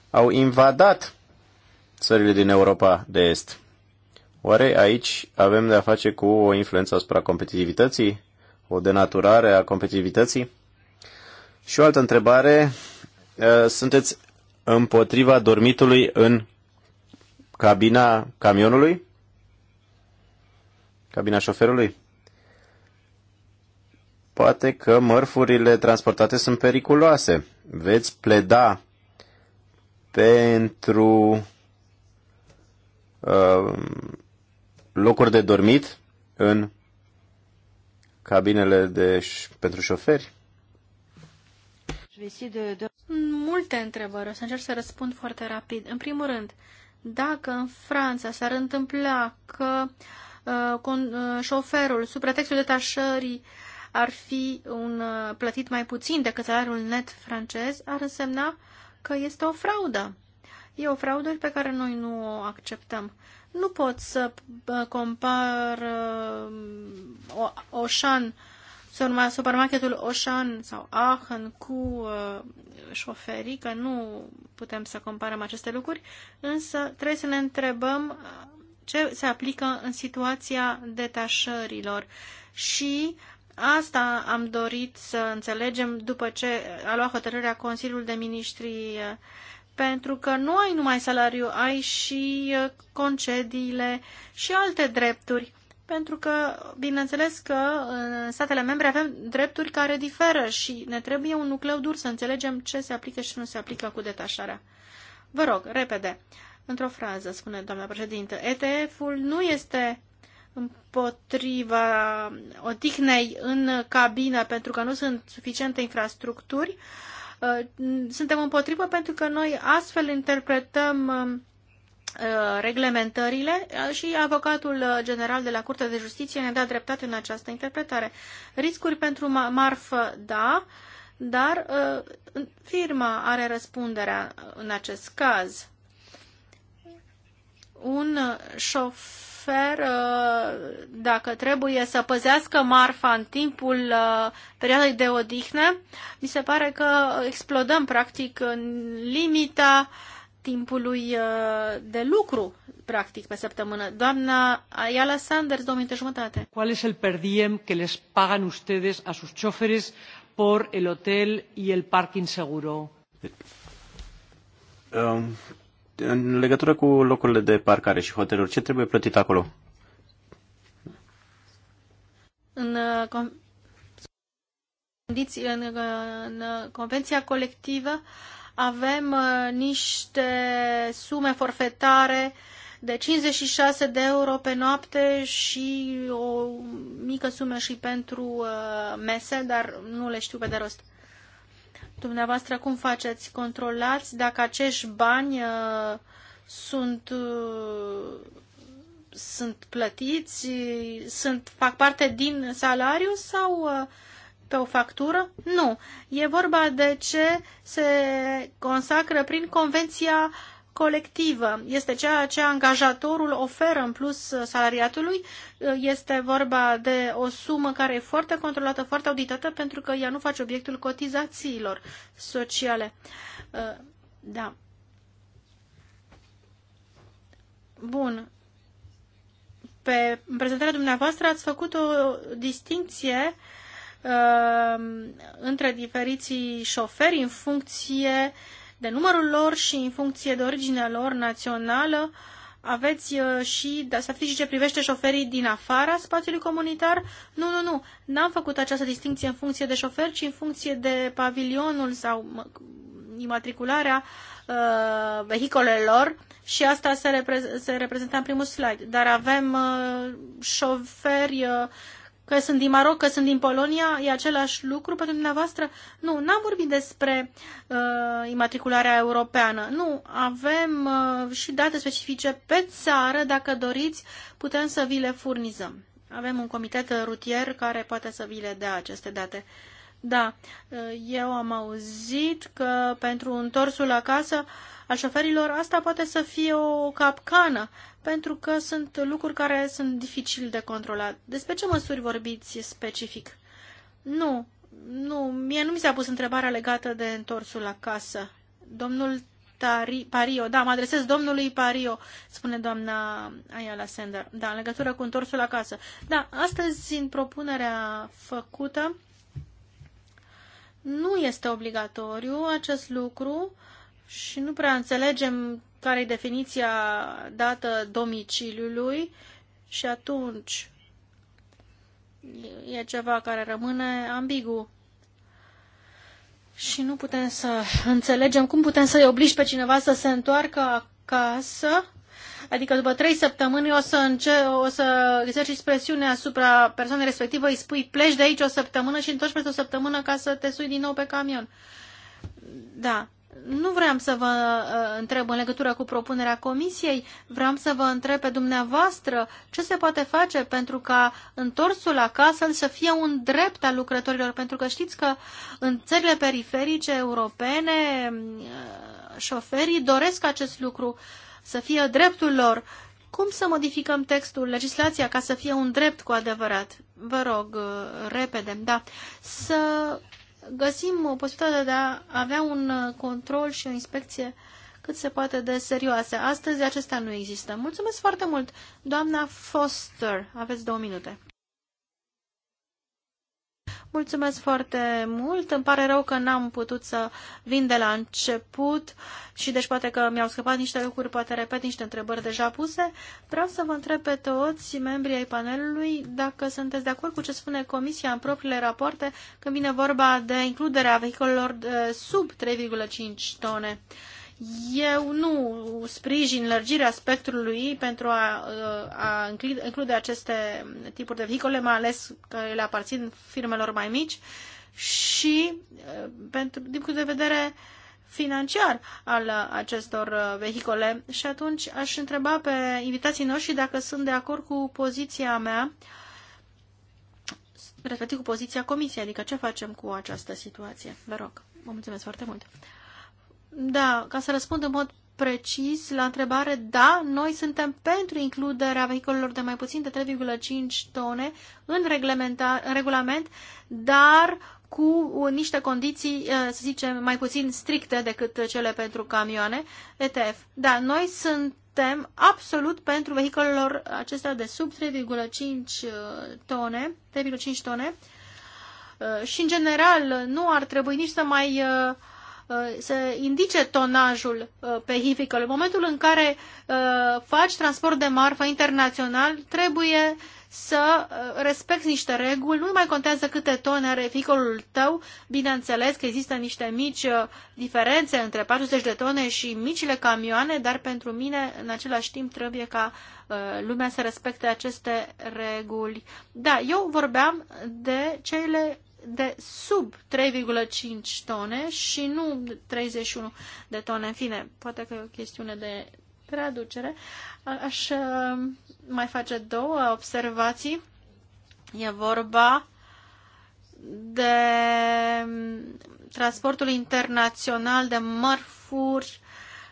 au invadat țările din Europa de Est. Oare aici avem de-a face cu o influență asupra competitivității? O denaturare a competitivității? Și o altă întrebare. Ă, sunteți împotriva dormitului în cabina camionului? Cabina șoferului? poate că mărfurile transportate sunt periculoase. Veți pleda pentru uh, locuri de dormit în cabinele de pentru șoferi? Multe întrebări, o să încerc să răspund foarte rapid. În primul rând, dacă în Franța s-ar întâmpla că uh, con, uh, șoferul, sub pretextul detașării uh, ar fi un uh, plătit mai puțin decât salariul net francez, ar însemna că este o fraudă. E o fraudă pe care noi nu o acceptăm. Nu pot să uh, compar uh, Oșan, supermarketul Oșan sau Aachen cu uh, șoferii, că nu putem să comparăm aceste lucruri, însă trebuie să ne întrebăm uh, ce se aplică în situația detașărilor și Asta am dorit să înțelegem după ce a luat hotărârea Consiliul de Ministri, pentru că nu ai numai salariu, ai și uh, concediile și alte drepturi. Pentru că, bineînțeles că în statele membre avem drepturi care diferă și ne trebuie un nucleu dur să înțelegem ce se aplică și nu se aplică cu detașarea. Vă rog, repede, într-o frază, spune doamna președintă, ETF-ul nu este împotriva odihnei în cabină pentru că nu sunt suficiente infrastructuri. Uh, suntem împotrivă pentru că noi astfel interpretăm uh, reglementările uh, și avocatul general de la Curtea de Justiție ne-a dat dreptate în această interpretare. Riscuri pentru marfă, da, dar firma are răspunderea în acest caz. Un șofer Ferhofer uh, dacă trebuie să păzească marfa în timpul uh, perioadei de odihnă. Mi se pare că explodăm practic în limita timpului uh, de lucru, practic, pe săptămână. Doamna Ayala Sanders, două minute jumătate. ¿Cuál es el perdiem que les pagan ustedes a sus choferes por el hotel y el parking seguro? Um, în legătură cu locurile de parcare și hoteluri, ce trebuie plătit acolo? În, uh, condiții, în, uh, în uh, convenția colectivă avem niște sume forfetare de 56 de euro pe noapte și o mică sumă și pentru mese, dar nu le știu pe de rost. Dumneavoastră cum faceți? Controlați dacă acești bani uh, sunt, uh, sunt plătiți, sunt, fac parte din salariu sau uh, pe o factură? Nu. E vorba de ce se consacră prin Convenția uh, colectivă. Este ceea ce angajatorul oferă în plus salariatului. Este vorba de o sumă care e foarte controlată, foarte auditată, pentru că ea nu face obiectul cotizațiilor sociale. Uh, da. Bun. Pe, în prezentarea dumneavoastră ați făcut o distinție uh, între diferiții șoferi în funcție uh, de numărul lor și în funcție de originea lor națională. Aveți uh, și da, statistici ce privește șoferii din afara spațiului comunitar? Nu, nu, nu. N-am făcut această distinție în funcție de șofer, ci în funcție de pavilionul sau imatricularea uh, vehicolelor și asta se, repre- se reprezenta în primul slide. Dar avem uh, șoferi uh, că sunt din Maroc, că sunt din Polonia, e același lucru pentru dumneavoastră? Nu, n-am vorbit despre uh, imatricularea europeană. Nu, avem uh, și date specifice pe țară, dacă doriți, putem să vi le furnizăm. Avem un comitet rutier care poate să vi le dea aceste date. Da, uh, eu am auzit că pentru întorsul acasă uh, a șoferilor, asta poate să fie o capcană, pentru că sunt lucruri care sunt dificil de controlat. Despre ce măsuri vorbiți specific? Nu, nu, mie nu mi s-a pus întrebarea legată de întorsul la casă. Domnul Tari, Pario, da, mă adresez domnului Pario, spune doamna Ayala Sender, da, în legătură cu întorsul casă. Da, astăzi, în propunerea făcută, nu este obligatoriu acest lucru și nu prea înțelegem care e definiția dată domiciliului și atunci e ceva care rămâne ambigu. Și nu putem să înțelegem cum putem să-i obligi pe cineva să se întoarcă acasă, adică după trei săptămâni o să, înce- o să exerciți presiune asupra persoanei respectivă, îi spui pleci de aici o săptămână și întorci peste o săptămână ca să te sui din nou pe camion. Da nu vreau să vă uh, întreb în legătură cu propunerea comisiei, vreau să vă întreb pe dumneavoastră ce se poate face pentru ca întorsul acasă să fie un drept al lucrătorilor, pentru că știți că în țările periferice europene uh, șoferii doresc acest lucru să fie dreptul lor. Cum să modificăm textul, legislația, ca să fie un drept cu adevărat? Vă rog, uh, repede, da. Să găsim o posibilitate de a avea un uh, control și o inspecție cât se poate de serioase. Astăzi acestea nu există. Mulțumesc foarte mult, doamna Foster. Aveți două minute. Mulțumesc foarte mult. Îmi pare rău că n-am putut să vin de la început și deci poate că mi-au scăpat niște lucruri, poate repet niște întrebări deja puse. Vreau să vă întreb pe toți membrii ai panelului dacă sunteți de acord cu ce spune Comisia în propriile rapoarte când vine vorba de includerea vehiculelor eh, sub 3,5 tone. Uh, eu nu sprijin lărgirea spectrului pentru a, uh, a include aceste tipuri de vehicule, mai ales că le aparțin firmelor mai mici și uh, pentru, din punct de vedere financiar al acestor uh, vehicole. Și atunci aș întreba pe invitații noștri dacă sunt de acord cu poziția mea, respectiv cu poziția comisiei, adică ce facem cu această situație. Vă rog, vă mulțumesc foarte mult. Da, ca să răspund în mod precis la întrebare, da, noi suntem pentru includerea vehiculelor de mai puțin de 3,5 tone în, în regulament, dar cu niște condiții, eh, să zicem, mai puțin stricte decât cele pentru camioane ETF. Da, noi suntem absolut pentru vehiculelor acestea de sub 3,5 eh, tone, 3,5 tone eh, și, în general, nu ar trebui nici să mai uh, Uh, să indice tonajul uh, pe hificul. În momentul în care uh, faci transport de marfă internațional, trebuie să respecti niște reguli, nu mai contează câte tone are vehiculul tău, bineînțeles că există niște mici diferențe între 40 de tone și micile camioane, dar pentru mine în același timp trebuie ca lumea să respecte aceste reguli. Da, eu vorbeam de cele de sub 3,5 tone și nu 31 de tone. În fine, poate că e o chestiune de traducere. Aș uh, mai face două observații. E vorba de um, transportul internațional de mărfuri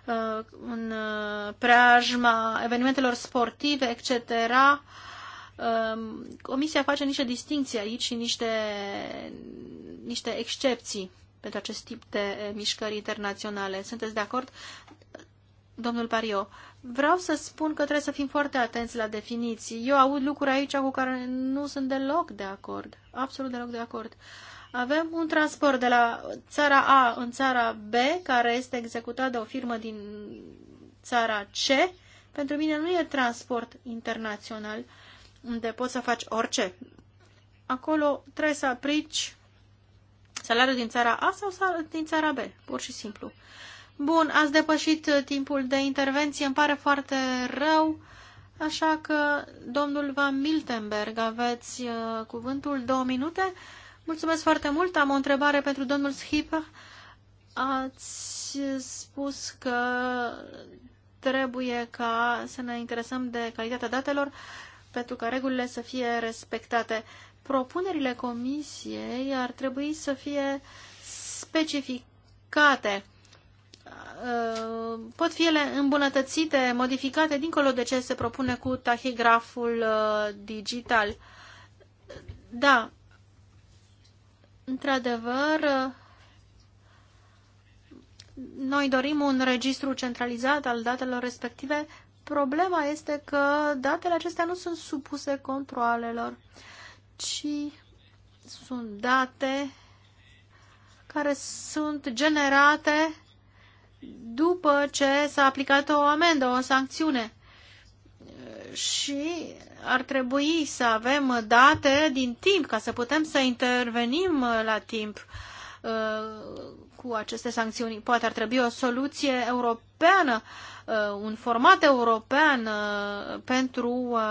uh, în uh, preajma evenimentelor sportive, etc Um, Comisia face niște distinții aici și niște, niște excepții pentru acest tip de eh, mișcări internaționale. Sunteți de acord? Domnul Pario, vreau să spun că trebuie să fim foarte atenți la definiții. Eu aud lucruri aici cu care nu sunt deloc de acord. Absolut deloc de acord. Avem un transport de la țara A în țara B, care este executat de o firmă din țara C. Pentru mine nu e transport internațional. Uh, unde poți să faci orice. Acolo trebuie să aprici salariul din țara A sau din țara B, pur și simplu. Bun, ați depășit uh, timpul de intervenție, îmi pare foarte rău, așa că, domnul Van Miltenberg, aveți uh, cuvântul două minute. Mulțumesc foarte mult, am o întrebare pentru domnul Schipper. Ați spus că trebuie ca să ne interesăm de calitatea datelor pentru ca regulile să fie respectate. Propunerile comisiei ar trebui să fie specificate. Uh, pot fi ele îmbunătățite, modificate, dincolo de ce se propune cu tahigraful uh, digital. Da, într-adevăr, uh, noi dorim un registru centralizat al datelor respective Problema este că datele acestea nu sunt supuse controalelor, ci sunt date care sunt generate după ce s-a aplicat o amendă, o sancțiune. Și ar trebui să avem date din timp ca să putem să intervenim la timp cu aceste sancțiuni. Poate ar trebui o soluție europeană, uh, un format european uh, pentru uh,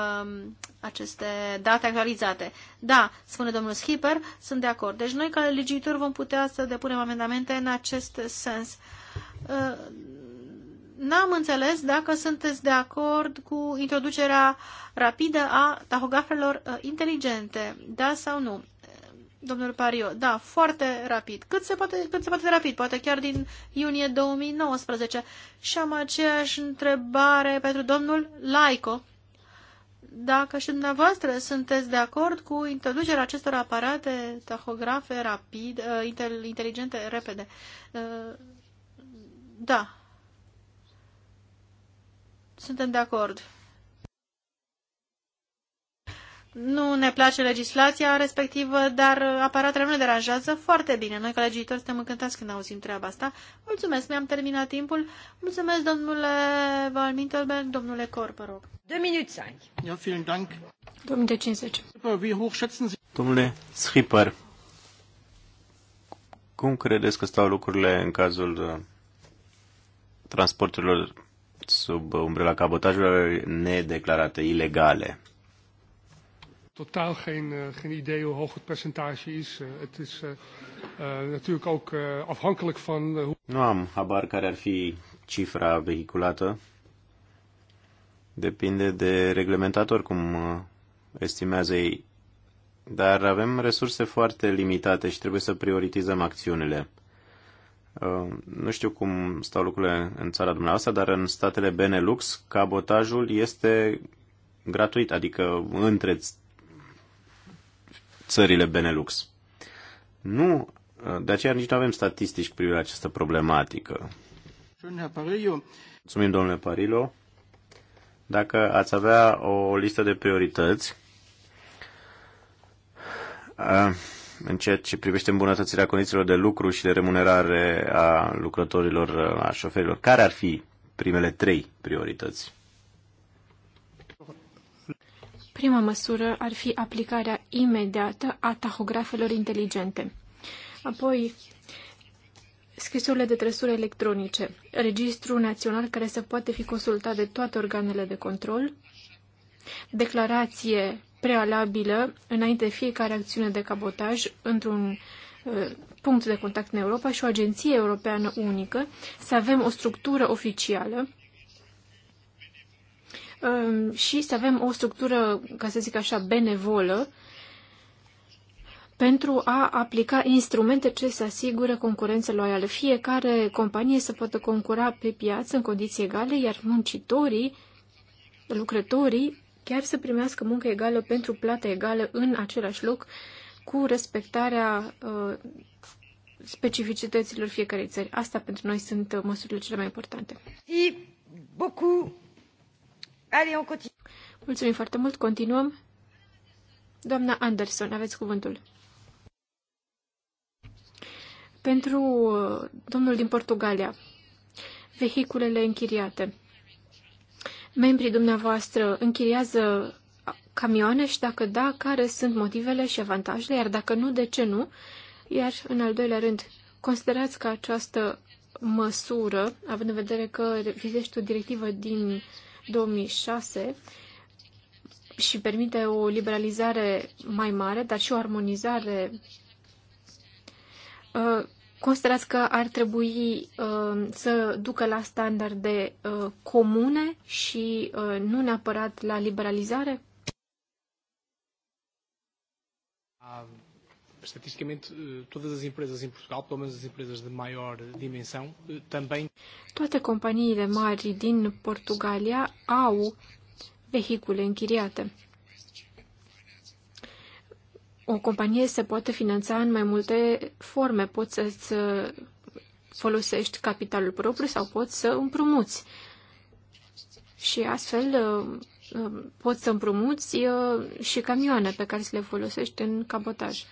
aceste date actualizate. Da, spune domnul Schipper, sunt de acord. Deci noi, ca legiuitori, vom putea să depunem amendamente în acest sens. N-am înțeles dacă sunteți de acord cu introducerea rapidă a tahografelor inteligente, da sau nu. Domnul Pariu. da, foarte rapid. Cât se poate, cât se poate rapid, poate chiar din iunie 2019. Și am aceeași întrebare pentru domnul Laico. Dacă și dumneavoastră sunteți de acord cu introducerea acestor aparate tahografe rapid, uh, inteligente, repede. Uh, da. Suntem de acord nu ne place legislația respectivă, dar aparatele nu deranjează foarte bine. Noi, colegii toți, suntem încântați când auzim treaba asta. Mulțumesc, mi-am terminat timpul. Mulțumesc, domnule Valmintelberg, domnule Cor, vă rog. 2 minute 5. Ja, vielen Dank. 2 minute 50. Wie hoch schätzen Sie? Domnule Schipper, cum credeți că stau lucrurile în cazul uh, transporturilor sub umbrela cabotajului nedeclarate, ilegale? totaal geen, uh, geen idee hoe hoog het percentage is. Uh, het is uh, uh, natuurlijk ook uh, afhankelijk van... Uh, hoe... Nu am habar care ar fi cifra vehiculată. Depinde de reglementator cum estimează ei. Dar avem resurse foarte limitate și trebuie să prioritizăm acțiunile. nu știu cum stau lucrurile în țara dumneavoastră, dar în statele Benelux cabotajul este gratuit, adică între țările Benelux. Nu, de aceea nici nu avem statistici cu privire la această problematică. Mulțumim, domnule Parilo. Dacă ați avea o listă de priorități în ceea ce privește îmbunătățirea condițiilor de lucru și de remunerare a lucrătorilor, a șoferilor, care ar fi primele trei priorități? Prima măsură ar fi aplicarea imediată a tahografelor inteligente. Apoi, scrisurile de trăsură electronice, registru național care să poate fi consultat de toate organele de control, declarație prealabilă înainte de fiecare acțiune de cabotaj într-un uh, punct de contact în Europa și o agenție europeană unică, să avem o structură oficială Um, și să avem o structură, ca să zic așa, benevolă pentru a aplica instrumente ce să asigură concurență loială. Fiecare companie să poată concura pe piață în condiții egale, iar muncitorii, lucrătorii, chiar să primească muncă egală pentru plată egală în același loc, cu respectarea uh, specificităților fiecarei țări. Asta pentru noi sunt uh, măsurile cele mai importante. Și beaucoup on Mulțumim foarte mult, continuăm. Doamna Anderson, aveți cuvântul. Pentru uh, domnul din Portugalia, vehiculele închiriate. Membrii dumneavoastră închiriază camioane și dacă da, care sunt motivele și avantajele, iar dacă nu, de ce nu? Iar, în al doilea rând, considerați că această măsură, având în vedere că vizește o directivă din 2006 și permite o liberalizare mai mare, dar și o armonizare. Uh, considerați că ar trebui uh, să ducă la standarde uh, comune și nu neapărat la liberalizare? Um, Estatisticamente, eh, todas as empresas em Portugal, pelo menos as empresas de maior dimensão, eh, também. Toate companiile mari din Portugalia au vehicule închiriate. O companie se poate finanța în mai multe forme. Poți să eh, folosești capitalul propriu sau poți să împrumuți. Și astfel poți să împrumuți și camioane pe care să le folosești în cabotaj.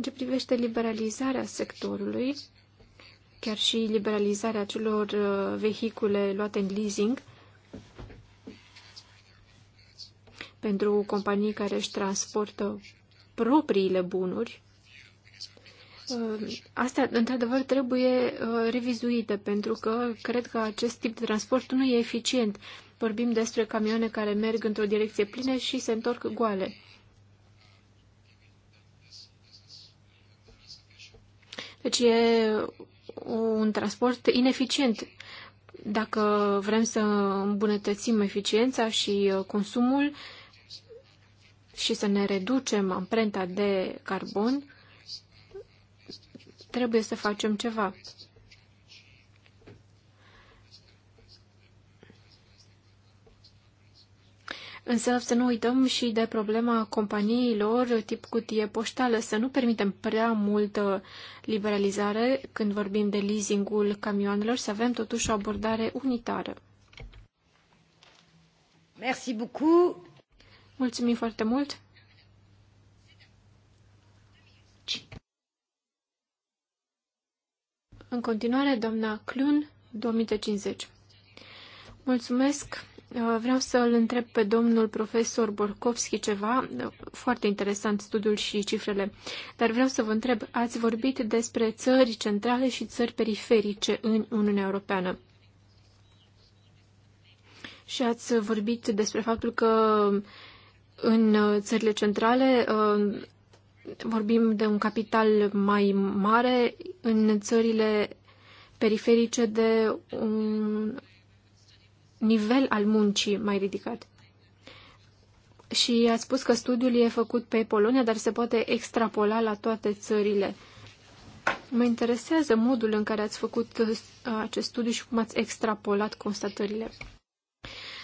În ce privește liberalizarea sectorului, chiar și liberalizarea celor uh, vehicule luate în leasing, pentru companii care își transportă propriile bunuri, uh, Astea, într-adevăr, trebuie uh, revizuite, pentru că cred că acest tip de transport nu e eficient. Vorbim despre camioane care merg într-o direcție plină și se întorc goale. Deci e un transport ineficient. Dacă vrem să îmbunătățim eficiența și uh, consumul și să ne reducem amprenta de carbon, trebuie să facem ceva. Însă să nu uităm și de problema companiilor tip cutie poștală, să nu permitem prea multă liberalizare când vorbim de leasingul camioanelor, să avem totuși o abordare unitară. Merci beaucoup. Mulțumim foarte mult. În continuare, doamna Clun, 2050. Mulțumesc. Uh, vreau să-l întreb pe domnul profesor Borkovski ceva, uh, foarte interesant studiul și cifrele, dar vreau să vă întreb, ați vorbit despre țări centrale și țări periferice în Uniunea Europeană și ați vorbit despre faptul că în țările centrale uh, vorbim de un capital mai mare, în țările periferice de un nivel al muncii mai ridicat. Și a spus că studiul e făcut pe Polonia, dar se poate extrapola la toate țările. Mă interesează modul în care ați făcut uh, acest studiu și cum ați extrapolat constatările.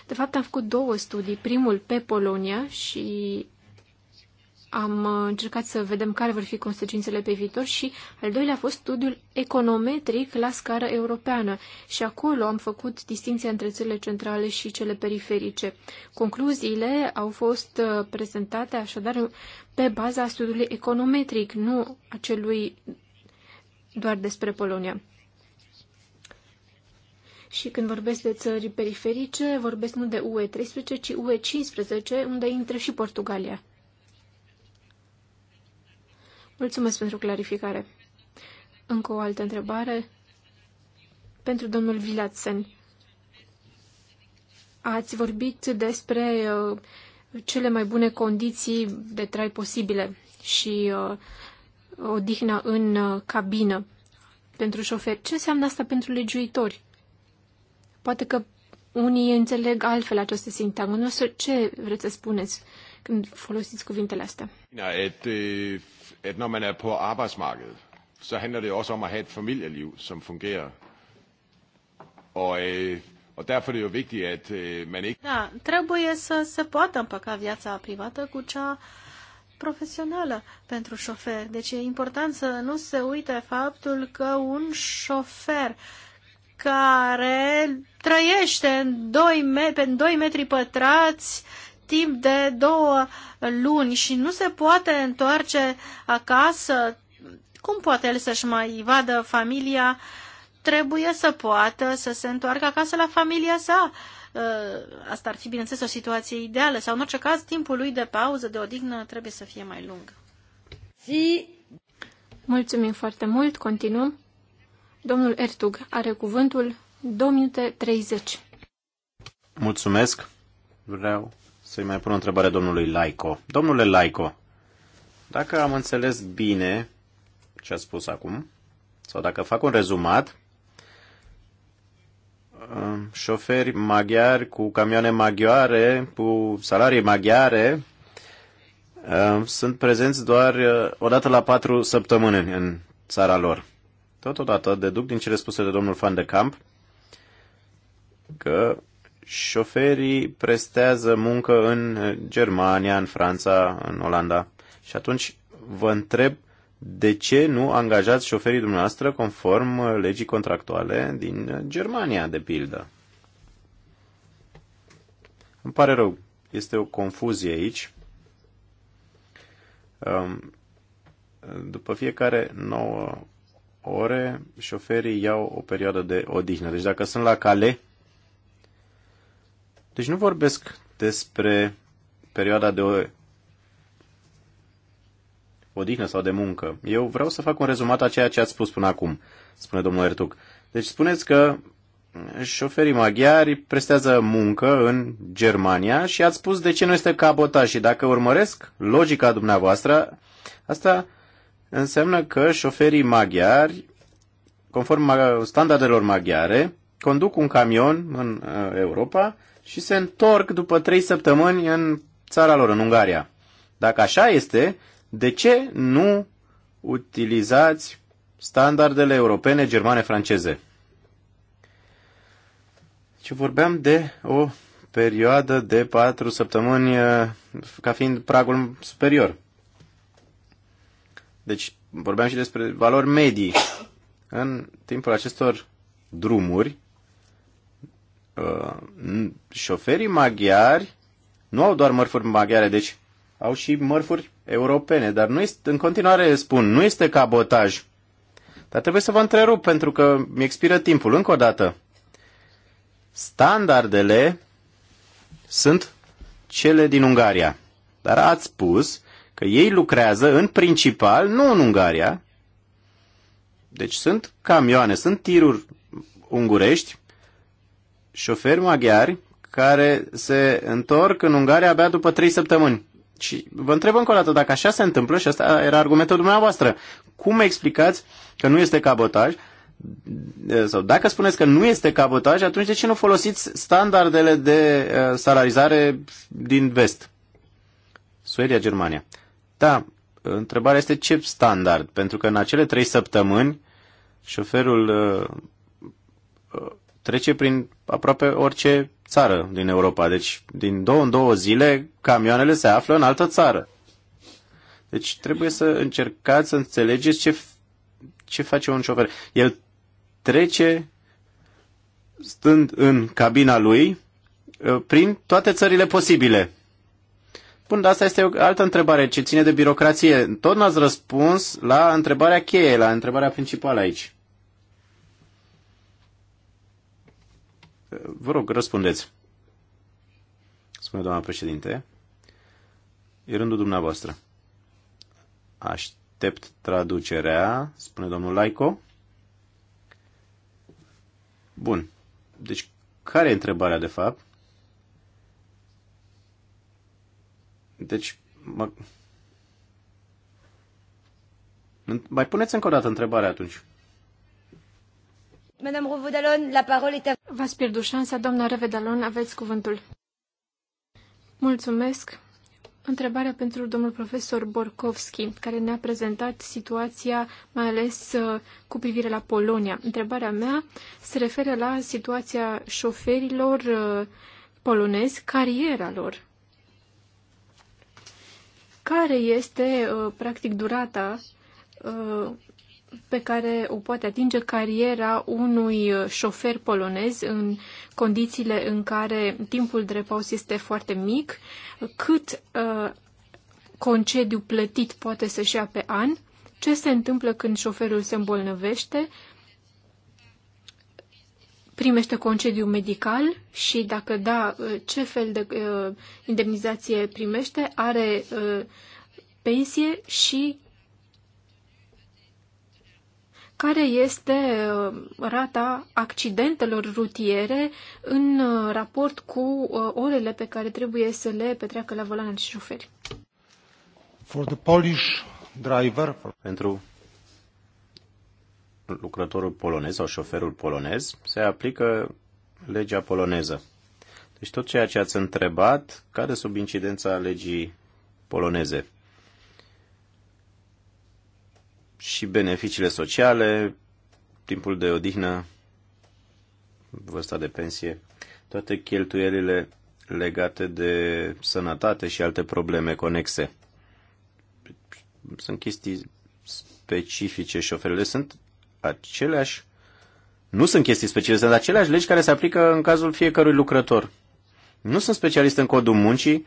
De fapt, am făcut două studii. Primul pe Polonia și am uh, încercat să vedem care vor fi consecințele pe viitor și al doilea a fost studiul econometric la scară europeană și acolo am făcut distinția între țările centrale și cele periferice. Concluziile au fost uh, prezentate așadar pe baza studiului econometric, nu acelui doar despre Polonia. Și când vorbesc de țări periferice, vorbesc nu de UE 13, ci UE 15, unde intră și Portugalia. Mulțumesc pentru clarificare. Încă o altă întrebare pentru domnul Vilațen. Ați vorbit despre uh, cele mai bune condiții de trai posibile și uh, odihna în uh, cabină pentru șoferi. Ce înseamnă asta pentru legiuitori? Poate că unii înțeleg altfel această sintagmă. ce vreți să spuneți când folosiți cuvintele astea? Da, at når man er på arbejdsmarkedet, så handler det også om at have et familieliv, som fungerer. Og, øh, og derfor er det jo vigtigt, at øh, man ikke... Ja, da, trebuie să se poată împăca viața privată cu cea profesională pentru șofer. Deci e important să nu se uite faptul că un șofer care trăiește în 2 metri pătrați timp de două luni și nu se poate întoarce acasă, cum poate el să-și mai vadă familia? Trebuie să poată să se întoarcă acasă la familia sa. Uh, asta ar fi, bineînțeles, o situație ideală sau, în orice caz, timpul lui de pauză, de odihnă, trebuie să fie mai lung. Si... Mulțumim foarte mult. Continuăm. Domnul Ertug are cuvântul 2 minute 30. Mulțumesc. Vreau să-i mai pun o întrebare domnului Laico. Domnule Laico, dacă am înțeles bine ce a spus acum, sau dacă fac un rezumat, uh, șoferi maghiari cu camioane maghiare, cu salarii maghiare, uh, sunt prezenți doar uh, o dată la patru săptămâni în țara lor. Totodată deduc din cele spuse de domnul Van de Camp că șoferii prestează muncă în Germania, în Franța, în Olanda. Și atunci vă întreb de ce nu angajați șoferii dumneavoastră conform legii contractuale din Germania, de pildă? Îmi pare rău, este o confuzie aici. Um, după fiecare nouă ore, șoferii iau o perioadă de odihnă. Deci dacă sunt la cale, deci nu vorbesc despre perioada de o odihnă sau de muncă. Eu vreau să fac un rezumat a ceea ce ați spus până acum, spune domnul Ertuc. Deci spuneți că șoferii maghiari prestează muncă în Germania și ați spus de ce nu este cabotaj și dacă urmăresc logica dumneavoastră, asta înseamnă că șoferii maghiari, conform standardelor maghiare, conduc un camion în uh, Europa și se întorc după trei săptămâni în țara lor, în Ungaria. Dacă așa este, de ce nu utilizați standardele europene, germane, franceze? Ce deci vorbeam de o perioadă de patru săptămâni eh, ca fiind pragul superior. Deci vorbeam și despre valori medii. În timpul acestor drumuri, Uh, șoferii maghiari nu au doar mărfuri maghiare, deci au și mărfuri europene, dar nu este, în continuare spun, nu este cabotaj. Dar trebuie să vă întrerup pentru că mi expiră timpul. Încă o dată, standardele sunt cele din Ungaria. Dar ați spus că ei lucrează în principal, nu în Ungaria. Deci sunt camioane, sunt tiruri ungurești șoferi maghiari care se întorc în Ungaria abia după trei săptămâni. Și vă întreb încă o dată, dacă așa se întâmplă, și asta era argumentul dumneavoastră, cum explicați că nu este cabotaj, eh, sau dacă spuneți că nu este cabotaj, atunci de ce nu folosiți standardele de eh, salarizare din vest? Suedia, Germania. Da, întrebarea este ce standard, pentru că în acele trei săptămâni șoferul eh, trece prin aproape orice țară din Europa. Deci, din două în două zile, camioanele se află în altă țară. Deci, trebuie să încercați să înțelegeți ce, ce face un șofer. El trece stând în cabina lui ă, prin toate țările posibile. Bun, dar asta este o altă întrebare ce ține de birocrație. Tot n-ați răspuns la întrebarea cheie, la întrebarea principală aici. Vă rog, răspundeți. Spune doamna președinte. E rândul dumneavoastră. Aștept traducerea, spune domnul Laico. Bun. Deci, care e întrebarea de fapt? Deci, mă... mai puneți încă o dată întrebarea atunci. Madame Revedalon, la parole est à... V-ați pierdut șansa, doamna Revedalon, aveți cuvântul. Mulțumesc. Întrebarea pentru domnul profesor Borkovski, care ne-a prezentat situația, mai ales uh, cu privire la Polonia. Întrebarea mea se referă la situația șoferilor uh, polonezi, cariera lor. Care este, uh, practic, durata pe care o poate atinge cariera unui șofer polonez în condițiile în care timpul de repaus este foarte mic, cât uh, concediu plătit poate să-și ia pe an, ce se întâmplă când șoferul se îmbolnăvește, primește concediu medical și dacă da, uh, ce fel de uh, indemnizație primește, are uh, pensie și care este uh, rata accidentelor rutiere în uh, raport cu uh, orele pe care trebuie să le petreacă la volan și șoferi. For the Polish driver. Pentru lucrătorul polonez sau șoferul polonez se aplică legea poloneză. Deci tot ceea ce ați întrebat cade sub incidența legii poloneze. și beneficiile sociale, timpul de odihnă, vârsta de pensie, toate cheltuielile legate de sănătate și alte probleme conexe. Sunt chestii specifice șoferile. Sunt aceleași nu sunt chestii speciale, sunt aceleași legi care se aplică în cazul fiecărui lucrător. Nu sunt specialist în codul muncii,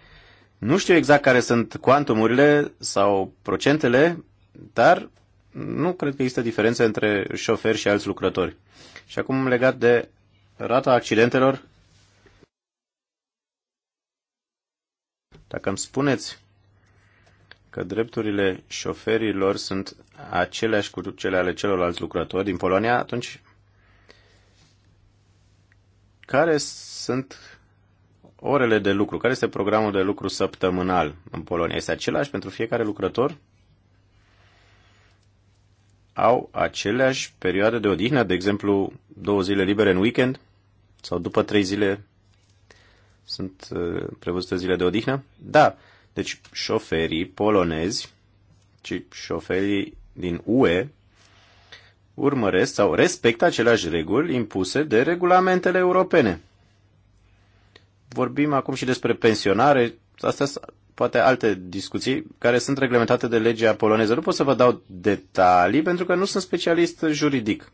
nu știu exact care sunt cuantumurile sau procentele, dar nu cred că există diferențe între șoferi și alți lucrători. Și acum legat de rata accidentelor, dacă îmi spuneți că drepturile șoferilor sunt aceleași cu cele ale celorlalți lucrători din Polonia, atunci care sunt orele de lucru? Care este programul de lucru săptămânal în Polonia? Este același pentru fiecare lucrător? au aceleași perioade de odihnă, de exemplu, două zile libere în weekend sau după trei zile sunt uh, prevăzute zile de odihnă? Da. Deci șoferii polonezi, ci șoferii din UE, urmăresc sau respectă aceleași reguli impuse de regulamentele europene. Vorbim acum și despre pensionare, astea poate alte discuții care sunt reglementate de legea poloneză. Nu pot să vă dau detalii pentru că nu sunt specialist juridic.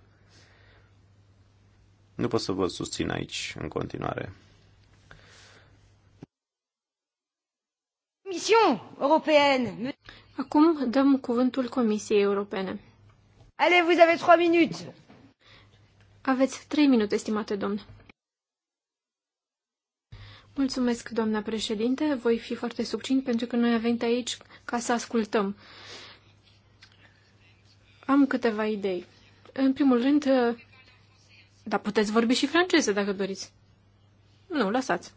Nu pot să vă susțin aici în continuare. Acum dăm cuvântul Comisiei Europene. Allez, vous avez 3 minutes. Aveți 3 minute, estimate domn. Mulțumesc, doamna președinte. Voi fi foarte subțin pentru că noi avem aici ca să ascultăm. Am câteva idei. În primul rând, dar puteți vorbi și franceză dacă doriți. Nu, lăsați.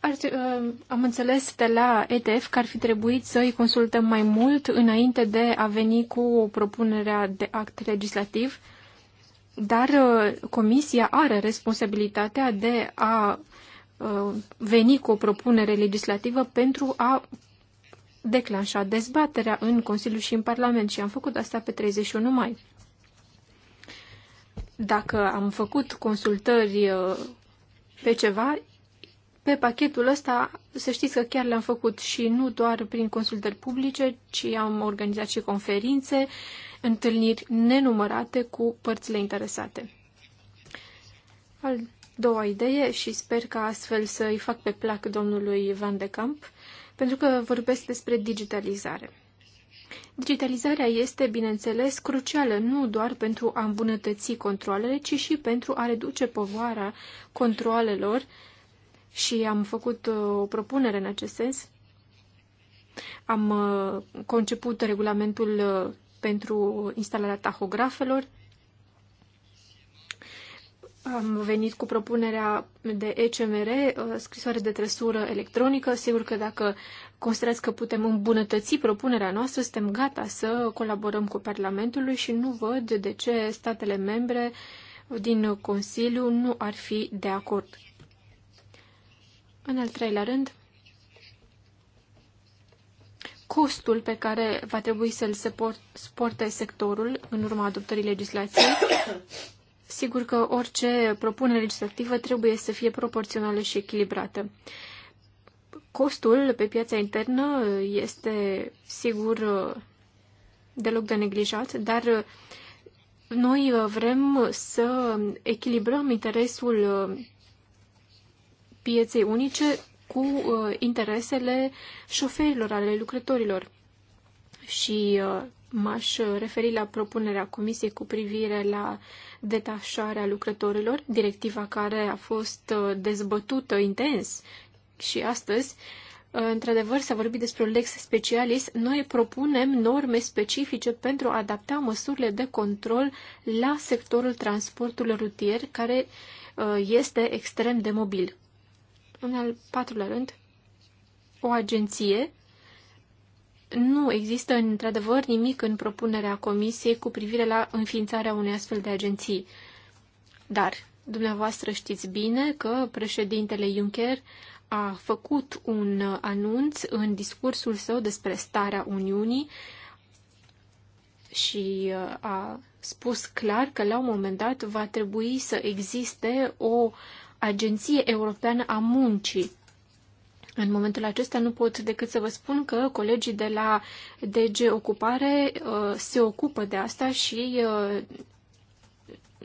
Ar, uh, am înțeles de la ETF că ar fi trebuit să îi consultăm mai mult înainte de a veni cu o propunere de act legislativ, dar uh, Comisia are responsabilitatea de a Uh, veni cu o propunere legislativă pentru a declanșa dezbaterea în Consiliu și în Parlament și am făcut asta pe 31 mai. Dacă am făcut consultări uh, pe ceva, pe pachetul ăsta, să știți că chiar le-am făcut și nu doar prin consultări publice, ci am organizat și conferințe, întâlniri nenumărate cu părțile interesate. Al doua idee și sper că astfel să îi fac pe plac domnului Van de Camp, pentru că vorbesc despre digitalizare. Digitalizarea este, bineînțeles, crucială nu doar pentru a îmbunătăți controlele, ci și pentru a reduce povara controlelor și am făcut uh, o propunere în acest sens. Am uh, conceput regulamentul uh, pentru instalarea tahografelor, am venit cu propunerea de ECMR, uh, scrisoare de trăsură electronică. Sigur că dacă considerați că putem îmbunătăți propunerea noastră, suntem gata să colaborăm cu Parlamentul și nu văd de ce statele membre din Consiliu nu ar fi de acord. În al treilea rând, costul pe care va trebui să-l suporte sectorul în urma adoptării legislației Sigur că orice propunere legislativă trebuie să fie proporțională și echilibrată. Costul pe piața internă este, sigur, uh, deloc de neglijat, dar uh, noi uh, vrem să echilibrăm interesul pieței unice cu interesele șoferilor, ale lucrătorilor. Și m-aș referi la propunerea Comisiei cu privire la detașarea lucrătorilor, directiva care a fost uh, dezbătută intens și astăzi. Uh, într-adevăr, s-a vorbit despre un lex specialis. Noi propunem norme specifice pentru a adapta măsurile de control la sectorul transportului rutier, care uh, este extrem de mobil. În al patrulea rând, o agenție nu există într-adevăr nimic în propunerea Comisiei cu privire la înființarea unei astfel de agenții. Dar dumneavoastră știți bine că președintele Juncker a făcut un anunț în discursul său despre starea Uniunii și uh, a spus clar că la un moment dat va trebui să existe o agenție europeană a muncii în momentul acesta nu pot decât să vă spun că colegii de la DG Ocupare uh, se ocupă de asta și uh,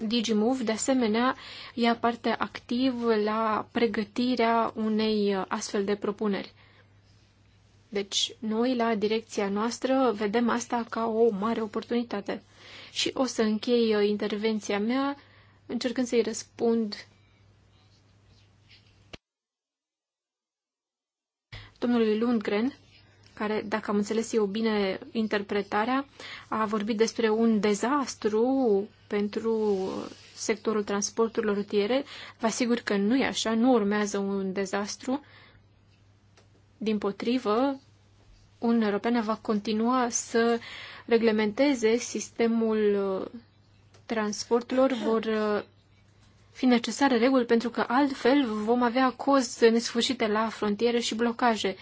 DigiMove de asemenea ia parte activ la pregătirea unei uh, astfel de propuneri. Deci noi la direcția noastră vedem asta ca o mare oportunitate. Și o să închei uh, intervenția mea încercând să-i răspund domnului Lundgren, care, dacă am înțeles eu bine interpretarea, a vorbit despre un dezastru pentru sectorul transporturilor rutiere. Vă asigur că nu e așa, nu urmează un dezastru. Din potrivă, Uniunea Europeană va continua să reglementeze sistemul transporturilor, vor fi necesare reguli pentru că altfel vom avea cozi nesfârșite la frontiere și blocaje.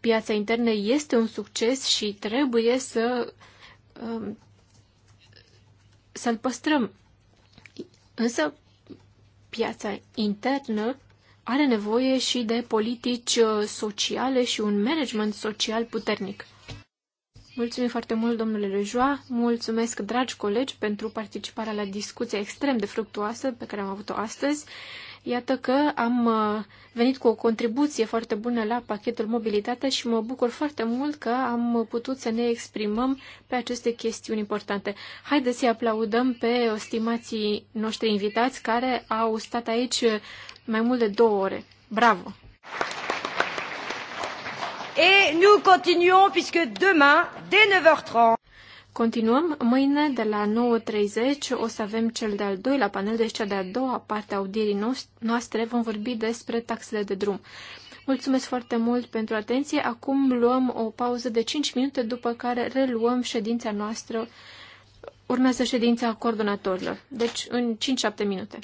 Piața internă este un succes și trebuie să um, să-l păstrăm. Însă piața internă are nevoie și de politici uh, sociale și un management social puternic. Mulțumim foarte mult, domnule Rejoa. Mulțumesc, dragi colegi, pentru participarea la discuția extrem de fructuoasă pe care am avut-o astăzi. Iată că am uh, venit cu o contribuție foarte bună la pachetul mobilitate și mă bucur foarte mult că am putut să ne exprimăm pe aceste chestiuni importante. Haideți să-i aplaudăm pe stimații noștri invitați care au stat aici mai mult de două ore. Bravo! Et nous continuons puisque demain, dès 9h30. Continuăm. Mâine, de la 9.30, o să avem cel de-al doilea panel, deci cea de-a doua parte a audierii noastre. Vom vorbi despre taxele de drum. Mulțumesc foarte mult pentru atenție. Acum luăm o pauză de 5 minute, după care reluăm ședința noastră. Urmează ședința coordonatorilor. Deci, în 5-7 minute.